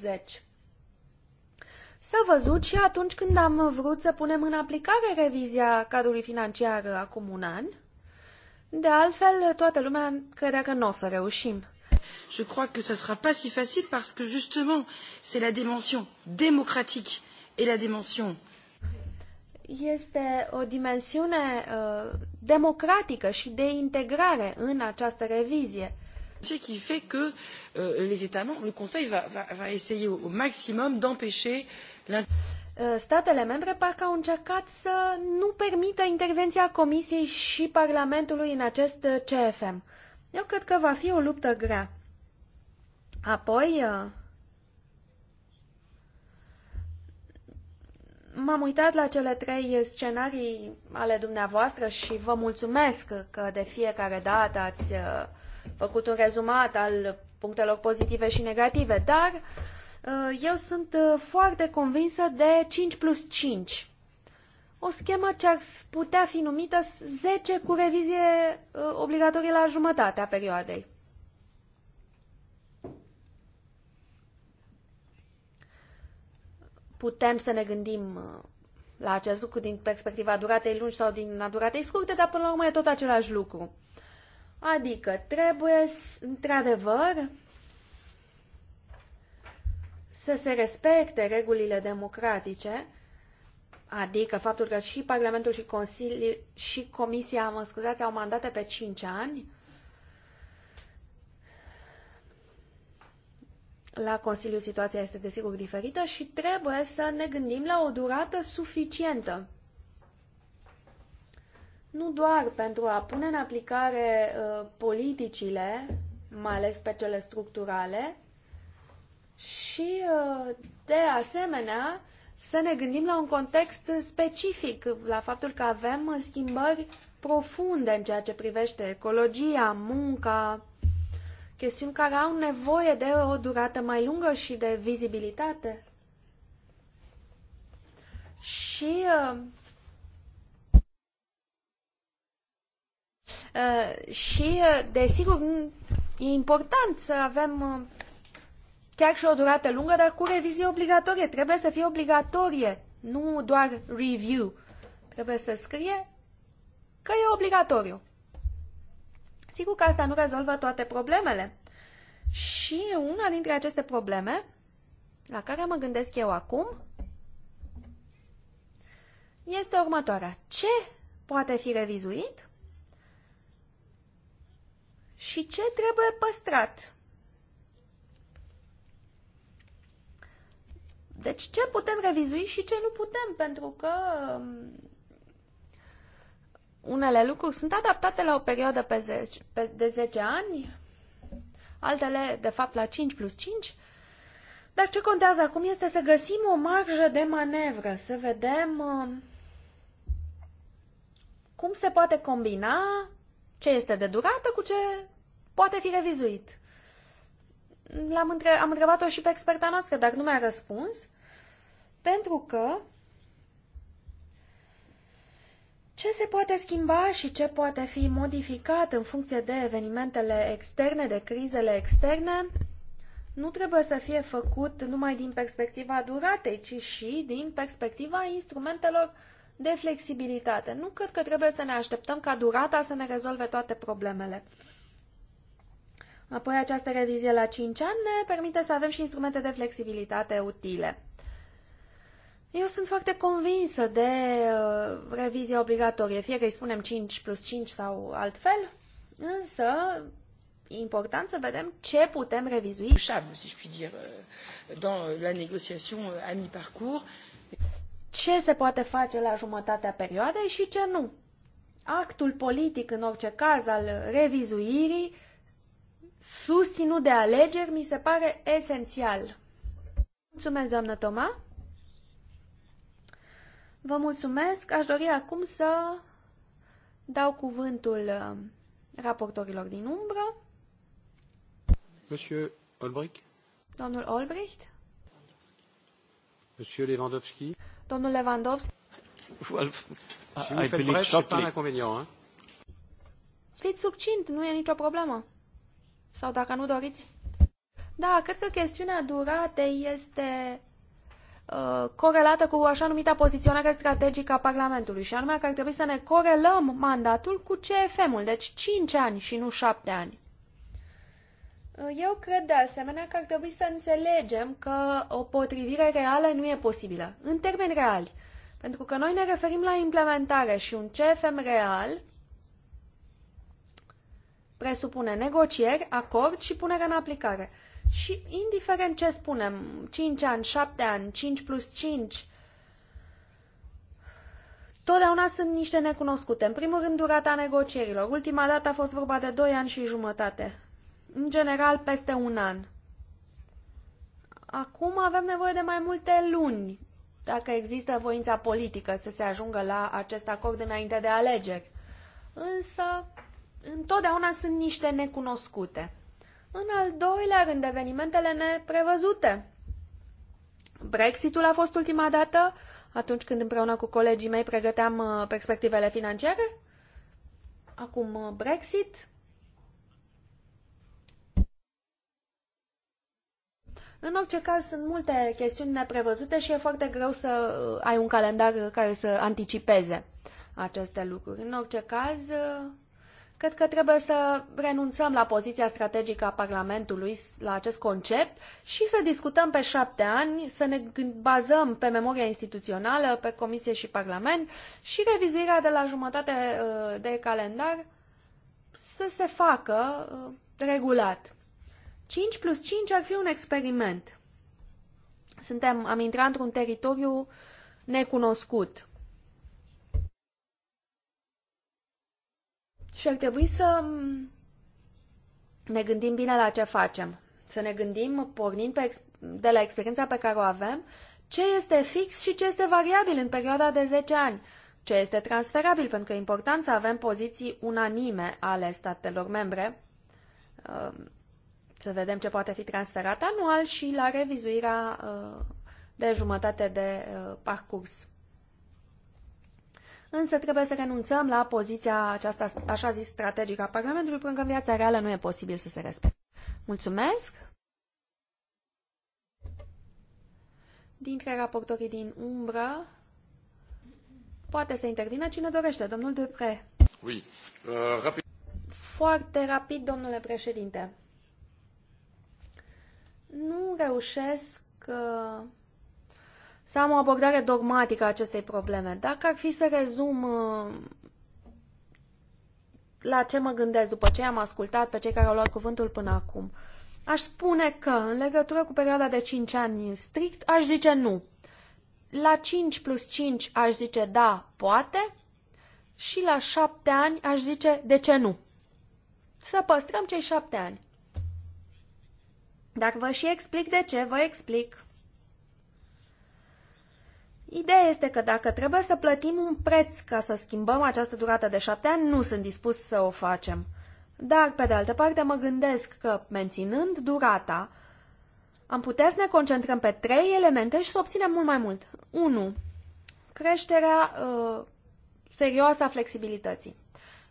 [SPEAKER 3] s-a văzut și atunci când am vrut să punem în aplicare revizia cadrului financiar acum un an. De altfel, toată lumea credea că nu o să reușim. Je crois que ça sera pas si facile parce que justement, c'est la dimension démocratique et la dimension este o dimensiune uh, democratică și de integrare în această revizie. Ce qui fait que uh, les États membres, le Conseil va, va, va essayer au maximum d'empêcher uh, Statele membre parcă au încercat să nu permită intervenția Comisiei și Parlamentului în acest uh, CFM. Eu cred că va fi o luptă grea. Apoi, uh, M-am uitat la cele trei scenarii ale dumneavoastră și vă mulțumesc că de fiecare dată ați uh, făcut un rezumat al punctelor pozitive și negative, dar uh, eu sunt uh, foarte convinsă de 5 plus 5. O schemă ce ar putea fi numită 10 cu revizie obligatorie la jumătatea perioadei. putem să ne gândim uh, la acest lucru din perspectiva duratei lungi sau din a duratei scurte, dar până la urmă e tot același lucru. Adică trebuie, într-adevăr, să se respecte regulile democratice, adică faptul că și Parlamentul și, consiliul și Comisia, mă scuzați, au mandate pe 5 ani, La Consiliu situația este desigur diferită și trebuie să ne gândim la o durată suficientă. Nu doar pentru a pune în aplicare uh, politicile, mai ales pe cele structurale, și uh, de asemenea să ne gândim la un context specific, la faptul că avem schimbări profunde în ceea ce privește ecologia, munca, chestiuni care au nevoie de o durată mai lungă și de vizibilitate. Și uh, uh, și, uh, desigur, e important să avem chiar și o durată lungă, dar cu revizie obligatorie. Trebuie să fie obligatorie, nu doar review. Trebuie să scrie că e obligatoriu. Sigur că asta nu rezolvă toate problemele. Și una dintre aceste probleme, la care mă gândesc eu acum, este următoarea. Ce poate fi revizuit și ce trebuie păstrat? Deci ce putem revizui și ce nu putem, pentru că unele lucruri sunt adaptate la o perioadă pe 10, pe, de 10 ani, altele, de fapt, la 5 plus 5. Dar ce contează acum este să găsim o marjă de manevră, să vedem um, cum se poate combina ce este de durată cu ce poate fi revizuit. L-am între- am întrebat-o și pe experta noastră, dar nu mi-a răspuns, pentru că ce se poate schimba și ce poate fi modificat în funcție de evenimentele externe, de crizele externe, nu trebuie să fie făcut numai din perspectiva duratei, ci și din perspectiva instrumentelor de flexibilitate. Nu cred că trebuie să ne așteptăm ca durata să ne rezolve toate problemele. Apoi această revizie la 5 ani ne permite să avem și instrumente de flexibilitate utile. Eu sunt foarte convinsă de uh, revizia obligatorie, fie că îi spunem 5 plus 5 sau altfel, însă e important să vedem ce putem revizui. si je puis dire, uh, dans la négociation uh, à mi-parcours. Ce se poate face la jumătatea perioadei și ce nu. Actul politic, în orice caz, al revizuirii, susținut de alegeri, mi se pare esențial. Mulțumesc, doamnă Toma. Vă mulțumesc. Aș dori acum să dau cuvântul uh, raportorilor din umbră.
[SPEAKER 1] Monsieur Olbricht.
[SPEAKER 3] Domnul Olbricht.
[SPEAKER 1] Monsieur Lewandowski.
[SPEAKER 3] Domnul Lewandowski.
[SPEAKER 1] Well, I, I believe shortly.
[SPEAKER 3] Fiți succint, nu e nicio problemă. Sau dacă nu doriți. Da, cred că chestiunea duratei este Uh, corelată cu așa numita poziționare strategică a Parlamentului și anume că ar trebui să ne corelăm mandatul cu CFM-ul, deci 5 ani și nu 7 ani. Uh, eu cred de asemenea că ar trebui să înțelegem că o potrivire reală nu e posibilă, în termeni reali, pentru că noi ne referim la implementare și un CFM real presupune negocieri, acord și punere în aplicare. Și indiferent ce spunem, 5 ani, 7 ani, 5 plus 5, totdeauna sunt niște necunoscute. În primul rând, durata negocierilor. Ultima dată a fost vorba de 2 ani și jumătate. În general, peste un an. Acum avem nevoie de mai multe luni, dacă există voința politică să se ajungă la acest acord înainte de alegeri. Însă, întotdeauna sunt niște necunoscute. În al doilea rând, evenimentele neprevăzute. Brexitul a fost ultima dată, atunci când împreună cu colegii mei pregăteam uh, perspectivele financiare. Acum uh, Brexit. În orice caz, sunt multe chestiuni neprevăzute și e foarte greu să uh, ai un calendar care să anticipeze aceste lucruri. În orice caz, Cred că trebuie să renunțăm la poziția strategică a Parlamentului, la acest concept și să discutăm pe șapte ani, să ne bazăm pe memoria instituțională, pe Comisie și Parlament și revizuirea de la jumătate uh, de calendar să se facă uh, regulat. 5 plus 5 ar fi un experiment. Suntem, am intrat într-un teritoriu necunoscut. Și ar trebui să ne gândim bine la ce facem. Să ne gândim, pornind pe, de la experiența pe care o avem, ce este fix și ce este variabil în perioada de 10 ani, ce este transferabil, pentru că e important să avem poziții unanime ale statelor membre, um, să vedem ce poate fi transferat anual și la revizuirea uh, de jumătate de uh, parcurs însă trebuie să renunțăm la poziția aceasta așa zis strategică a Parlamentului, pentru că în viața reală nu e posibil să se respecte. Mulțumesc! Dintre raportorii din umbră, poate să intervină cine dorește, domnul Dupre.
[SPEAKER 1] Oui. Uh, rapid.
[SPEAKER 3] Foarte rapid, domnule președinte. Nu reușesc uh, să am o abordare dogmatică a acestei probleme. Dacă ar fi să rezum uh, la ce mă gândesc după ce am ascultat pe cei care au luat cuvântul până acum, aș spune că, în legătură cu perioada de 5 ani strict, aș zice nu. La 5 plus 5 aș zice da, poate, și la 7 ani aș zice de ce nu. Să păstrăm cei 7 ani. Dacă vă și explic de ce, vă explic. Ideea este că dacă trebuie să plătim un preț ca să schimbăm această durată de șapte ani, nu sunt dispus să o facem. Dar, pe de altă parte, mă gândesc că, menținând durata, am putea să ne concentrăm pe trei elemente și să obținem mult mai mult. 1. Creșterea uh, serioasă a flexibilității.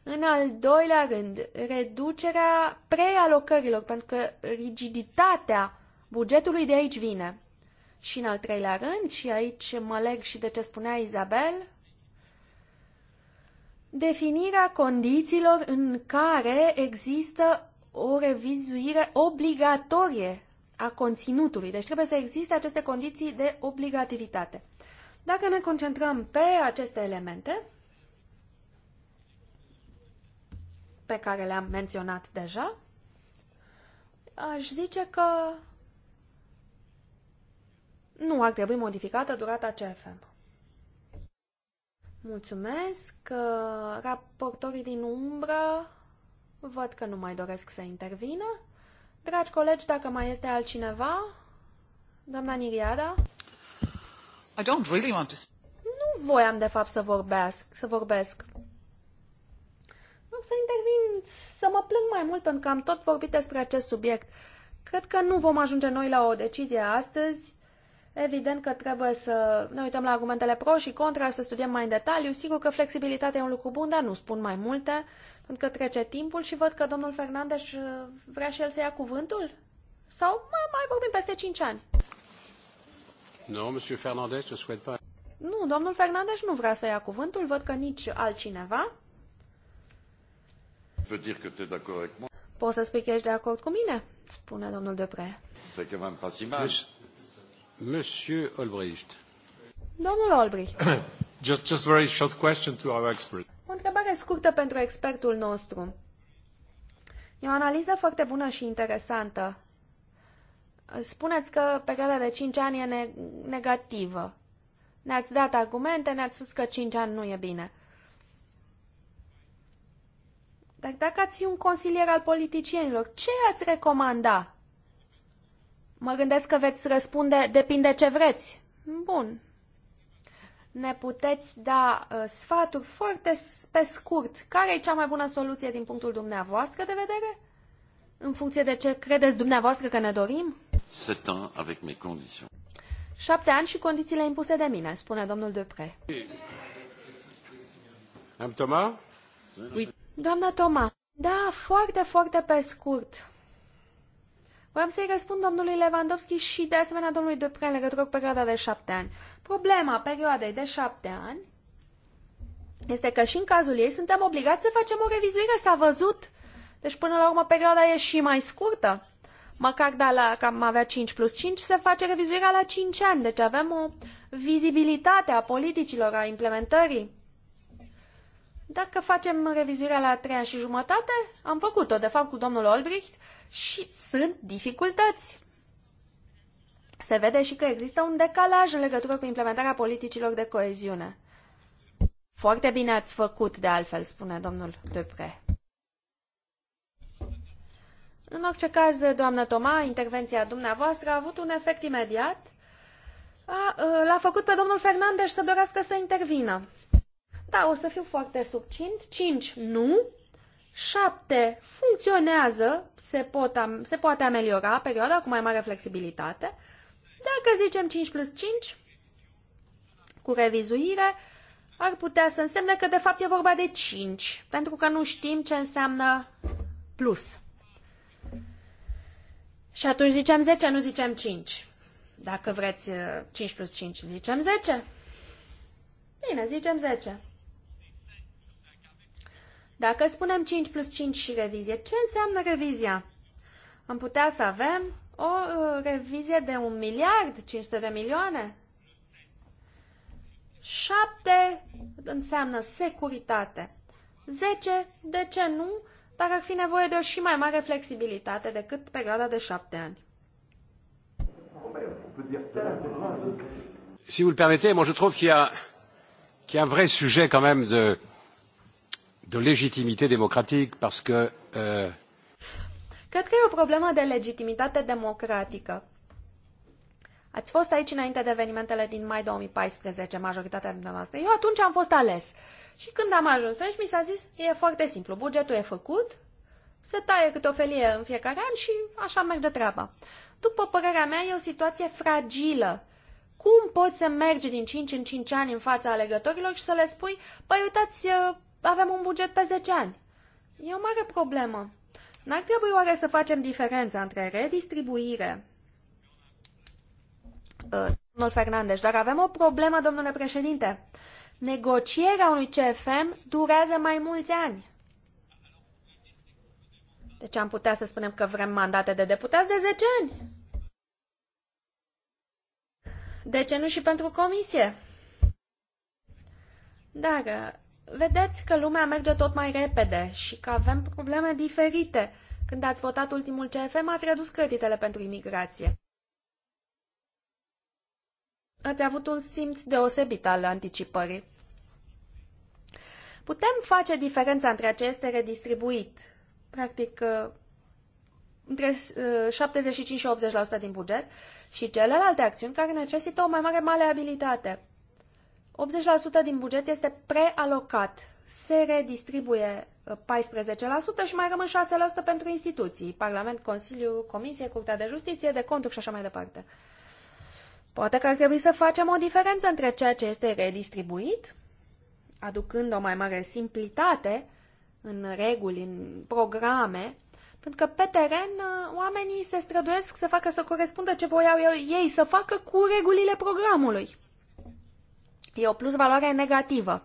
[SPEAKER 3] În al doilea rând, reducerea prealocărilor, pentru că rigiditatea bugetului de aici vine. Și în al treilea rând, și aici mă leg și de ce spunea Isabel, definirea condițiilor în care există o revizuire obligatorie a conținutului. Deci trebuie să existe aceste condiții de obligativitate. Dacă ne concentrăm pe aceste elemente, pe care le-am menționat deja, aș zice că nu ar trebui modificată durata CFM. Mulțumesc. Raportorii din umbră văd că nu mai doresc să intervină. Dragi colegi, dacă mai este altcineva, doamna Niriada?
[SPEAKER 2] I don't really want to...
[SPEAKER 3] Nu voiam, de fapt, să vorbesc. Să vorbesc. Nu să intervin, să mă plâng mai mult, pentru că am tot vorbit despre acest subiect. Cred că nu vom ajunge noi la o decizie astăzi Evident că trebuie să ne uităm la argumentele pro și contra, să studiem mai în detaliu. Sigur că flexibilitatea e un lucru bun, dar nu spun mai multe, pentru că trece timpul și văd că domnul Fernandez uh, vrea și el să ia cuvântul. Sau mai vorbim peste 5 ani.
[SPEAKER 1] Nu, monsieur Fernandez, je souhaite pas.
[SPEAKER 3] Nu, domnul Fernandez nu vrea să ia cuvântul, văd că nici altcineva. Poți să spui că ești de acord cu mine, spune domnul Depre.
[SPEAKER 1] C'est quand même pas si mal. Deci,
[SPEAKER 3] Domnule Olbricht. Olbricht. O întrebare scurtă pentru expertul nostru. E o analiză foarte bună și interesantă. Spuneți că perioada de cinci ani e negativă. Ne-ați dat argumente, ne-ați spus că cinci ani nu e bine. Dar dacă ați fi un consilier al politicienilor, ce ați recomanda? Mă gândesc că veți răspunde, depinde ce vreți. Bun. Ne puteți da uh, sfaturi foarte pe scurt. Care e cea mai bună soluție din punctul dumneavoastră de vedere? În funcție de ce credeți dumneavoastră că ne dorim? Șapte ani și condițiile impuse de mine, spune domnul Dupre.
[SPEAKER 1] Am Toma?
[SPEAKER 3] Doamna Toma, da, foarte, foarte pe scurt. Vreau să-i răspund domnului Lewandowski și de asemenea domnului Dupre în legătură cu perioada de șapte ani. Problema perioadei de șapte ani este că și în cazul ei suntem obligați să facem o revizuire, s-a văzut. Deci până la urmă perioada e și mai scurtă. Măcar de da, la cam avea 5 plus 5, se face revizuirea la 5 ani. Deci avem o vizibilitate a politicilor, a implementării. Dacă facem revizuirea la 3 ani și jumătate, am făcut-o, de fapt, cu domnul Olbricht, și sunt dificultăți. Se vede și că există un decalaj în legătură cu implementarea politicilor de coeziune. Foarte bine ați făcut, de altfel, spune domnul Dupre. În orice caz, doamnă Toma, intervenția dumneavoastră a avut un efect imediat. Ă, l-a făcut pe domnul Fernandez să dorească să intervină. Da, o să fiu foarte subțint. Cinci, nu, 7. Funcționează, se, pot am, se poate ameliora perioada cu mai mare flexibilitate. Dacă zicem 5 plus 5, cu revizuire, ar putea să însemne că de fapt e vorba de 5, pentru că nu știm ce înseamnă plus. Și atunci zicem 10, nu zicem 5. Dacă vreți 5 eh, plus 5, zicem 10. Bine, zicem 10. Dacă spunem 5 plus 5 și revizie, ce înseamnă revizia? Am putea să avem o uh, revizie de 1 miliard, 500 de milioane? 7 înseamnă securitate. 10, de ce nu, dar ar fi nevoie de o și mai mare flexibilitate decât perioada de 7 ani.
[SPEAKER 1] Si vous le permettez, moi je trouve qu'il y qu y a un vrai sujet quand même de, de légitimité démocratique parce que euh...
[SPEAKER 3] Cred că e o problemă de legitimitate democratică. Ați fost aici înainte de evenimentele din mai 2014, majoritatea dumneavoastră. Eu atunci am fost ales. Și când am ajuns aici, mi s-a zis, e foarte simplu, bugetul e făcut, se taie câte o felie în fiecare an și așa merge treaba. După părerea mea, e o situație fragilă. Cum poți să mergi din 5 în 5 ani în fața alegătorilor și să le spui, păi uitați, avem un buget pe 10 ani. E o mare problemă. N-ar trebui oare să facem diferența între redistribuire uh, domnul Fernandez, dar avem o problemă, domnule președinte. Negocierea unui CFM durează mai mulți ani. Deci am putea să spunem că vrem mandate de deputați de 10 ani. De ce nu și pentru comisie? Dar uh, vedeți că lumea merge tot mai repede și că avem probleme diferite. Când ați votat ultimul CFM, ați redus creditele pentru imigrație. Ați avut un simț deosebit al anticipării. Putem face diferența între ce este redistribuit, practic uh, între 75 uh, și 80% din buget, și celelalte acțiuni care necesită o mai mare maleabilitate. 80% din buget este prealocat. Se redistribuie 14% uh, și mai rămân 6% pentru instituții, Parlament, Consiliu, Comisie, Curtea de Justiție, de conturi și așa mai departe. Poate că ar trebui să facem o diferență între ceea ce este redistribuit, aducând o mai mare simplitate în reguli, în programe, pentru că pe teren uh, oamenii se străduiesc să facă să corespundă ce voiau ei să facă cu regulile programului. E o plusvaloare negativă.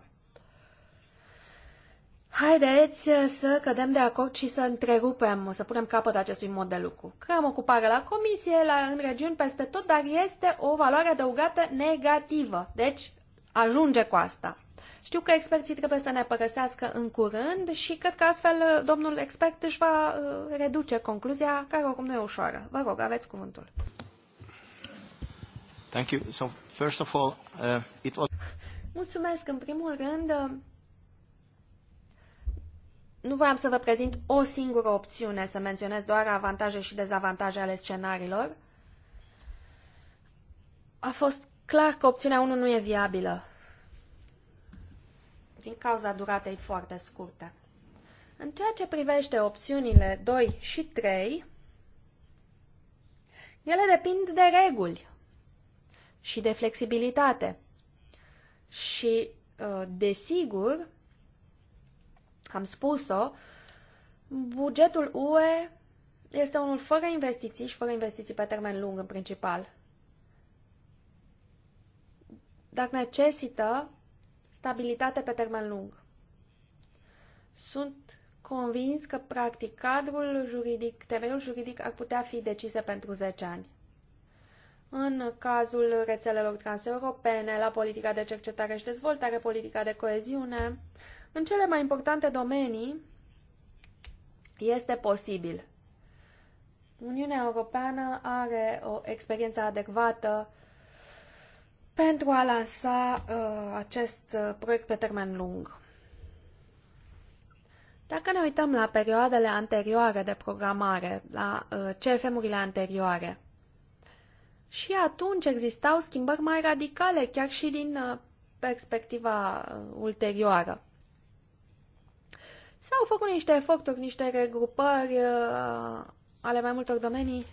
[SPEAKER 3] Haideți uh, să cădem de acord și să întrerupem, să punem capăt acestui mod de lucru. Creăm ocupare la comisie, la, în regiuni, peste tot, dar este o valoare adăugată negativă. Deci, ajunge cu asta. Știu că experții trebuie să ne părăsească în curând și cred că astfel uh, domnul expert își va uh, reduce concluzia, care oricum nu e ușoară. Vă rog, aveți cuvântul. Thank you. So, first of all, uh, it was... Mulțumesc, în primul rând, nu voiam să vă prezint o singură opțiune, să menționez doar avantaje și dezavantaje ale scenariilor. A fost clar că opțiunea 1 nu e viabilă, din cauza duratei foarte scurte. În ceea ce privește opțiunile 2 și 3, ele depind de reguli și de flexibilitate și, uh, desigur, am spus-o, bugetul UE este unul fără investiții și fără investiții pe termen lung în principal. Dar necesită stabilitate pe termen lung. Sunt convins că, practic, cadrul juridic, temeiul juridic ar putea fi decise pentru 10 ani în cazul rețelelor transeuropene, la politica de cercetare și dezvoltare, politica de coeziune. În cele mai importante domenii este posibil. Uniunea Europeană are o experiență adecvată pentru a lansa uh, acest uh, proiect pe termen lung. Dacă ne uităm la perioadele anterioare de programare, la uh, CFM-urile anterioare, și atunci existau schimbări mai radicale, chiar și din uh, perspectiva uh, ulterioară. S-au făcut niște eforturi, niște regrupări uh, ale mai multor domenii.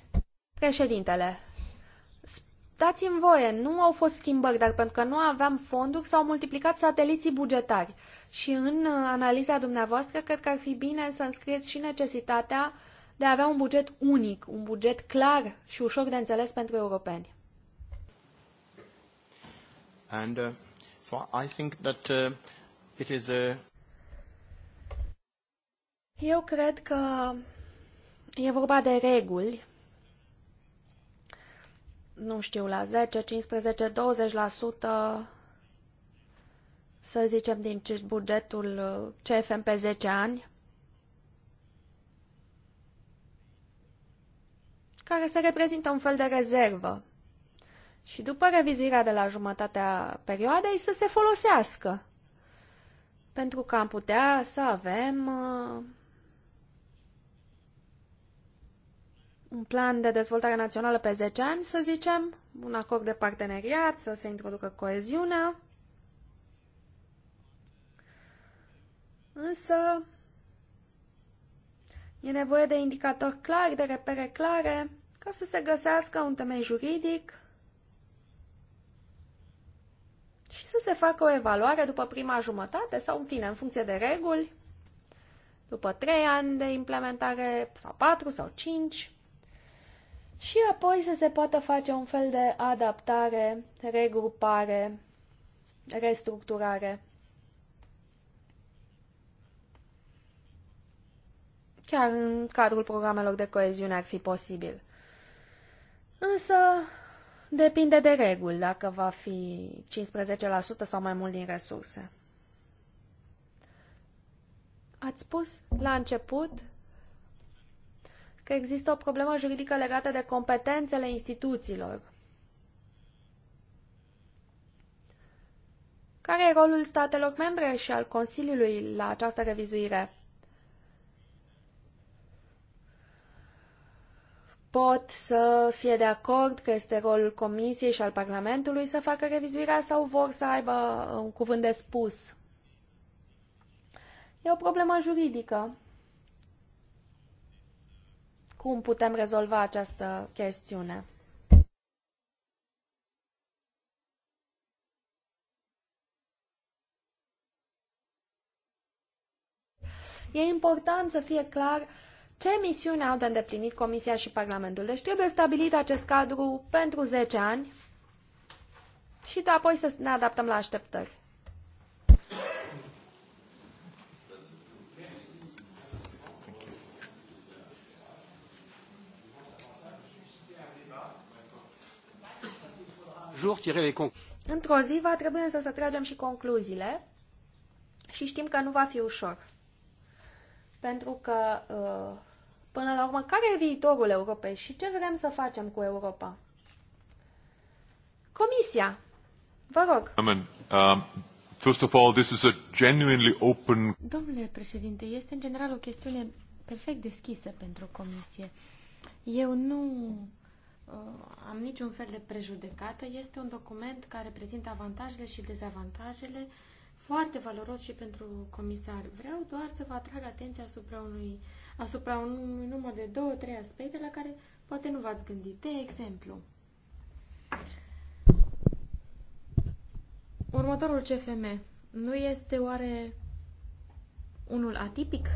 [SPEAKER 3] Președintele, dați-mi voie, nu au fost schimbări, dar pentru că nu aveam fonduri, s-au multiplicat sateliții bugetari. Și în analiza dumneavoastră, cred că ar fi bine să înscrieți și necesitatea uh, de a avea un buget unic, un buget clar și ușor de înțeles pentru europeni. And uh, so I think that uh, it is a... Eu cred că e vorba de reguli. Nu știu, la 10, 15, 20% să zicem din bugetul uh, CFM pe 10 ani care să reprezintă un fel de rezervă. Și după revizuirea de la jumătatea perioadei să se folosească. Pentru că am putea să avem uh, un plan de dezvoltare națională pe 10 ani, să zicem, un acord de parteneriat, să se introducă coeziunea. Însă, E nevoie de indicatori clari, de repere clare ca să se găsească un temei juridic și să se facă o evaluare după prima jumătate sau, în fine, în funcție de reguli, după 3 ani de implementare sau 4 sau 5 și apoi să se poată face un fel de adaptare, regrupare, restructurare. Chiar în cadrul programelor de coeziune ar fi posibil. Însă depinde de reguli dacă va fi 15% sau mai mult din resurse. Ați spus la început că există o problemă juridică legată de competențele instituțiilor. Care e rolul statelor membre și al Consiliului la această revizuire? pot să fie de acord că este rolul Comisiei și al Parlamentului să facă revizuirea sau vor să aibă uh, un cuvânt de spus. E o problemă juridică. Cum putem rezolva această chestiune? E important să fie clar uh, ce misiune au de îndeplinit Comisia și Parlamentul. Deci trebuie stabilit acest cadru pentru 10 ani și de apoi să ne adaptăm la așteptări. Într-o zi va trebui însă să tragem și concluziile și știm că nu va fi ușor. Pentru că uh, Până la urmă, care e viitorul Europei și ce vrem să facem cu Europa? Comisia, vă rog.
[SPEAKER 2] Um, first of all, this is a
[SPEAKER 1] genuinely open...
[SPEAKER 4] Domnule președinte, este în general o chestiune perfect deschisă pentru comisie. Eu nu uh, am niciun fel de prejudecată. Este un document care prezintă avantajele și dezavantajele uh, foarte valoros și pentru comisar. Vreau doar să vă atrag atenția asupra unui, asupra unui număr de două, trei aspecte la care poate nu v-ați gândit. De exemplu, următorul CFM nu este oare unul atipic?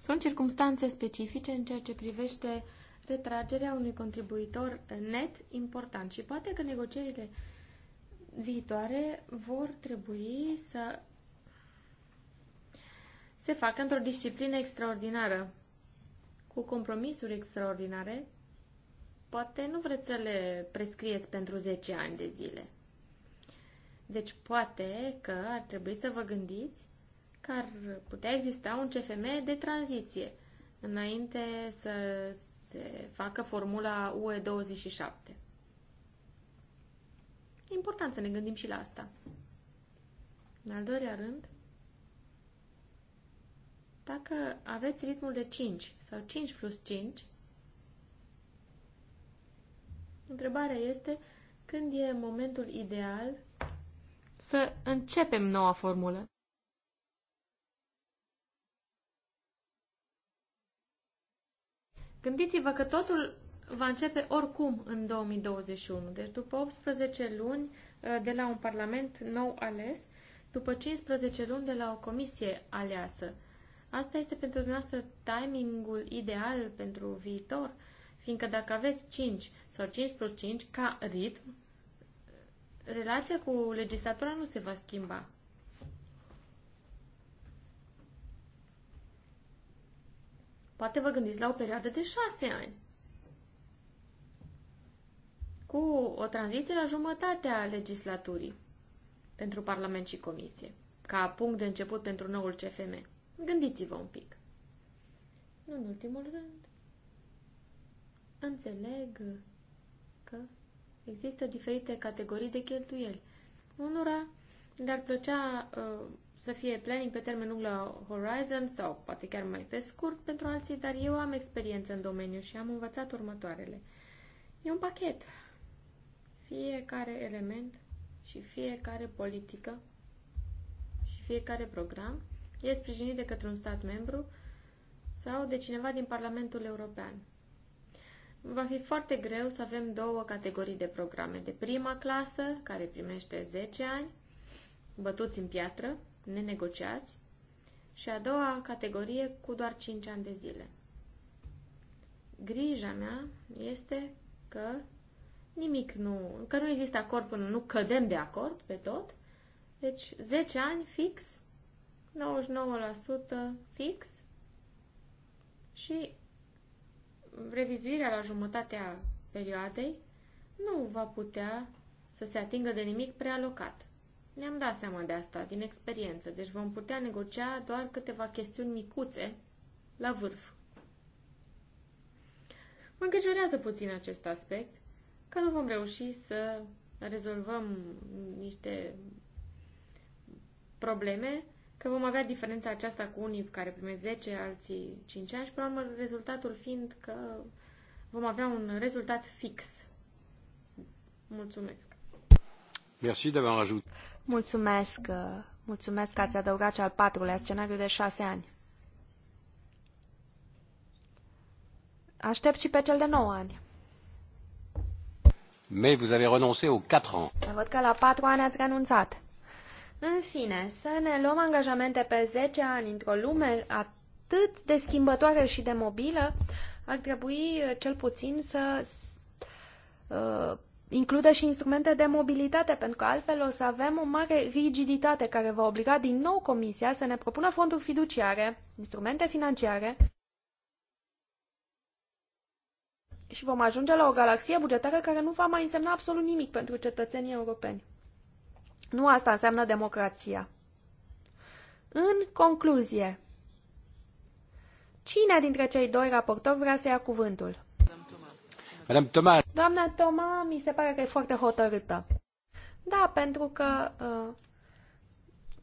[SPEAKER 4] Sunt circumstanțe specifice în ceea ce privește retragerea unui contribuitor net important și poate că negocierile viitoare vor trebui să se facă într-o disciplină extraordinară, cu compromisuri extraordinare. Poate nu vreți să le prescrieți pentru 10 ani de zile. Deci poate că ar trebui să vă gândiți că ar putea exista un CFM de tranziție, înainte să se facă formula UE27. E important să ne gândim și la asta. În al doilea rând, dacă aveți ritmul de 5 sau 5 plus 5, întrebarea este când e momentul ideal să începem noua formulă. Gândiți-vă că totul va începe oricum în 2021, deci după 18 luni uh, de la un parlament nou ales, după 15 luni de la o comisie aleasă. Asta este pentru dumneavoastră timingul ideal pentru viitor, fiindcă dacă aveți 5 sau 5 plus 5 ca ritm, relația cu legislatura nu se va schimba. Poate vă gândiți la o perioadă de 6 ani cu o tranziție la jumătatea legislaturii pentru Parlament și Comisie, ca punct de început pentru noul CFM. Gândiți-vă un pic. Nu în ultimul rând, înțeleg că există diferite categorii de cheltuieli. Unora le-ar plăcea uh, să fie planning pe termen lung la Horizon sau poate chiar mai pe scurt pentru alții, dar eu am experiență în domeniu și am învățat următoarele. E un pachet fiecare element și fiecare politică și fiecare program e sprijinit de către un stat membru sau de cineva din Parlamentul European. Va fi foarte greu să avem două categorii de programe. De prima clasă, care primește 10 ani, bătuți în piatră, nenegociați, și a doua categorie cu doar 5 ani de zile. Grija mea este că nimic nu, că nu există acord până nu cădem de acord pe tot. Deci 10 ani fix, 99% fix și revizuirea la jumătatea perioadei nu va putea să se atingă de nimic prealocat. Ne-am dat seama de asta din experiență, deci vom putea negocia doar câteva chestiuni micuțe la vârf. Mă îngrijorează puțin acest aspect, că nu vom reuși să rezolvăm niște probleme, că vom avea diferența aceasta cu unii care primesc 10, alții 5 ani și, până la urmă, rezultatul fiind că vom avea un rezultat fix.
[SPEAKER 3] Mulțumesc!
[SPEAKER 1] Merci de ajut.
[SPEAKER 3] Mulțumesc! Mulțumesc că ați adăugat cel al patrulea scenariu de 6 ani. Aștept și pe cel de 9 ani
[SPEAKER 1] mais vous avez renoncé aux 4 ans.
[SPEAKER 3] vois că la 4 ani ați renunțat. În fine, să ne luăm angajamente pe 10 ani într-o lume atât de schimbătoare și de mobilă, ar trebui uh, cel puțin să uh, includă și instrumente de mobilitate, pentru că altfel o să avem o mare rigiditate care va obliga din nou Comisia să ne propună fonduri fiduciare, instrumente financiare, și vom ajunge la o galaxie bugetară care nu va mai însemna absolut nimic pentru cetățenii europeni. Nu asta înseamnă democrația. În concluzie, cine dintre cei doi raportori vrea să ia cuvântul? Madame Thomas. Doamna Toma, mi se pare că e foarte hotărâtă. Da, pentru că uh,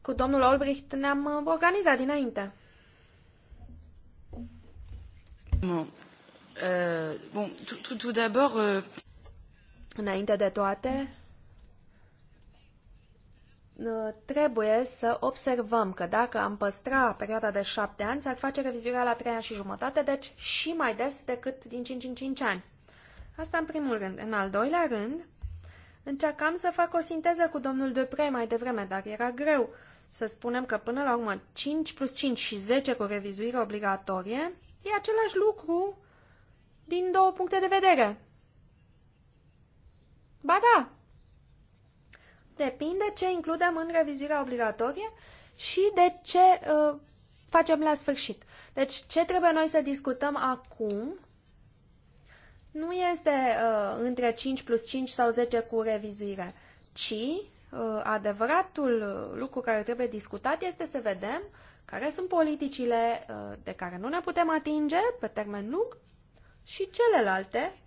[SPEAKER 3] cu domnul Olbricht ne-am uh, organizat dinainte. Nu. No. Euh, euh, Înainte de toate, trebuie să observăm că dacă am păstra perioada de șapte ani, s-ar face revizuirea la trei ani și jumătate, deci și mai des decât din 5 în 5 ani. Asta în primul rând. În al doilea rând, încercam să fac o sinteză cu domnul Dupre mai devreme, dar era greu să spunem că până la urmă 5 plus 5 și 10 cu revizuire obligatorie e același lucru din două puncte de vedere. Ba da! Depinde ce includem în revizuirea obligatorie și de ce uh, facem la sfârșit. Deci, ce trebuie noi să discutăm acum nu este uh, între 5 plus 5 sau 10 cu revizuire, ci uh, adevăratul uh, lucru care trebuie discutat este să vedem care sunt politicile uh, de care nu ne putem atinge pe termen lung și celelalte,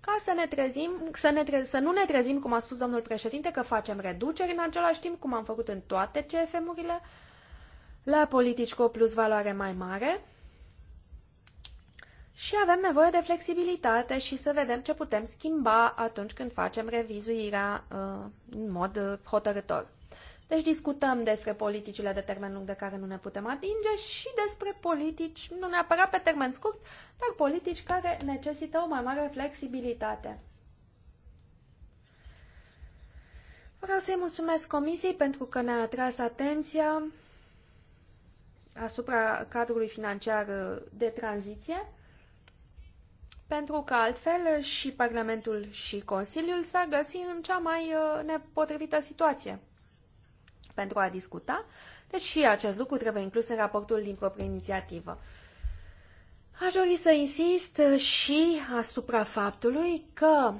[SPEAKER 3] ca să ne trezim, să, ne tre- să nu ne trezim, cum a spus domnul președinte, că facem reduceri în același timp, cum am făcut în toate CFM-urile, la politici cu o plus valoare mai mare. Și avem nevoie de flexibilitate și să vedem ce putem schimba atunci când facem revizuirea uh, în mod uh, hotărător. Deci discutăm despre politicile de termen lung de care nu ne putem atinge și despre politici, nu neapărat pe termen scurt, dar politici care necesită o mai mare flexibilitate. Vreau să-i mulțumesc Comisiei pentru că ne-a atras atenția asupra cadrului financiar de tranziție, pentru că altfel și Parlamentul și Consiliul s-ar găsi în cea mai uh, nepotrivită situație pentru a discuta, deci și acest lucru trebuie inclus în raportul din proprie inițiativă. Aș dori să insist și asupra faptului că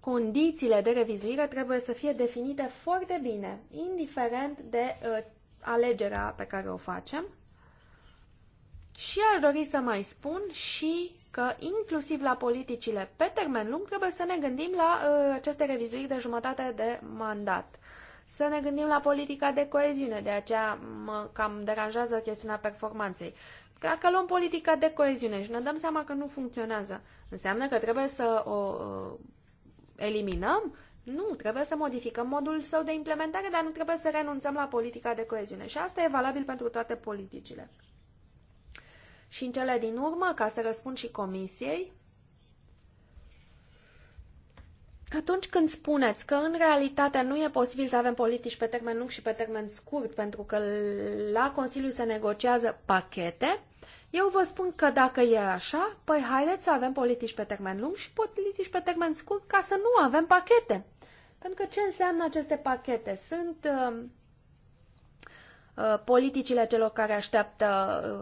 [SPEAKER 3] condițiile de revizuire trebuie să fie definite foarte bine, indiferent de uh, alegerea pe care o facem. Și aș dori să mai spun și că inclusiv la politicile pe termen lung trebuie să ne gândim la uh, aceste revizuiri de jumătate de mandat să ne gândim la politica de coeziune, de aceea mă cam deranjează chestiunea performanței. Dacă luăm politica de coeziune și ne dăm seama că nu funcționează, înseamnă că trebuie să o eliminăm? Nu, trebuie să modificăm modul său de implementare, dar nu trebuie să renunțăm la politica de coeziune. Și asta e valabil pentru toate politicile. Și în cele din urmă, ca să răspund și comisiei, atunci când spuneți că în realitate nu e posibil să avem politici pe termen lung și pe termen scurt, pentru că la Consiliu se negociază pachete, eu vă spun că dacă e așa, păi haideți să avem politici pe termen lung și politici pe termen scurt ca să nu avem pachete. Pentru că ce înseamnă aceste pachete? Sunt uh, Uh, politicile celor care așteaptă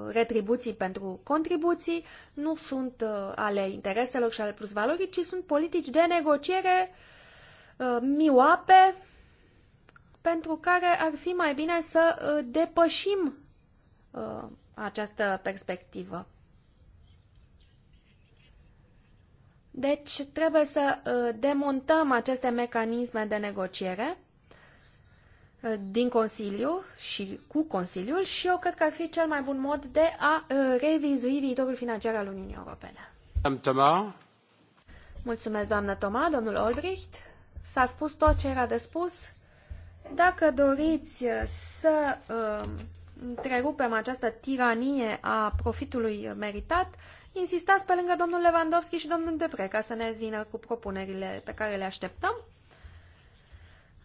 [SPEAKER 3] uh, retribuții pentru contribuții nu sunt uh, ale intereselor și ale plusvalorii, ci sunt politici de negociere mioape pentru care ar fi mai bine să depășim această perspectivă. Deci trebuie să demontăm aceste mecanisme de negociere din Consiliu și cu Consiliul și eu cred că ar fi cel mai bun mod de a uh, revizui viitorul financiar al Uniunii Europene. Mulțumesc, doamnă Toma, domnul Olbricht. S-a spus tot ce era de spus. Dacă doriți uh, să uh, întrerupem această tiranie a profitului meritat, insistați pe lângă domnul Lewandowski și domnul Depre ca să ne vină cu propunerile pe care le așteptăm.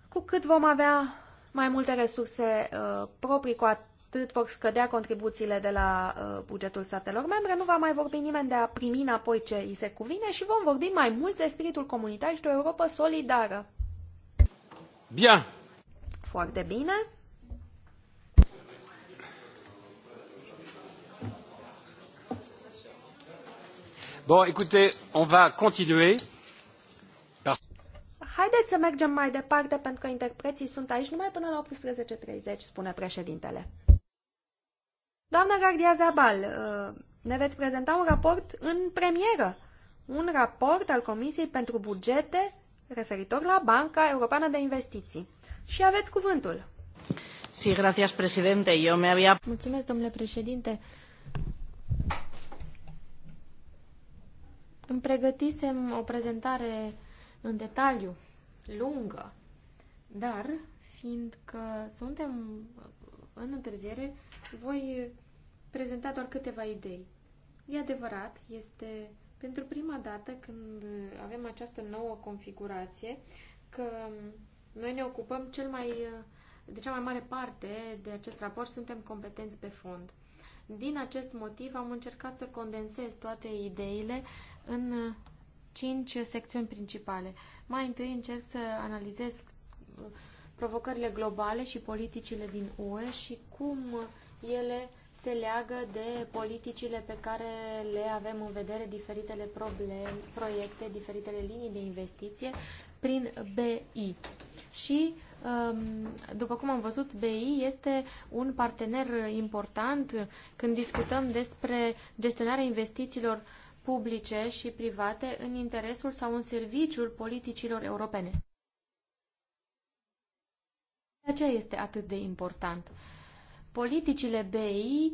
[SPEAKER 3] Cu cât vom avea mai multe resurse uh, proprii, cu atât vor scădea contribuțiile de la uh, bugetul statelor membre, nu va mai vorbi nimeni de a primi înapoi ce îi se cuvine și vom vorbi mai mult de spiritul comunitar și de o Europa solidară. Bine! Foarte bine!
[SPEAKER 1] Bon, écoutez, on va continuer.
[SPEAKER 3] Haideți să mergem mai departe, pentru că interpreții sunt aici numai până la 18.30, spune președintele. Doamna Gardia Zabal, uh, ne veți prezenta un raport în premieră. Un raport al Comisiei pentru Bugete referitor la Banca Europeană de Investiții. Și aveți cuvântul.
[SPEAKER 4] Sí, gracias, presidente. Yo me había... Mulțumesc, domnule președinte. Îmi pregătisem o prezentare în detaliu lungă, dar fiindcă suntem în întârziere, voi prezenta doar câteva idei. E adevărat, este pentru prima dată când avem această nouă configurație că noi ne ocupăm cel mai, de cea mai mare parte de acest raport, suntem competenți pe fond. Din acest motiv am încercat să condensez toate ideile în cinci secțiuni principale. Mai întâi încerc să analizez uh, provocările globale și politicile din UE și cum ele se leagă de politicile pe care le avem în vedere, diferitele probleme, proiecte, diferitele linii de investiție prin BI. Și, um, după cum am văzut, BI este un partener important când discutăm despre gestionarea investițiilor publice și private în interesul sau în serviciul politicilor europene. De aceea este atât de important. Politicile BI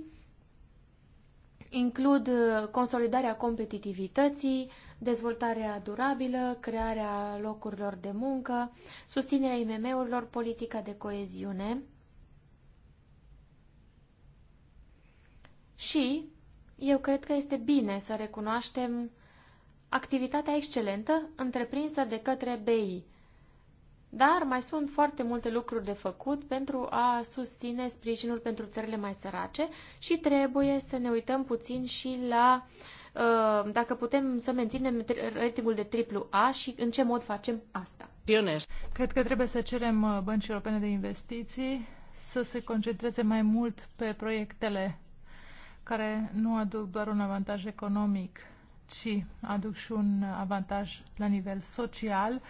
[SPEAKER 4] includ uh, consolidarea competitivității, dezvoltarea durabilă, crearea locurilor de muncă, susținerea IMM-urilor, politica de coeziune și eu cred că este bine să recunoaștem activitatea excelentă întreprinsă de către BI. Dar mai sunt foarte multe lucruri de făcut pentru a susține sprijinul pentru țările mai sărace și trebuie să ne uităm puțin și la uh, dacă putem să menținem ratingul de A și în ce mod facem asta. Cred că trebuie să cerem uh, băncii europene de investiții
[SPEAKER 2] să se concentreze mai mult pe proiectele care nu aduc doar un avantaj economic, ci aduc și un avantaj la nivel social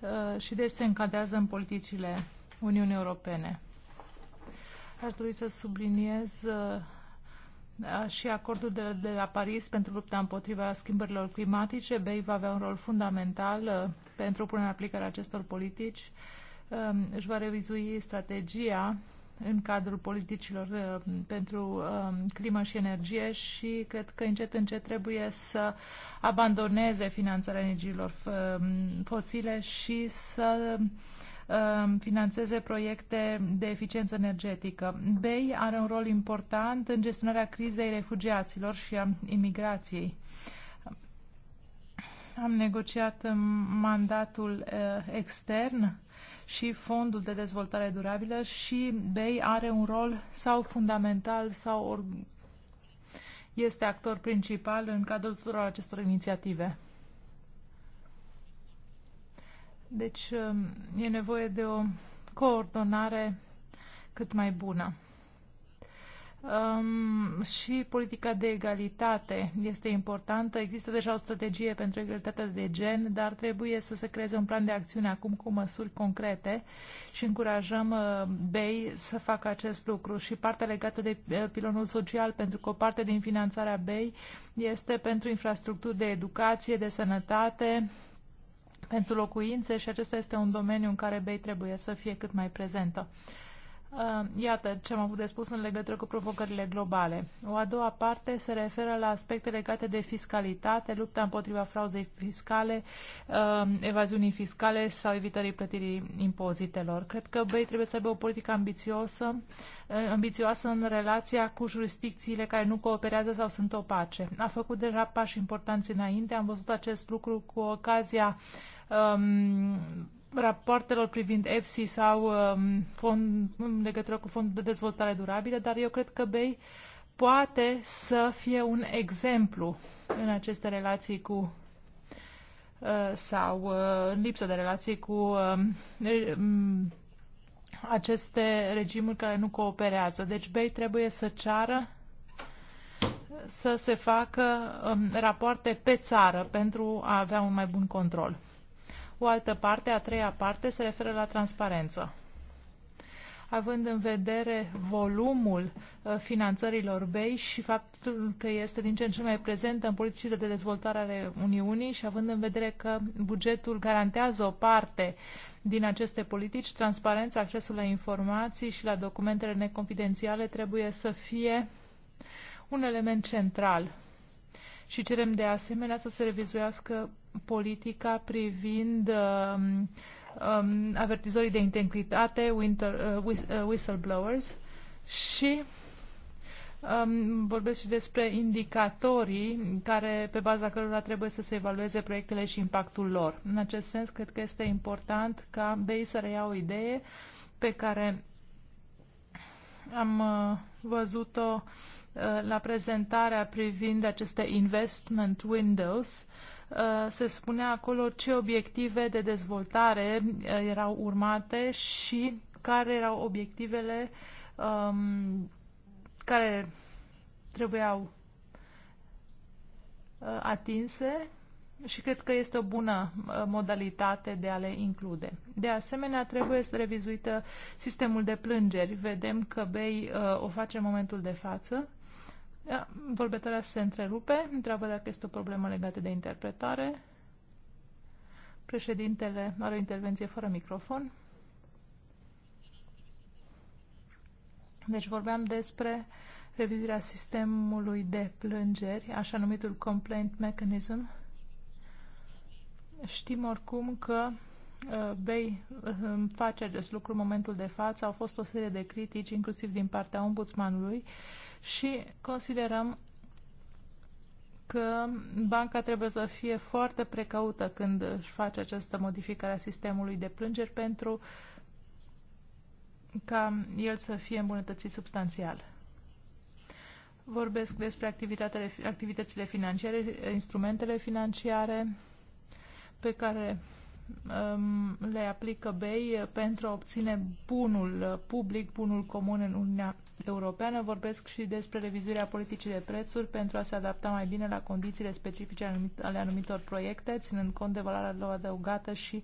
[SPEAKER 2] uh, și deci se încadrează în politicile Uniunii Europene. Aș dori să subliniez uh, și acordul de, de la Paris pentru lupta împotriva schimbărilor climatice. BEI va avea un rol fundamental uh, pentru punerea în aplicare acestor politici. Um, își va revizui strategia în cadrul politicilor uh, pentru um, climă și energie și cred că încet încet trebuie să abandoneze finanțarea energiilor um, fosile și să um, finanțeze proiecte de eficiență energetică. BEI are un rol important în gestionarea crizei refugiaților și a imigrației. Am negociat mandatul uh, extern și Fondul de Dezvoltare Durabilă și BEI are un rol sau fundamental sau or... este actor principal în cadrul tuturor acestor inițiative. Deci um, e nevoie de o coordonare cât mai bună. Um, și politica de egalitate este importantă. Există deja o strategie pentru egalitatea de gen, dar trebuie să se creeze un plan de acțiune acum cu măsuri concrete și încurajăm uh, BEI să facă acest lucru. Și partea legată de uh, pilonul social, pentru că o parte din finanțarea BEI este pentru infrastructuri de educație, de sănătate, pentru locuințe și acesta este un domeniu în care BEI trebuie să fie cât mai prezentă. Uh, iată ce am avut de spus în legătură cu provocările globale. O a doua parte se referă la aspecte legate de fiscalitate, lupta împotriva frauzei fiscale, uh, evaziunii fiscale sau evitării plătirii impozitelor. Cred că BEI trebuie să aibă o politică ambițioasă, uh, ambițioasă în relația cu jurisdicțiile care nu cooperează sau sunt opace. A făcut deja pași importanți înainte, am văzut acest lucru cu ocazia um, rapoartelor privind EFSI sau um, fond, în legătură cu fondul de dezvoltare durabilă, dar eu cred că BEI poate să fie un exemplu în aceste relații cu uh, sau uh, în lipsă de relații cu um, um, aceste regimuri care nu cooperează. Deci BEI trebuie să ceară să se facă um, rapoarte pe țară pentru a avea un mai bun control. O altă parte, a treia parte, se referă la transparență. Având în vedere volumul uh, finanțărilor BEI și faptul că este din ce în ce mai prezentă în politicile de dezvoltare ale Uniunii și având în vedere că bugetul garantează o parte din aceste politici, transparența, accesul la informații și la documentele neconfidențiale trebuie să fie un element central și cerem de asemenea să se revizuiască politica privind um, um, avertizorii de integritate, winter, uh, uh, whistleblowers și um, vorbesc și despre indicatorii care, pe baza cărora trebuie să se evalueze proiectele și impactul lor. În acest sens, cred că este important ca BEI să reia o idee pe care am uh, văzut-o Uh, la prezentarea privind aceste investment windows, uh, se spunea acolo ce obiective de dezvoltare uh, erau urmate și care erau obiectivele um, care trebuiau atinse și cred că este o bună modalitate de a le include. De asemenea, trebuie să revizuită sistemul de plângeri. Vedem că BEI o face în momentul de față da, vorbitoarea se întrerupe, întreabă dacă este o problemă legată de interpretare. Președintele are o intervenție fără microfon. Deci vorbeam despre revizuirea sistemului de plângeri, așa numitul complaint mechanism. Știm oricum că uh, Bay uh, face acest lucru în momentul de față. Au fost o serie de critici, inclusiv din partea ombudsmanului, uh, și considerăm că banca trebuie să fie foarte precaută când își face această modificare a sistemului de plângeri pentru ca el să fie îmbunătățit substanțial. Vorbesc despre activitățile financiare, instrumentele financiare pe care um, le aplică BEI pentru a obține bunul public, bunul comun în Uniunea europeană, vorbesc și despre revizuirea politicii de prețuri pentru a se adapta mai bine la condițiile specifice ale anumitor proiecte, ținând cont de valoarea lor adăugată și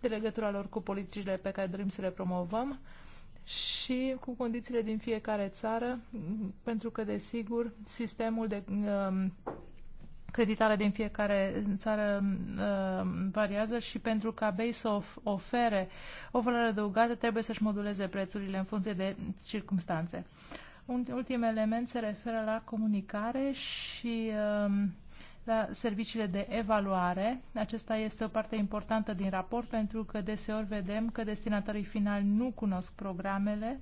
[SPEAKER 2] de legătura lor cu politicile pe care dorim să le promovăm și cu condițiile din fiecare țară, pentru că, desigur, sistemul de um, creditare din fiecare țară uh, variază și pentru ca BEI să of- ofere o valoare adăugată trebuie să-și moduleze prețurile în funcție de circumstanțe. Un ultim element se referă la comunicare și uh, la serviciile de evaluare. Acesta este o parte importantă din raport pentru că deseori vedem că destinatorii finali nu cunosc programele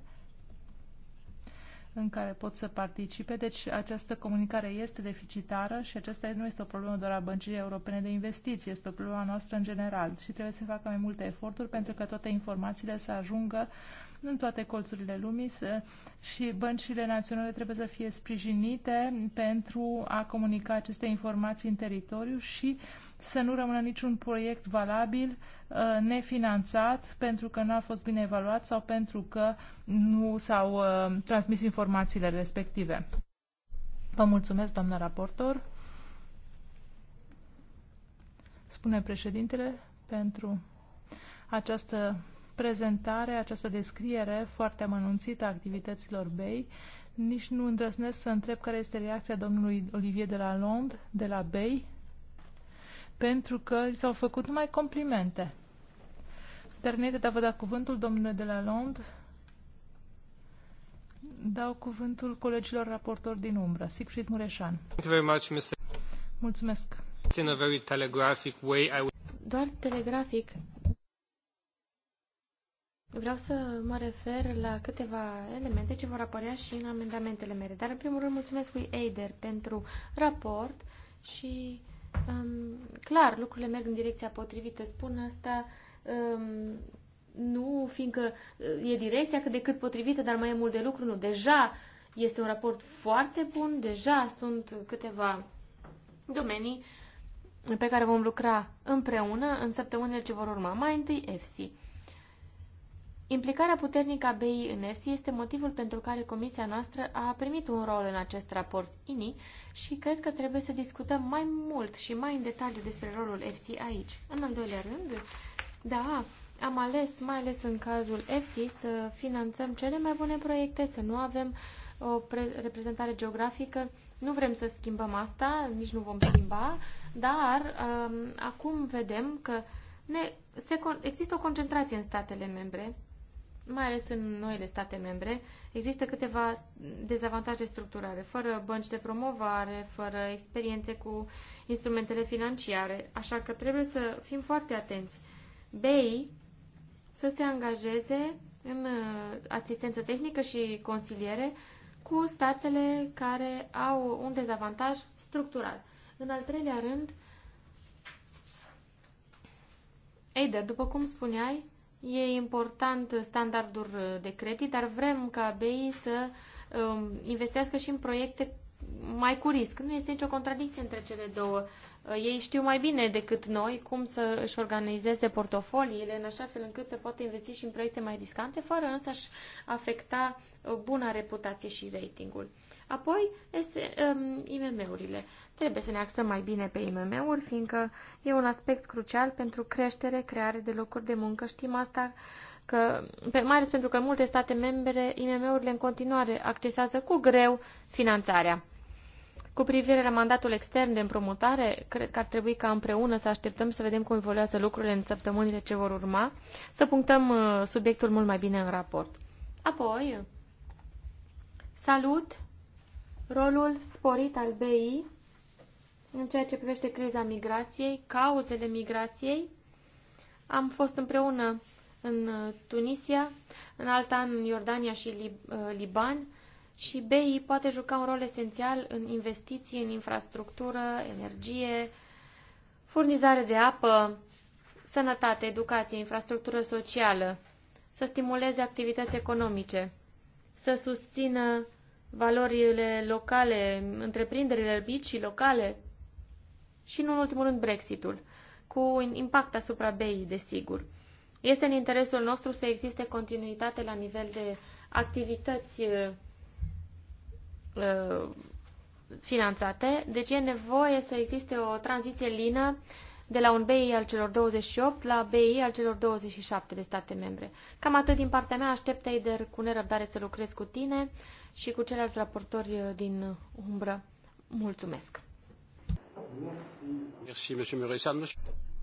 [SPEAKER 2] în care pot să participe. Deci această comunicare este deficitară și aceasta nu este o problemă doar a Băncii Europene de Investiții, este o problemă noastră în general și trebuie să facă mai multe eforturi pentru că toate informațiile să ajungă uh, în toate colțurile lumii și băncile naționale trebuie să fie sprijinite pentru a comunica aceste informații în teritoriu și să nu rămână niciun proiect valabil uh, nefinanțat pentru că nu a fost bine evaluat sau pentru că nu s-au uh, transmis informațiile respective. Vă mulțumesc, doamnă raportor. Spune președintele pentru această prezentare, această descriere foarte amănunțită a activităților BEI. Nici nu îndrăznesc să întreb care este reacția domnului Olivier de la Lond, de la BEI, pentru că i s-au făcut numai complimente. Dar înainte de a vă da cuvântul, domnule de la Lond, dau cuvântul colegilor raportori din umbră. Siegfried Mureșan.
[SPEAKER 4] Mulțumesc. Doar telegrafic Vreau să mă refer la câteva elemente ce vor apărea și în amendamentele mele. Dar, în primul rând, mulțumesc lui Eider pentru raport și, um, clar, lucrurile merg în direcția potrivită. Spun asta um, nu fiindcă uh, e direcția cât de cât potrivită, dar mai e mult de lucru, nu. Deja este un raport foarte bun, deja sunt câteva domenii pe care vom lucra împreună în săptămânile ce vor urma. Mai întâi EFSI. Implicarea puternică a BI în ESI este motivul pentru care comisia noastră a primit un rol în acest raport INI și cred că trebuie să discutăm mai mult și mai în detaliu despre rolul EFSI aici. În al doilea rând, da, am ales, mai ales în cazul EFSI, să finanțăm cele mai bune proiecte, să nu avem o reprezentare geografică. Nu vrem să schimbăm asta, nici nu vom schimba, dar um, acum vedem că ne, se, există o concentrație în statele membre mai ales în noile state membre, există câteva dezavantaje structurale, fără bănci de promovare, fără experiențe cu instrumentele financiare, așa că trebuie să fim foarte atenți. BEI să se angajeze în uh, asistență tehnică și consiliere cu statele care au un dezavantaj structural. În al treilea rând, Eider, după cum spuneai, E important standardul de credit, dar vrem ca BEI să um, investească și în proiecte mai cu risc. Nu este nicio contradicție între cele două. Uh, ei știu mai bine decât noi cum să își organizeze portofoliile în așa fel încât să poată investi și în proiecte mai riscante, fără însă aș afecta uh, buna reputație și ratingul. Apoi, este, um, IMM-urile. Trebuie să ne axăm mai bine pe IMM-uri, fiindcă e un aspect crucial pentru creștere, creare de locuri de muncă. Știm asta că, pe, mai ales pentru că în multe state membre, IMM-urile în continuare accesează cu greu finanțarea. Cu privire la mandatul extern de împrumutare, cred că ar trebui ca împreună să așteptăm să vedem cum evoluează lucrurile în săptămânile ce vor urma, să punctăm uh, subiectul mult mai bine în raport. Apoi, salut rolul sporit al BI în ceea ce privește criza migrației, cauzele migrației. Am fost împreună în Tunisia, în alt an în Iordania și Lib uh, Liban și BI poate juca un rol esențial în investiții în infrastructură, energie, furnizare de apă, sănătate, educație, infrastructură socială, să stimuleze activități economice, să susțină valorile locale, întreprinderile mici locale și, în ultimul rând, Brexitul, cu un impact asupra BEI, desigur. Este în interesul nostru să existe continuitate la nivel de activități uh, uh finanțate, deci e nevoie să existe o tranziție lină uh, de la un BI al celor 28 la BI al celor 27 de state membre. Cam atât din partea mea, aștept, Eider, cu nerăbdare să lucrez cu tine și cu ceilalți raportori din umbră. Mulțumesc!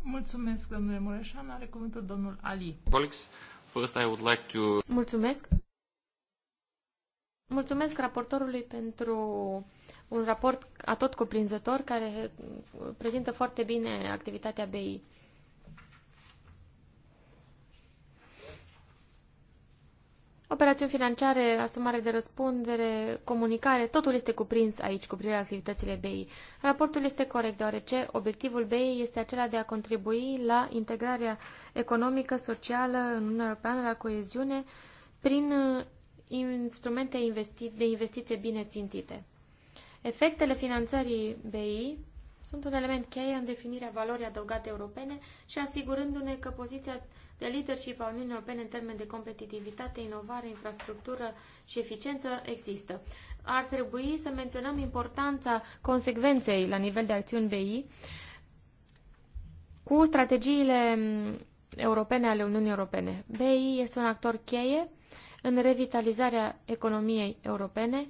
[SPEAKER 2] Mulțumesc, domnule
[SPEAKER 4] Mureșan. Are cuvântul domnul Ali.
[SPEAKER 1] Colleagues, first I would like to...
[SPEAKER 4] Mulțumesc. Mulțumesc raportorului pentru un raport atot cuprinzător care prezintă foarte bine activitatea BI. Operațiuni financiare, asumare de răspundere, comunicare, totul este cuprins aici cuprirea activităților activitățile BI. Raportul este corect, deoarece obiectivul BI este acela de a contribui la integrarea economică, socială în Uniunea Europeană, la coeziune, prin uh, instrumente de investiție bine țintite. Efectele finanțării BI sunt un element cheie în definirea valorii adăugate europene și asigurându-ne că poziția de leadership a Uniunii Europene în termen de competitivitate, inovare, infrastructură și eficiență există. Ar trebui să menționăm importanța consecvenței la nivel de acțiuni BI cu strategiile mm, europene ale Uniunii Europene. BI este un actor cheie în revitalizarea economiei europene,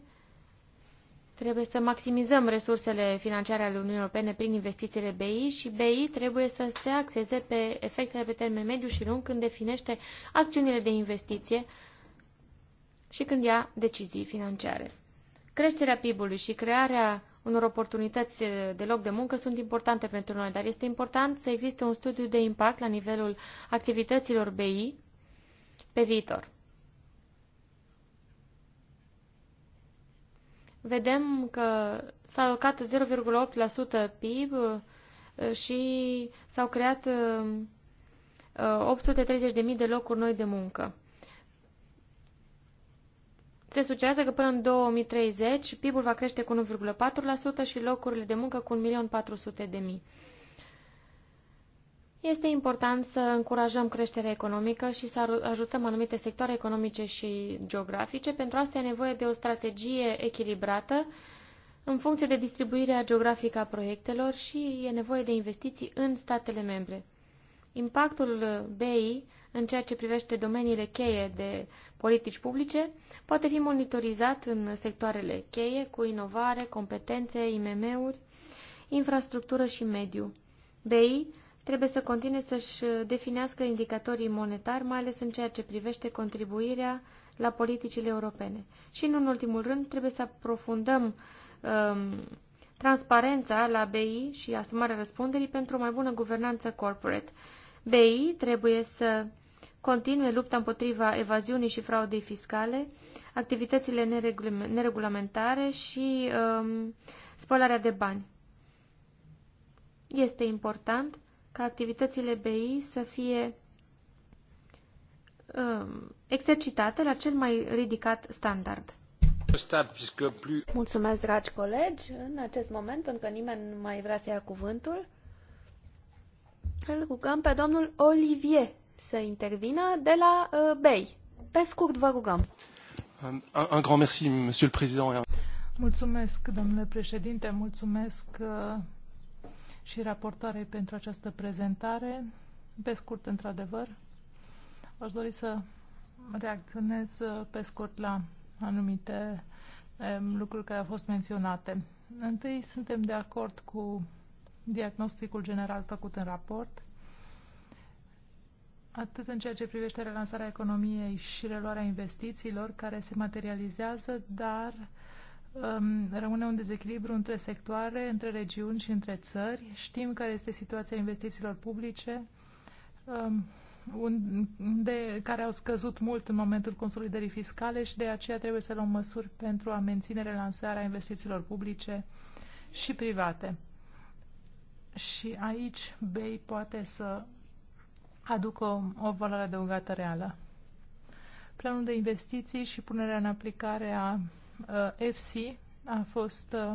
[SPEAKER 4] Trebuie să maximizăm resursele financiare ale Uniunii Europene prin investițiile BI și BI trebuie să se axeze pe efectele pe termen mediu și lung când definește acțiunile de investiție și când ia decizii financiare. Creșterea PIB-ului și crearea unor oportunități eh, de loc de muncă sunt importante pentru noi, dar este important să existe un studiu de impact la nivelul activităților BI pe viitor. vedem că s-a alocat 0,8% PIB uh, și s-au creat 830.000 uh, uh, de locuri noi de muncă. Se sugerează că până în 2030 PIB-ul va crește cu 1,4% și locurile de muncă cu 1.400.000. Este important să încurajăm creșterea economică și să ajutăm anumite sectoare economice și geografice. Pentru asta e nevoie de o strategie echilibrată în funcție de distribuirea geografică a proiectelor și e nevoie de investiții în statele membre. Impactul BI în ceea ce privește domeniile cheie de politici publice poate fi monitorizat în sectoarele cheie cu inovare, competențe, IMM-uri, infrastructură și mediu. BI trebuie să continue să-și definească indicatorii monetari, mai ales în ceea ce privește contribuirea la politicile europene. Și, în ultimul rând, trebuie să aprofundăm um, transparența la BI și asumarea răspunderii pentru o mai bună guvernanță corporate. BI trebuie să continue lupta împotriva evaziunii și fraudei fiscale, activitățile neregulamentare și um, spălarea de bani. Este important ca activitățile BI să fie uh, exercitate la cel mai
[SPEAKER 3] ridicat standard. Mulțumesc, dragi colegi, în acest moment, pentru că nimeni nu mai vrea să ia cuvântul. Îl rugăm pe domnul Olivier să intervină de la uh, BEI. Pe scurt, vă rugăm.
[SPEAKER 4] Un, un grand merci, monsieur le président.
[SPEAKER 3] Mulțumesc, domnule președinte, mulțumesc
[SPEAKER 2] uh, și raportoare pentru această prezentare. Pe scurt, într-adevăr, aș dori să reacționez uh, pe scurt la anumite um, lucruri care au fost menționate. Întâi, suntem de acord cu diagnosticul general făcut în raport, atât în ceea ce privește relansarea economiei și reluarea investițiilor, care se materializează, dar uh, rămâne un dezechilibru între sectoare, între regiuni și între țări. Știm care este situația investițiilor publice, um, unde, care au scăzut mult în momentul consolidării fiscale și de aceea trebuie să luăm măsuri pentru a menține relansarea investițiilor publice și private. Și aici BEI poate să aducă o, o valoare adăugată reală. Planul de investiții și punerea în aplicare a Uh, FC a fost uh,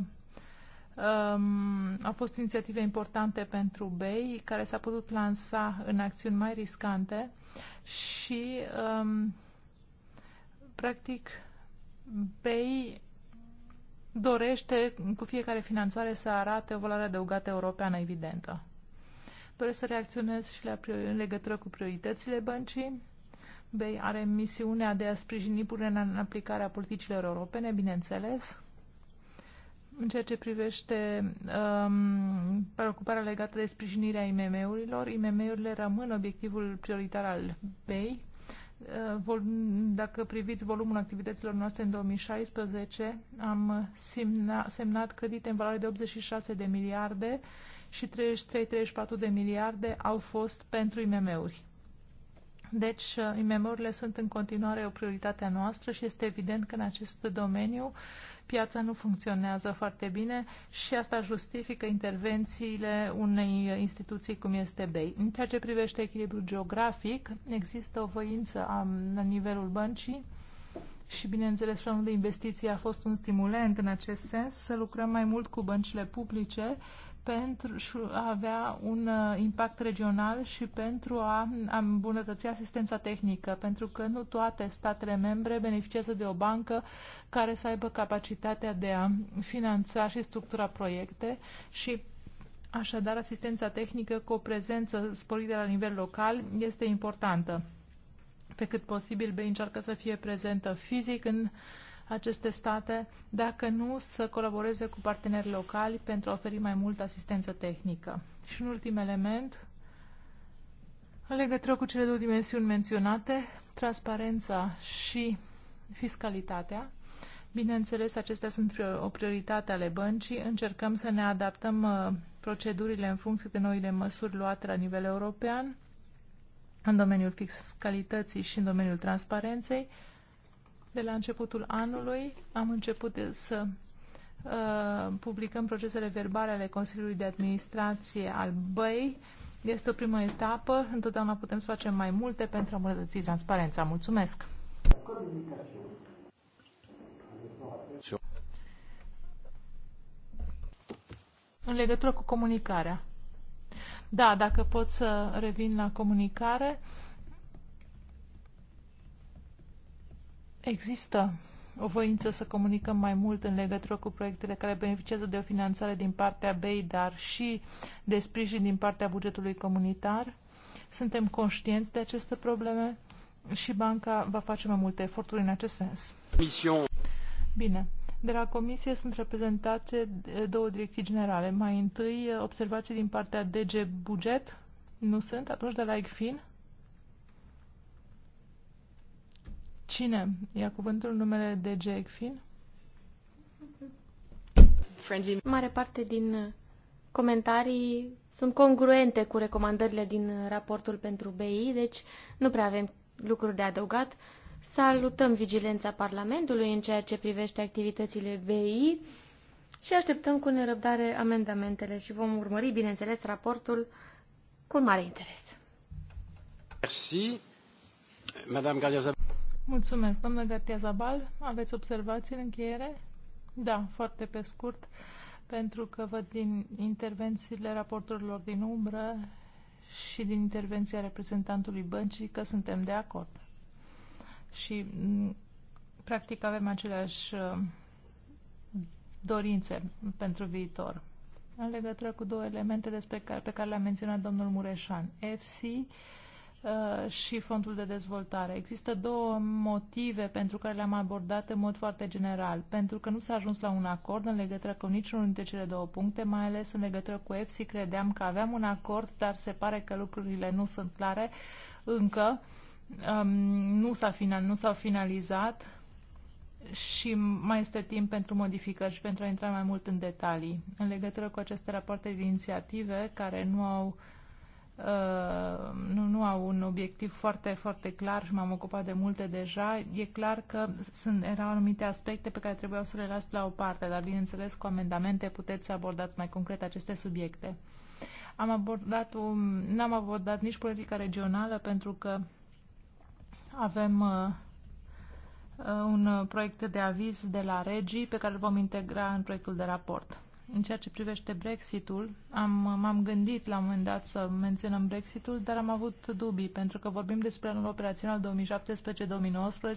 [SPEAKER 2] Um, fost inițiative importante pentru BEI, care s-a putut lansa în acțiuni mai riscante și, um, practic, BEI dorește cu fiecare finanțare să arate o valoare adăugată europeană evidentă. Doresc să reacționez și la, în legătură cu prioritățile băncii. BEI are misiunea de a sprijini punerea în aplicare a politicilor europene, bineînțeles. În ceea ce privește um, preocuparea legată de sprijinirea IMM-urilor, IMM-urile rămân obiectivul prioritar al BEI. Uh, dacă priviți volumul activităților noastre în 2016, am semna, semnat credite în valoare de 86 de miliarde și 33-34 de miliarde au fost pentru IMM-uri. Deci, uh, IMM-urile sunt în continuare o prioritate a noastră și este evident că în acest domeniu piața nu funcționează foarte bine și asta justifică intervențiile unei instituții cum este BEI. În ceea ce privește echilibrul geografic, există o voință a, la nivelul băncii și, bineînțeles, planul de investiții a fost un stimulent în acest sens să lucrăm mai mult cu băncile publice pentru a avea un uh, impact regional și pentru a, îmbunătăți asistența tehnică, pentru că nu toate statele membre beneficiază de o bancă care să aibă capacitatea de a finanța și structura proiecte și Așadar, asistența tehnică cu o prezență sporită la nivel local este importantă. Pe cât posibil, BEI încearcă să fie prezentă fizic în uh, aceste state, dacă nu să colaboreze cu parteneri locali pentru a oferi mai multă asistență tehnică. Și un ultim element, în legătură cu cele două dimensiuni menționate, transparența și fiscalitatea, Bineînțeles, acestea sunt o prioritate ale băncii. Încercăm să ne adaptăm uh, procedurile în funcție de noile măsuri luate la nivel european în domeniul fiscalității și în domeniul transparenței. De la începutul anului am început să uh, publicăm procesele verbale ale Consiliului de Administrație al BEI. Este o primă etapă. Întotdeauna putem să facem mai multe pentru a îmbunătăți transparența. Mulțumesc! În legătură cu comunicarea. Da, dacă pot să revin la comunicare. Uh, Există o voință să comunicăm mai mult în legătură cu proiectele care beneficiază de o finanțare din partea BEI, dar și de sprijin din partea bugetului comunitar. Suntem conștienți de aceste probleme și banca va face mai multe eforturi în acest sens. Mission. Bine. De la Comisie sunt reprezentate două direcții generale. Mai întâi, observații din partea DG Buget. Nu sunt. Atunci de la Like Cine ia cuvântul
[SPEAKER 4] numele de Jackfin? Mare parte din comentarii sunt congruente cu recomandările din raportul pentru BI, deci nu prea avem lucruri de adăugat. Salutăm vigilența Parlamentului în ceea ce privește activitățile BI și așteptăm cu nerăbdare amendamentele și vom urmări, bineînțeles, raportul cu mare interes.
[SPEAKER 1] Merci. Madame Gardiazabal.
[SPEAKER 4] Mulțumesc, domnule Gartia Zabal.
[SPEAKER 2] Aveți observații în încheiere? Da, foarte pe scurt, pentru că văd din intervențiile raporturilor din umbră și din intervenția reprezentantului băncii că suntem de acord. Și, mm, practic, avem aceleași uh, dorințe pentru viitor. În legătură cu două elemente despre care, pe care le-a menționat domnul Mureșan, FC Uh, și fondul de dezvoltare. Există două motive pentru care le-am abordat în mod foarte general. Pentru că nu s-a ajuns la un acord în legătură cu niciunul dintre cele două puncte, mai ales în legătură cu EFSI. Credeam că aveam un acord, dar se pare că lucrurile nu sunt clare încă. Um, nu, s-a final, nu s-au finalizat și mai este timp pentru modificări și pentru a intra mai mult în detalii. În legătură cu aceste rapoarte de inițiative care nu au uh, Uh, nu, nu au un obiectiv foarte, foarte clar și m-am ocupat de multe deja. E clar că sunt, erau anumite aspecte pe care trebuiau să le las la o parte, dar bineînțeles cu amendamente puteți să abordați mai concret aceste subiecte. Am abordat, n-am abordat nici politica regională pentru că avem uh, uh, un proiect de aviz de la Regii pe care îl vom integra în proiectul de raport. În ceea ce privește Brexitul, am, m-am gândit la un moment dat să menționăm Brexitul, dar am avut dubii, pentru că vorbim despre anul operațional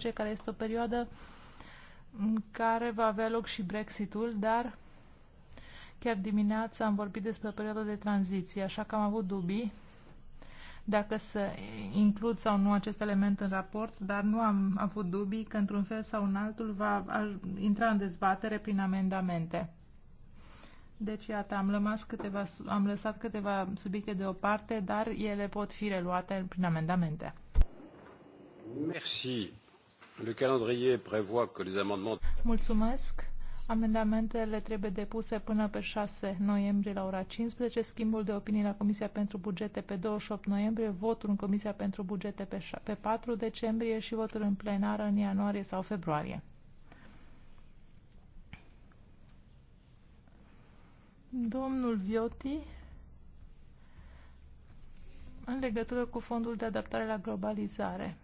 [SPEAKER 2] 2017-2019, care este o perioadă în care va avea loc și Brexitul, dar chiar dimineața am vorbit despre perioada de tranziție, așa că am avut dubii dacă să includ sau nu acest element în raport, dar nu am avut dubii că într-un fel sau în altul va intra în dezbatere prin amendamente. Deci, iată, am, lămas câteva, am lăsat câteva subiecte deoparte, dar ele pot fi reluate prin amendamente.
[SPEAKER 1] Merci. Le calendrier prévoit que les amendements...
[SPEAKER 2] Mulțumesc. Amendamentele trebuie depuse până pe 6 noiembrie la ora 15, schimbul de opinii la Comisia pentru Bugete pe 28 noiembrie, votul în Comisia pentru Bugete pe 4 decembrie și votul în plenară în ianuarie sau februarie. Domnul Vioti, în legătură cu fondul de adaptare la globalizare.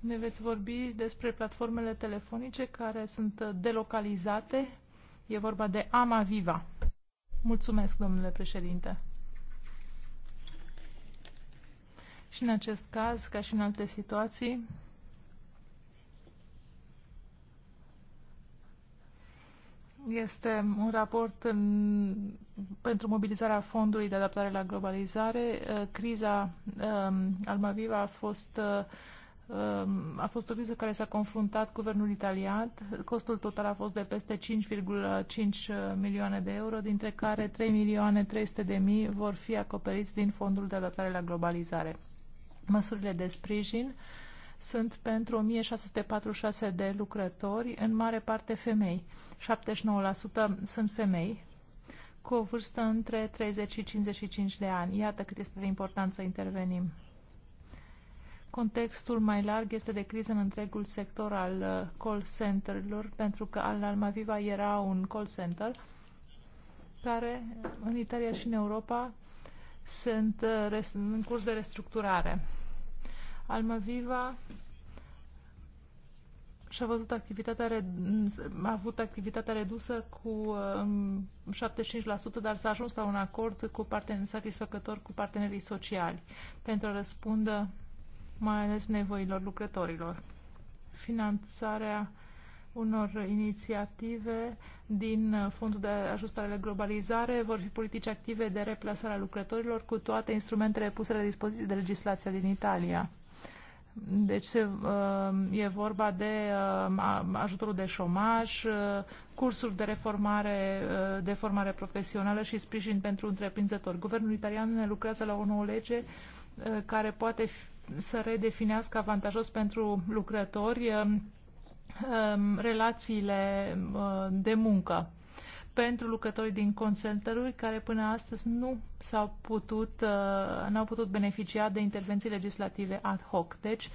[SPEAKER 2] Ne veți vorbi despre platformele telefonice care sunt delocalizate. E vorba de Amaviva. Mulțumesc, domnule președinte. Și în acest caz, ca și în alte situații, Este un raport în, pentru mobilizarea fondului de adaptare la globalizare. Uh, criza um, Almaviva a fost, uh, um, a fost o criză care s-a confruntat guvernul italian. Costul total a fost de peste 5,5 uh, milioane de euro, dintre care 3 milioane 300 de mii vor fi acoperiți din fondul de adaptare la globalizare. Măsurile de sprijin uh, sunt pentru 1646 de lucrători, în mare parte femei. 79% sunt femei cu o vârstă între 30 și 55 de ani. Iată cât este de important să intervenim. Contextul mai larg este de criză în întregul sector al uh, call center center-urilor, pentru că al Almaviva era un call center care în Italia și în Europa sunt uh, în curs de restructurare. Almaviva și-a văzut activitatea a avut activitatea redusă cu 75%, um, dar s-a ajuns la un acord cu parten- satisfăcător cu partenerii sociali pentru a răspundă mai ales nevoilor lucrătorilor. Finanțarea unor inițiative din uh, Fondul de Ajustare la Globalizare vor fi politici active de replasare a lucrătorilor cu toate instrumentele puse la dispoziție de legislația din Italia. Deci se, uh, e vorba de uh, ajutorul de șomaj, uh, cursuri de reformare, de formare profesională și sprijin pentru întreprinzători. Guvernul italian lucrează la o nouă lege care poate să redefinească avantajos pentru lucrători relațiile de muncă pentru lucrătorii din concentrări care până astăzi nu s-au putut, uh, n-au putut beneficia de intervenții legislative ad hoc. Deci,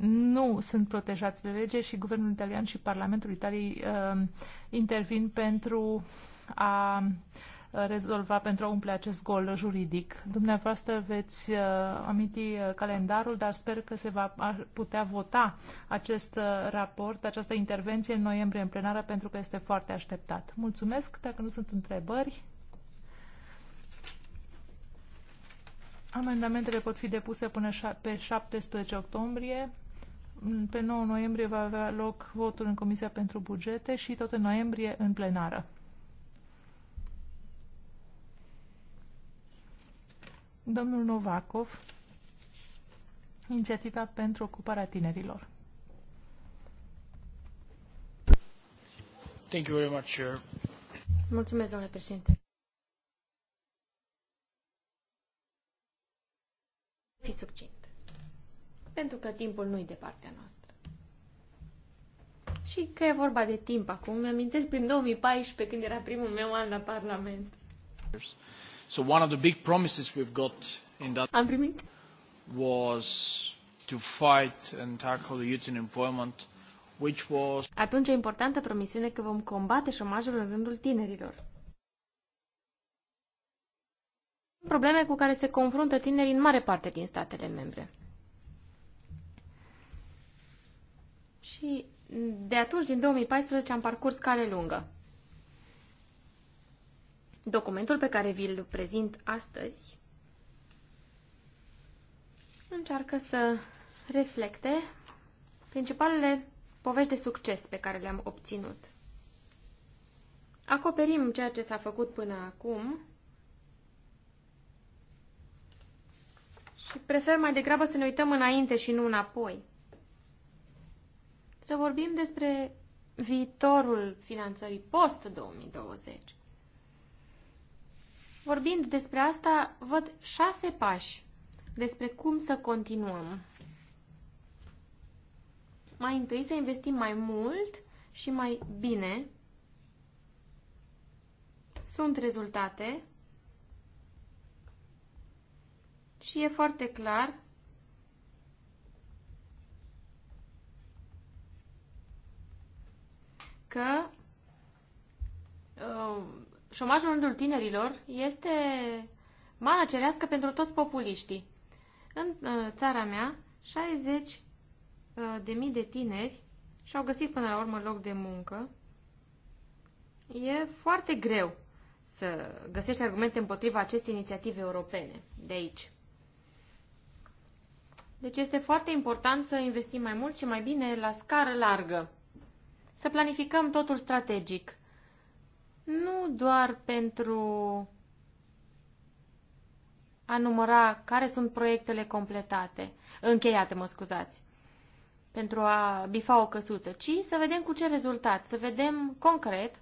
[SPEAKER 2] nu sunt protejați de lege și guvernul italian și Parlamentul Italiei uh, intervin pentru a uh, rezolva pentru a umple acest gol juridic. Dumneavoastră veți uh, aminti uh, calendarul, dar sper că se va putea vota acest uh, raport, această intervenție în noiembrie în plenară, pentru că este foarte așteptat. Mulțumesc. Dacă nu sunt întrebări, Amendamentele pot fi depuse până pe 17 octombrie. Pe 9 noiembrie va avea loc votul în Comisia pentru Bugete și tot în noiembrie în plenară. Domnul Novakov, inițiativa pentru ocuparea tinerilor.
[SPEAKER 1] Thank you very much, sir.
[SPEAKER 4] Mulțumesc, domnule președinte. Fi succint. Pentru că timpul nu-i de partea noastră. Și că e vorba de timp acum, îmi amintesc prin 2014, când era primul meu an la Parlament.
[SPEAKER 1] So one of the big promises we've got in that Am primit? was to fight and tackle the youth unemployment, which was
[SPEAKER 4] Atunci o importantă promisiune că vom combate șomajul în rândul tinerilor. Probleme cu care se confruntă tinerii în mare parte din statele membre. Și de atunci, din 2014, am parcurs cale lungă. Documentul pe care vi-l prezint astăzi încearcă să reflecte principalele povești de succes pe care le-am obținut. Acoperim ceea ce s-a făcut până acum și prefer mai degrabă să ne uităm înainte și nu înapoi. Să vorbim despre viitorul finanțării post-2020. Vorbind despre asta, văd șase pași despre cum să continuăm. Mai întâi să investim mai mult și mai bine. Sunt rezultate și e foarte clar că uh, șomajul în rândul tinerilor este mana cerească pentru toți populiștii. În uh, țara mea, 60 uh, de mii de tineri și-au găsit până la urmă loc de muncă. E foarte greu să găsești argumente împotriva acestei inițiative europene de aici. Deci este foarte important să investim mai mult și mai bine la scară largă. Să planificăm totul strategic nu doar pentru a număra care sunt proiectele completate, încheiate, mă scuzați, pentru a bifa o căsuță, ci să vedem cu ce rezultat, să vedem concret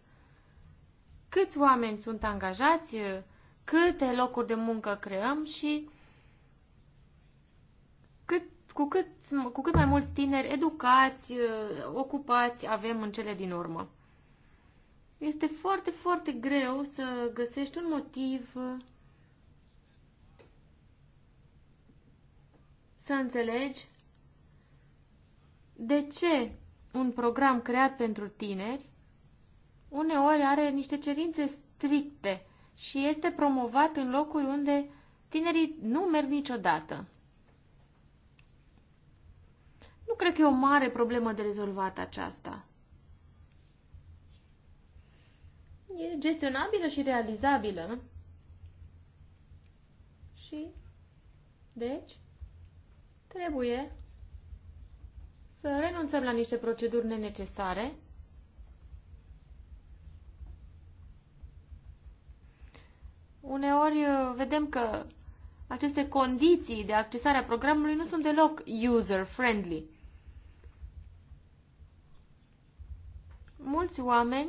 [SPEAKER 4] câți oameni sunt angajați, câte locuri de muncă creăm și cât, cu, cât, cu cât mai mulți tineri educați, ocupați avem în cele din urmă este foarte, foarte greu să găsești un motiv uh, să înțelegi de ce un program creat pentru tineri uneori are niște cerințe stricte și este promovat în locuri unde tinerii nu merg niciodată. Nu cred că e o mare problemă de rezolvat aceasta. e gestionabilă și realizabilă. Și, deci, trebuie să renunțăm la niște proceduri nenecesare uneori uh, vedem că aceste condiții de accesare a programului nu sunt deloc user-friendly. Mulți oameni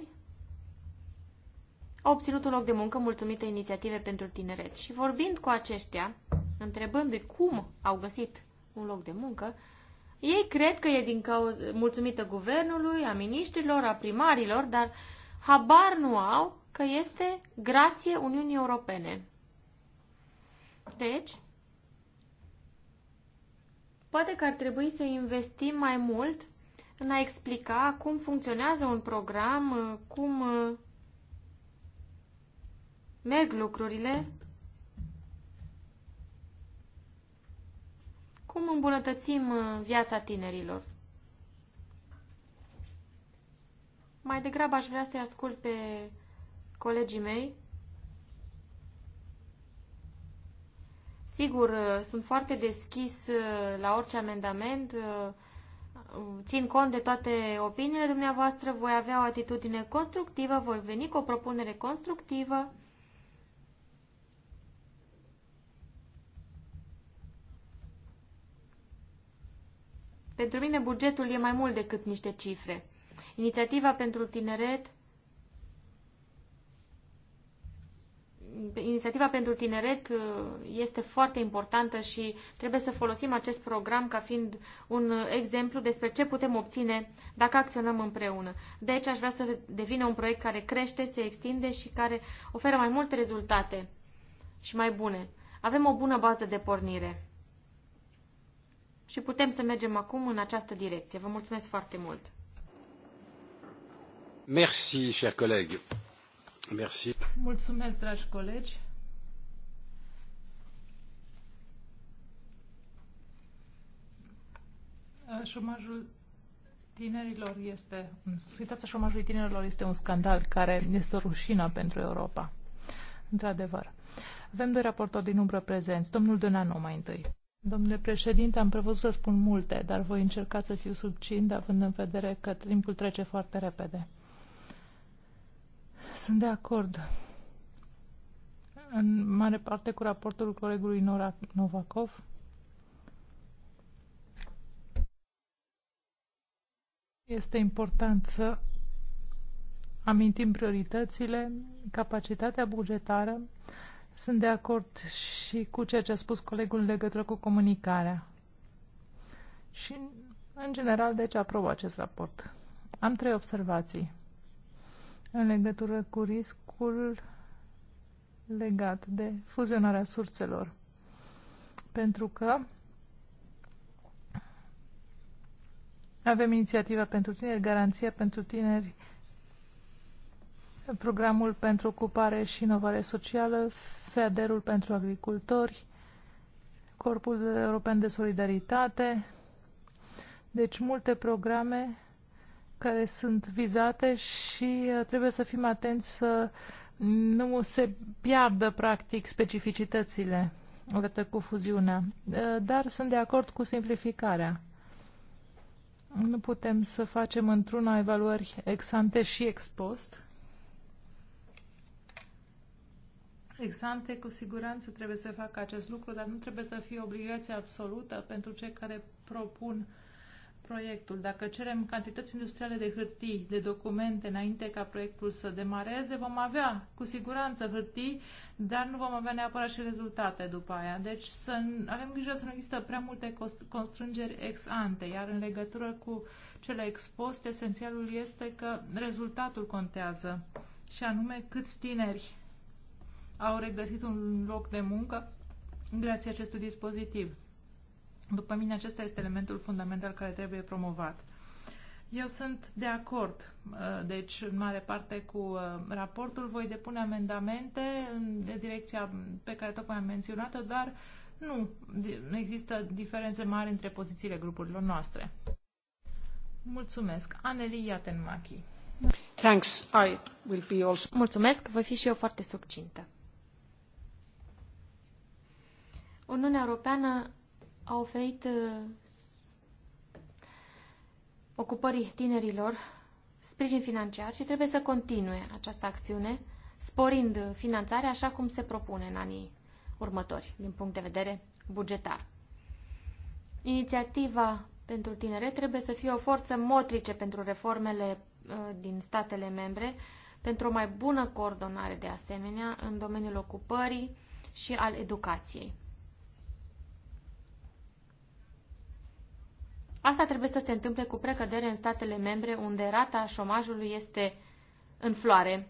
[SPEAKER 4] a obținut un loc de muncă mulțumită inițiative pentru tineret. Și vorbind cu aceștia, întrebându-i cum au găsit un loc de muncă, ei cred că e din cauza, mulțumită guvernului, a miniștrilor, a primarilor, dar habar nu au că este grație Uniunii Europene. Deci, poate că ar trebui să investim mai mult în a explica cum funcționează un program, cum merg lucrurile, cum îmbunătățim uh, viața tinerilor. Mai degrabă aș vrea să-i ascult pe colegii mei. Sigur, uh, sunt foarte deschis uh, la orice amendament, țin cont de toate opiniile dumneavoastră, voi avea o atitudine constructivă, voi veni cu o propunere constructivă Pentru mine bugetul e mai mult decât niște cifre. Inițiativa pentru tineret Inițiativa pentru tineret uh, este foarte importantă și trebuie să folosim acest program ca fiind un exemplu despre ce putem obține dacă acționăm împreună. Deci aș vrea să devină un proiect care crește, se extinde și care oferă mai multe rezultate și mai bune. Avem o bună bază de pornire și putem să mergem acum în această direcție. Vă mulțumesc foarte mult!
[SPEAKER 1] Merci, cher collègue. Merci.
[SPEAKER 2] Mulțumesc, dragi colegi. Șomajul tinerilor este, situația șomajului tinerilor este un scandal care este o rușină pentru Europa. Într-adevăr. Avem doi raportori din umbră prezenți. Domnul Dănanu mai întâi. Domnule președinte, am prevăzut să spun multe, dar voi încerca să fiu subțind, având în vedere că timpul trece foarte repede. Sunt de acord în mare parte cu raportul colegului Nora Novakov. Este important să amintim prioritățile, capacitatea bugetară, sunt de acord și cu ceea ce a spus colegul în legătură cu comunicarea. Și, în general, deci aprob acest raport. Am trei observații în legătură cu riscul legat de fuzionarea surselor. Pentru că avem inițiativa pentru tineri, garanția pentru tineri, programul pentru ocupare și inovare socială, FEADER-ul pentru agricultori, Corpul European de Solidaritate. Deci multe programe care sunt vizate și uh, trebuie să fim atenți să nu se piardă practic specificitățile odată cu fuziunea. Uh, dar sunt de acord cu simplificarea. Nu putem să facem într-una evaluări ex ante și ex post, exante, cu siguranță trebuie să facă acest lucru, dar nu trebuie să fie obligație absolută pentru cei care propun proiectul. Dacă cerem cantități industriale de hârtii, de documente, înainte ca proiectul să demareze, vom avea cu siguranță hârtii, dar nu vom avea neapărat și rezultate după aia. Deci să avem grijă să nu există prea multe constrângeri ex ante, iar în legătură cu cele expuse, esențialul este că rezultatul contează, și anume câți tineri au regăsit un loc de muncă grație acestui dispozitiv. După mine, acesta este elementul fundamental care trebuie promovat. Eu sunt de acord, uh, deci, în mare parte cu uh, raportul. Voi depune amendamente în direcția pe care tocmai am menționat-o, dar nu există diferențe mari între pozițiile grupurilor noastre. Mulțumesc. Aneli Iatenmachi.
[SPEAKER 4] Thanks. I will be also... Mulțumesc. Voi fi și eu foarte succintă. Uniunea Europeană a oferit uh, ocupării tinerilor sprijin financiar și trebuie să continue această acțiune, sporind finanțarea așa cum se propune în anii următori, din punct de vedere bugetar. Inițiativa pentru tinere trebuie să fie o forță motrice pentru reformele uh, din statele membre, pentru o mai bună coordonare de asemenea în domeniul ocupării și al educației. Asta trebuie să se întâmple cu precădere în statele membre unde rata șomajului este în floare.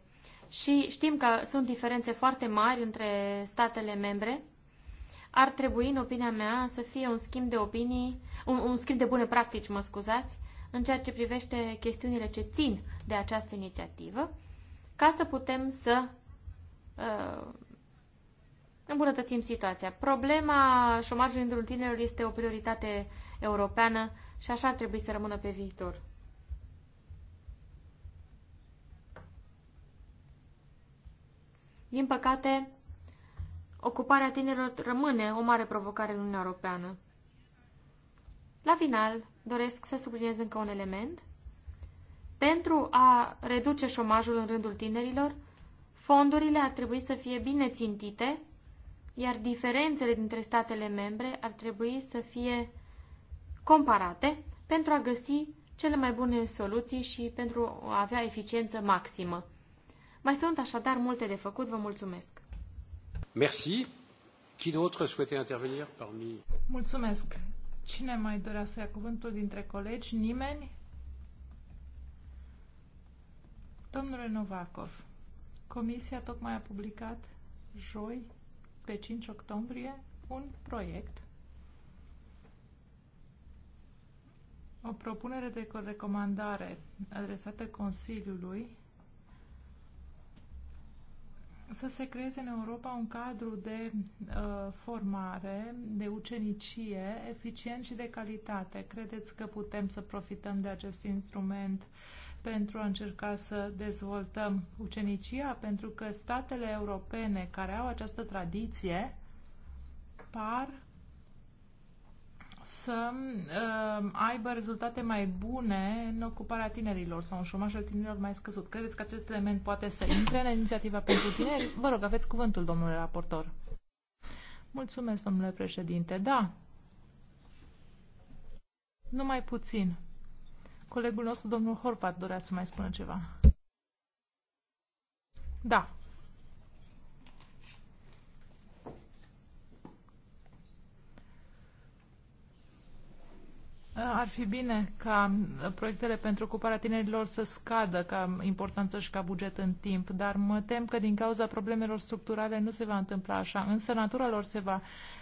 [SPEAKER 4] Și știm că sunt diferențe foarte mari între statele membre. Ar trebui, în opinia mea, să fie un schimb de opinii, un, un schimb de bune practici, mă scuzați, în ceea ce privește chestiunile ce țin de această inițiativă, ca să putem să uh, îmbunătățim situația. Problema șomajului în un tinerilor este o prioritate europeană și așa ar trebui să rămână pe viitor. Din păcate, ocuparea tinerilor rămâne o mare provocare în Uniunea Europeană. La final, doresc să subliniez încă un element. Pentru a reduce șomajul în rândul tinerilor, fondurile ar trebui să fie bine țintite, iar diferențele dintre statele membre ar trebui să fie comparate pentru a găsi cele mai bune soluții și pentru a avea eficiență maximă. Mai sunt așadar multe de făcut, vă mulțumesc.
[SPEAKER 1] Merci. Qui d'autre souhaitait intervenir parmi...
[SPEAKER 2] Mulțumesc. Cine mai dorea să ia cuvântul dintre colegi? Nimeni? Domnule Novakov, Comisia tocmai a publicat joi, pe 5 octombrie, un proiect o propunere de recomandare adresată Consiliului să se creeze în Europa un cadru de uh, formare, de ucenicie eficient și de calitate. Credeți că putem să profităm de acest instrument pentru a încerca să dezvoltăm ucenicia? Pentru că statele europene care au această tradiție par să uh, aibă rezultate mai bune în ocuparea tinerilor sau un șomajul tinerilor mai scăzut. Credeți că acest element poate să intre în inițiativa pentru tineri? Vă rog, aveți cuvântul, domnule raportor. Mulțumesc, domnule președinte. Da. Numai puțin. Colegul nostru, domnul Horvat, dorea să mai spună ceva. Da, Ar fi bine ca proiectele pentru ocuparea tinerilor să scadă ca importanță și ca buget în timp, dar mă tem că din cauza problemelor structurale nu se va întâmpla așa, însă natura lor se va,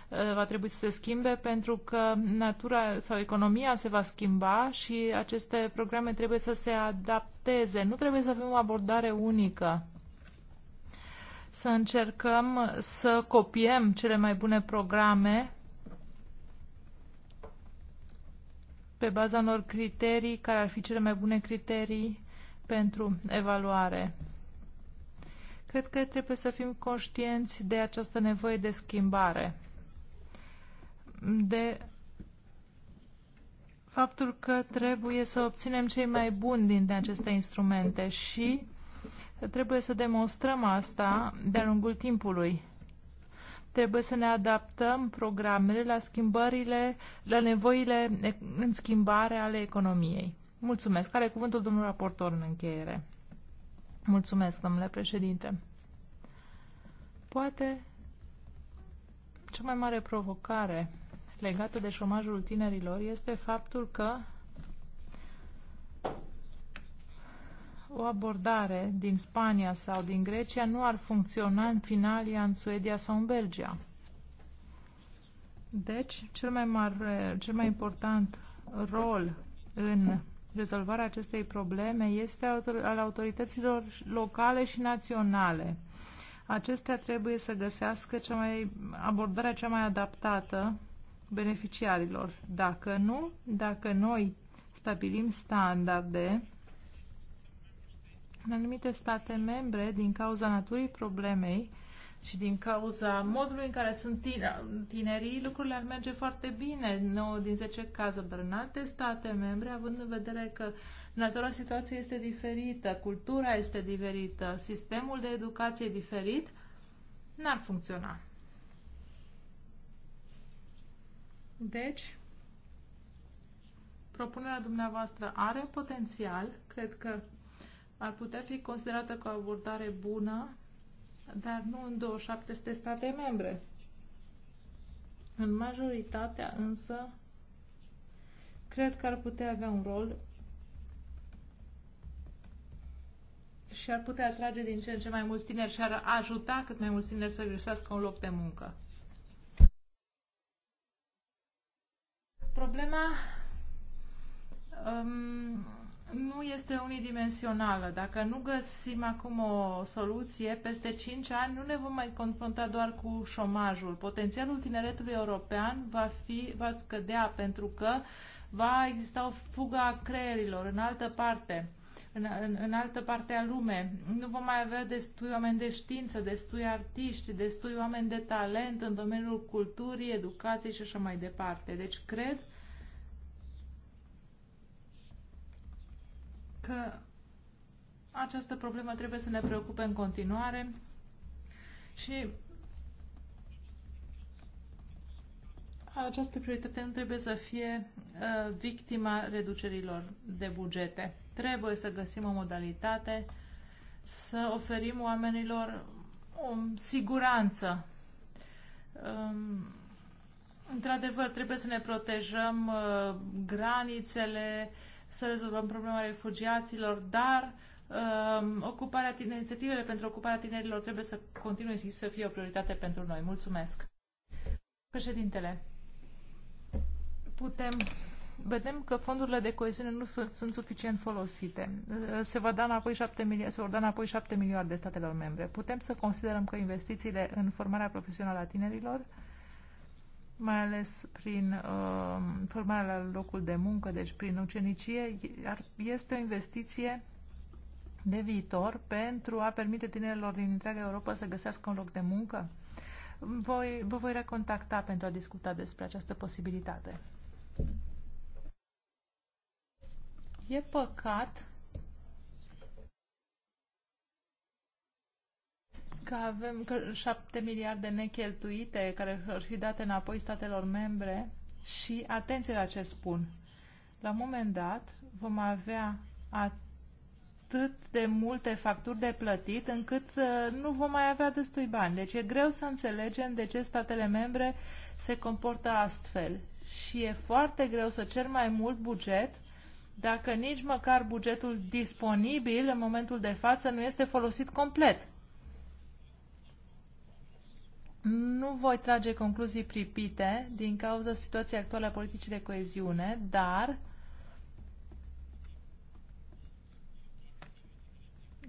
[SPEAKER 2] eh, va trebui să se schimbe pentru că natura sau economia se va schimba și aceste programe trebuie să se adapteze. Nu trebuie să avem o abordare unică să încercăm să copiem cele mai bune programe pe baza unor criterii care ar fi cele mai bune criterii pentru evaluare. Cred că trebuie să fim conștienți de această nevoie de schimbare, de faptul că trebuie să obținem cei mai buni din aceste instrumente și trebuie să demonstrăm asta de-a lungul timpului. Trebuie să ne adaptăm programele la schimbările, la nevoile în schimbare ale economiei. Mulțumesc. Care cuvântul domnul raportor în încheiere? Mulțumesc, domnule președinte. Poate cea mai mare provocare legată de șomajul tinerilor este faptul că o abordare din Spania sau din Grecia nu ar funcționa în Finalia, în Suedia sau în Belgia. Deci, cel mai, mare, cel mai important rol în rezolvarea acestei probleme este al autorităților locale și naționale. Acestea trebuie să găsească cea mai, abordarea cea mai adaptată beneficiarilor. Dacă nu, dacă noi stabilim standarde în anumite state membre, din cauza naturii problemei și din cauza modului în care sunt tinerii, lucrurile ar merge foarte bine, 9 din 10 cazuri, dar în alte state membre, având în vedere că natura situației este diferită, cultura este diferită, sistemul de educație e diferit, n-ar funcționa. Deci, propunerea dumneavoastră are potențial, cred că ar putea fi considerată ca o abordare bună, dar nu în 27 state membre. În majoritatea însă, cred că ar putea avea un rol și ar putea atrage din ce în ce mai mulți tineri și ar ajuta cât mai mulți tineri să găsească un loc de muncă. Problema um, nu este unidimensională. Dacă nu găsim acum o soluție, peste 5 ani nu ne vom mai confrunta doar cu șomajul. Potențialul tineretului european va, fi, va scădea pentru că va exista o fugă a creierilor în altă parte. În, în, în altă parte a lume. Nu vom mai avea destui oameni de știință, destui artiști, destui oameni de talent în domeniul culturii, educației și așa mai departe. Deci cred că această problemă trebuie să ne preocupe în continuare și această prioritate nu trebuie să fie uh, victima reducerilor de bugete. Trebuie să găsim o modalitate să oferim oamenilor o siguranță. Um, Într-adevăr, trebuie să ne protejăm uh, granițele, uh, să rezolvăm problema refugiaților, dar um, ocuparea tine, inițiativele pentru ocuparea tinerilor trebuie să continue și să fie o prioritate pentru noi. Mulțumesc. Președintele, putem vedem că fondurile de coeziune nu sunt suficient folosite. Se, va da înapoi 7 milioane, se vor da înapoi 7 milioane de statelor membre. Putem să considerăm că investițiile în formarea profesională a tinerilor mai ales prin uh, formarea la locul de muncă, deci prin ucenicie, este o investiție de viitor pentru a permite tinerilor din întreaga Europa să găsească un loc de muncă? Voi, vă voi recontacta pentru a discuta despre această posibilitate. E păcat că avem 7 miliarde necheltuite care ar fi date înapoi statelor membre și atenție la ce spun. La un moment dat vom avea atât de multe facturi de plătit încât uh, nu vom mai avea destui bani. Deci e greu să înțelegem de ce statele membre se comportă astfel. Și e foarte greu să cer mai mult buget dacă nici măcar bugetul disponibil în momentul de față nu este folosit complet. Nu voi trage concluzii pripite din cauza situației actuale a politicii de coeziune, dar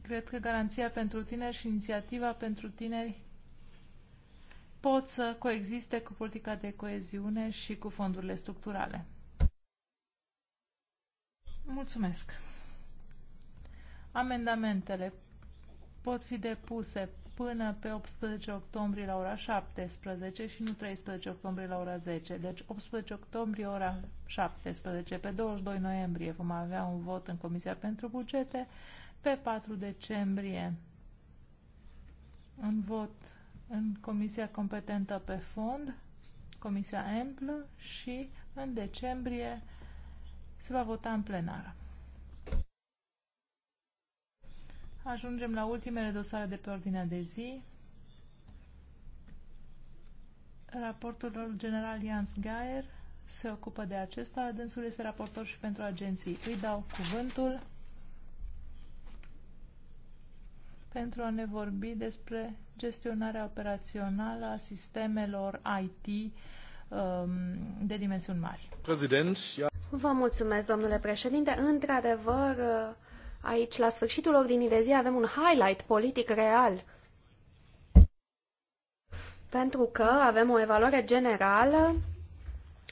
[SPEAKER 2] cred că garanția pentru tineri și inițiativa pentru tineri pot să coexiste cu politica de coeziune și cu fondurile structurale. Mulțumesc. Amendamentele pot fi depuse până pe 18 octombrie la ora 17 și nu 13 octombrie la ora 10. Deci 18 octombrie ora 17. Pe 22 noiembrie vom avea un vot în Comisia pentru Bugete. Pe 4 decembrie un vot în Comisia competentă pe fond, Comisia Amplă și în decembrie se va vota în plenară. Ajungem la ultimele dosare de pe ordinea de zi. Raportul general Jans Gaier se ocupă de acesta. Dânsul este raportor și pentru agenții. Îi dau cuvântul pentru a ne vorbi despre gestionarea operațională a sistemelor IT um,
[SPEAKER 3] de dimensiuni mari. Vă mulțumesc, domnule președinte. Într-adevăr, uh Aici, la sfârșitul ordinii de zi, avem un highlight politic real. Pentru că avem o evaluare generală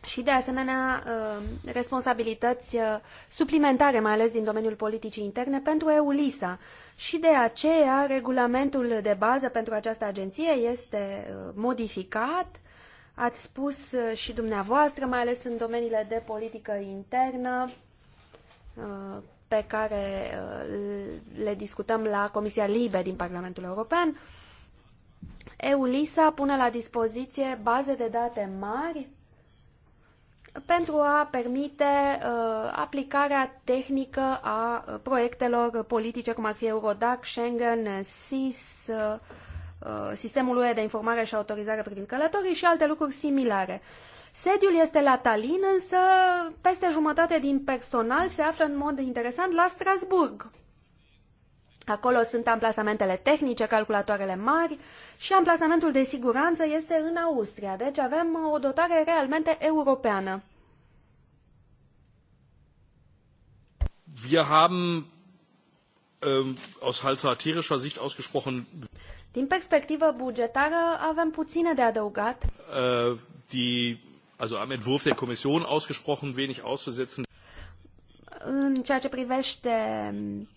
[SPEAKER 3] și, de asemenea, uh, responsabilități uh, suplimentare, mai ales din domeniul politicii interne, pentru EULISA. Și de aceea, regulamentul de bază pentru această agenție este uh, modificat. Ați spus și dumneavoastră, mai ales în domeniile de politică internă, pe care uh, le discutăm la Comisia Libe din Parlamentul European. EULISA pune la dispoziție baze de date mari pentru a permite uh, aplicarea tehnică a proiectelor politice, cum ar fi Eurodac, Schengen, SIS, uh, uh, Sistemul UE de Informare și Autorizare privind călătorii și alte lucruri similare. Uh, Sediul este la Tallinn, însă peste jumătate din personal se află în mod interesant la Strasburg. Acolo sunt amplasamentele tehnice, calculatoarele mari și amplasamentul de siguranță este în Austria, deci avem o dotare realmente europeană.
[SPEAKER 1] Wir haben ähm, aus halbsatirischer Sicht ausgesprochen.
[SPEAKER 3] Din perspectivă bugetară avem puține de adăugat.
[SPEAKER 2] Uh, die also am Entwurf der Kommission ausgesprochen wenig auszusetzen.
[SPEAKER 3] În ceea ce privește um,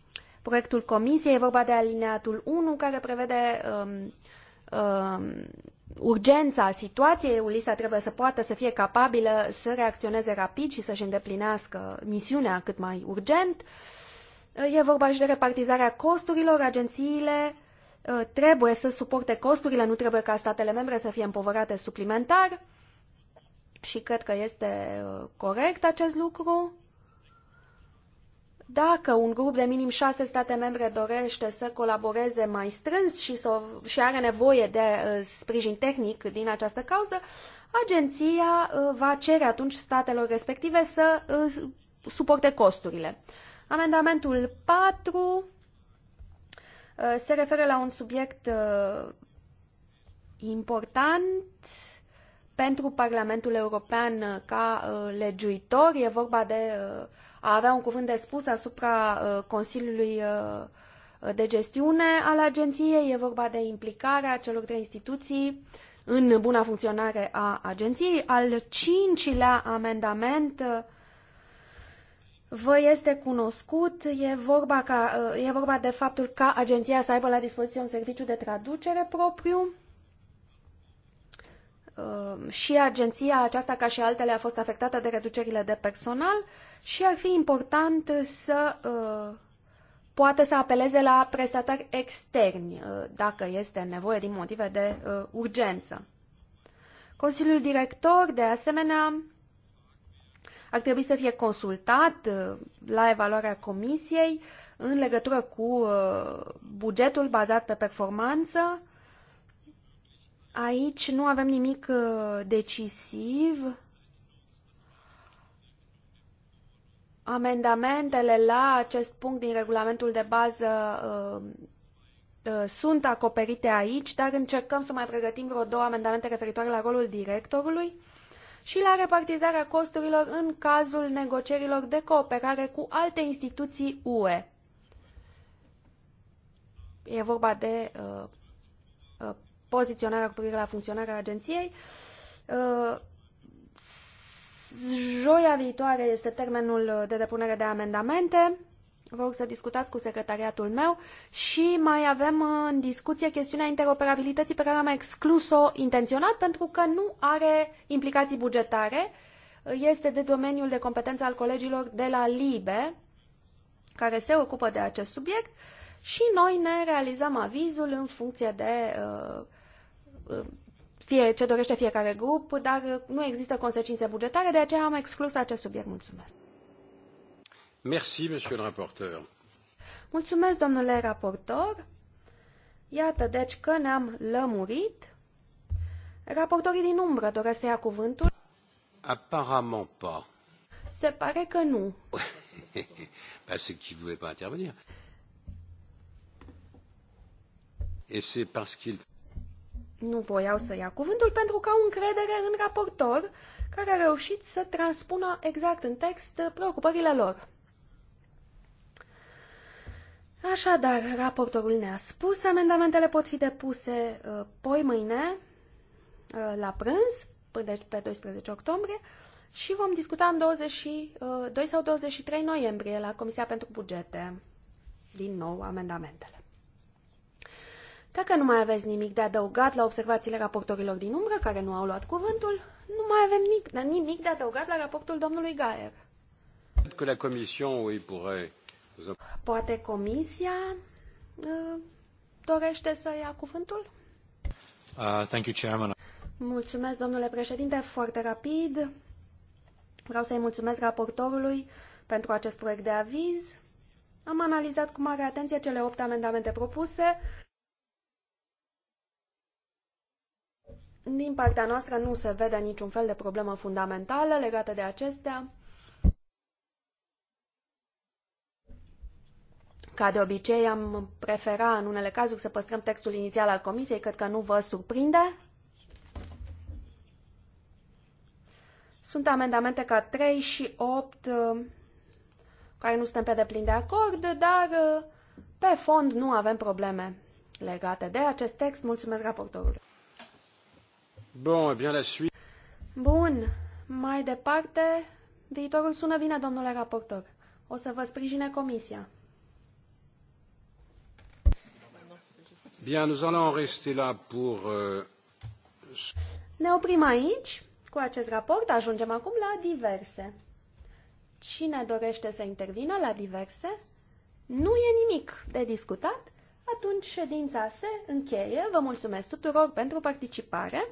[SPEAKER 3] proiectul Comisiei, e vorba de alineatul 1 care prevede um, um, urgența situației. Ulisa trebuie să poată să fie capabilă să reacționeze rapid și să-și îndeplinească misiunea cât mai urgent. E vorba și de repartizarea costurilor. Agențiile uh, trebuie să suporte costurile, nu trebuie ca statele membre să fie împovărate suplimentar și cred că este uh, corect acest lucru. Dacă un grup de minim șase state membre dorește să colaboreze mai strâns și, să, și are nevoie de uh, sprijin tehnic din această cauză, agenția uh, va cere atunci statelor respective să uh, suporte costurile. Amendamentul 4 uh, se referă la un subiect uh, important pentru Parlamentul European uh, ca uh, legiuitor. E vorba de uh, a avea un cuvânt de spus asupra Consiliului de gestiune al agenției, e vorba de implicarea celor trei instituții în buna funcționare a agenției. Al cincilea amendament vă este cunoscut, e vorba, ca, e vorba de faptul ca agenția să aibă la dispoziție un serviciu de traducere propriu. Uh, și agenția aceasta, ca și altele, a fost afectată de reducerile de personal și ar fi important să uh, poată să apeleze la prestatari externi, uh, dacă este nevoie din motive de uh, urgență. Consiliul director, de asemenea, ar trebui să fie consultat uh, la evaluarea comisiei în legătură cu uh, bugetul bazat pe performanță, Aici nu avem nimic uh, decisiv. Amendamentele la acest punct din regulamentul de bază uh, uh, sunt acoperite aici, dar încercăm să mai pregătim vreo două amendamente referitoare la rolul directorului și la repartizarea costurilor în cazul negocierilor de cooperare cu alte instituții UE. E vorba de uh, poziționarea cu privire la funcționarea agenției. Uh, joia viitoare este termenul de depunere de amendamente. Vă rog să discutați cu secretariatul meu și mai avem în discuție chestiunea interoperabilității pe care am exclus-o intenționat pentru că nu are implicații bugetare. Este de domeniul de competență al colegilor de la LIBE care se ocupă de acest subiect și noi ne realizăm avizul în funcție de uh, fie ce dorește fiecare grup, dar nu există consecințe bugetare, de aceea am exclus acest subiect. Mulțumesc.
[SPEAKER 1] Merci, monsieur le rapporteur.
[SPEAKER 3] Mulțumesc, domnule raportor. Iată, deci că ne-am lămurit. Raportorii din umbră doresc să ia cuvântul.
[SPEAKER 1] Apparemment pas.
[SPEAKER 3] Se pare că nu.
[SPEAKER 1] Parce qu'il ne voulait pas intervenir. Et c'est parce qu'il
[SPEAKER 3] nu voiau să ia cuvântul pentru că au încredere în raportor care a reușit să transpună exact în text preocupările lor. Așadar, raportorul ne-a spus, amendamentele pot fi depuse uh, poi mâine uh, la prânz, până deci pe 12 octombrie, și vom discuta în 22 uh, sau 23 noiembrie la Comisia pentru Bugete din nou amendamentele. Dacă nu mai aveți nimic de adăugat la observațiile raportorilor din umbră, care nu au luat cuvântul, nu mai avem nic, nimic de adăugat la raportul domnului Gaer. Poate comisia uh, dorește să ia cuvântul?
[SPEAKER 1] Uh, thank you, Chairman.
[SPEAKER 3] Mulțumesc, domnule președinte, foarte rapid. Vreau să-i mulțumesc raportorului pentru acest proiect de aviz. Am analizat cu mare atenție cele opt amendamente propuse Din partea noastră nu se vede niciun fel de problemă fundamentală legată de acestea. Ca de obicei, am prefera în unele cazuri să păstrăm textul inițial al comisiei, cred că nu vă surprinde. Sunt amendamente ca 3 și 8, uh, care nu suntem pe deplin de acord, dar uh, pe fond nu avem probleme legate de acest text. Mulțumesc raportorului.
[SPEAKER 1] Bun, eh bien la suite.
[SPEAKER 3] Bun, mai departe, viitorul sună bine, domnule raportor. O să vă sprijine comisia.
[SPEAKER 1] Bien, nous allons rester là pour... Euh...
[SPEAKER 3] Ne oprim aici. Cu acest raport ajungem acum la diverse. Cine dorește să intervină la diverse? Nu e nimic de discutat. Atunci ședința se încheie. Vă mulțumesc tuturor pentru participare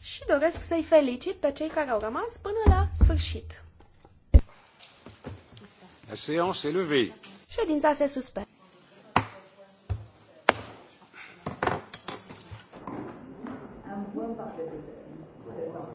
[SPEAKER 3] și doresc să-i felicit pe cei care au rămas până la sfârșit.
[SPEAKER 1] La séance est levée.
[SPEAKER 3] Ședința se suspendă. Am bun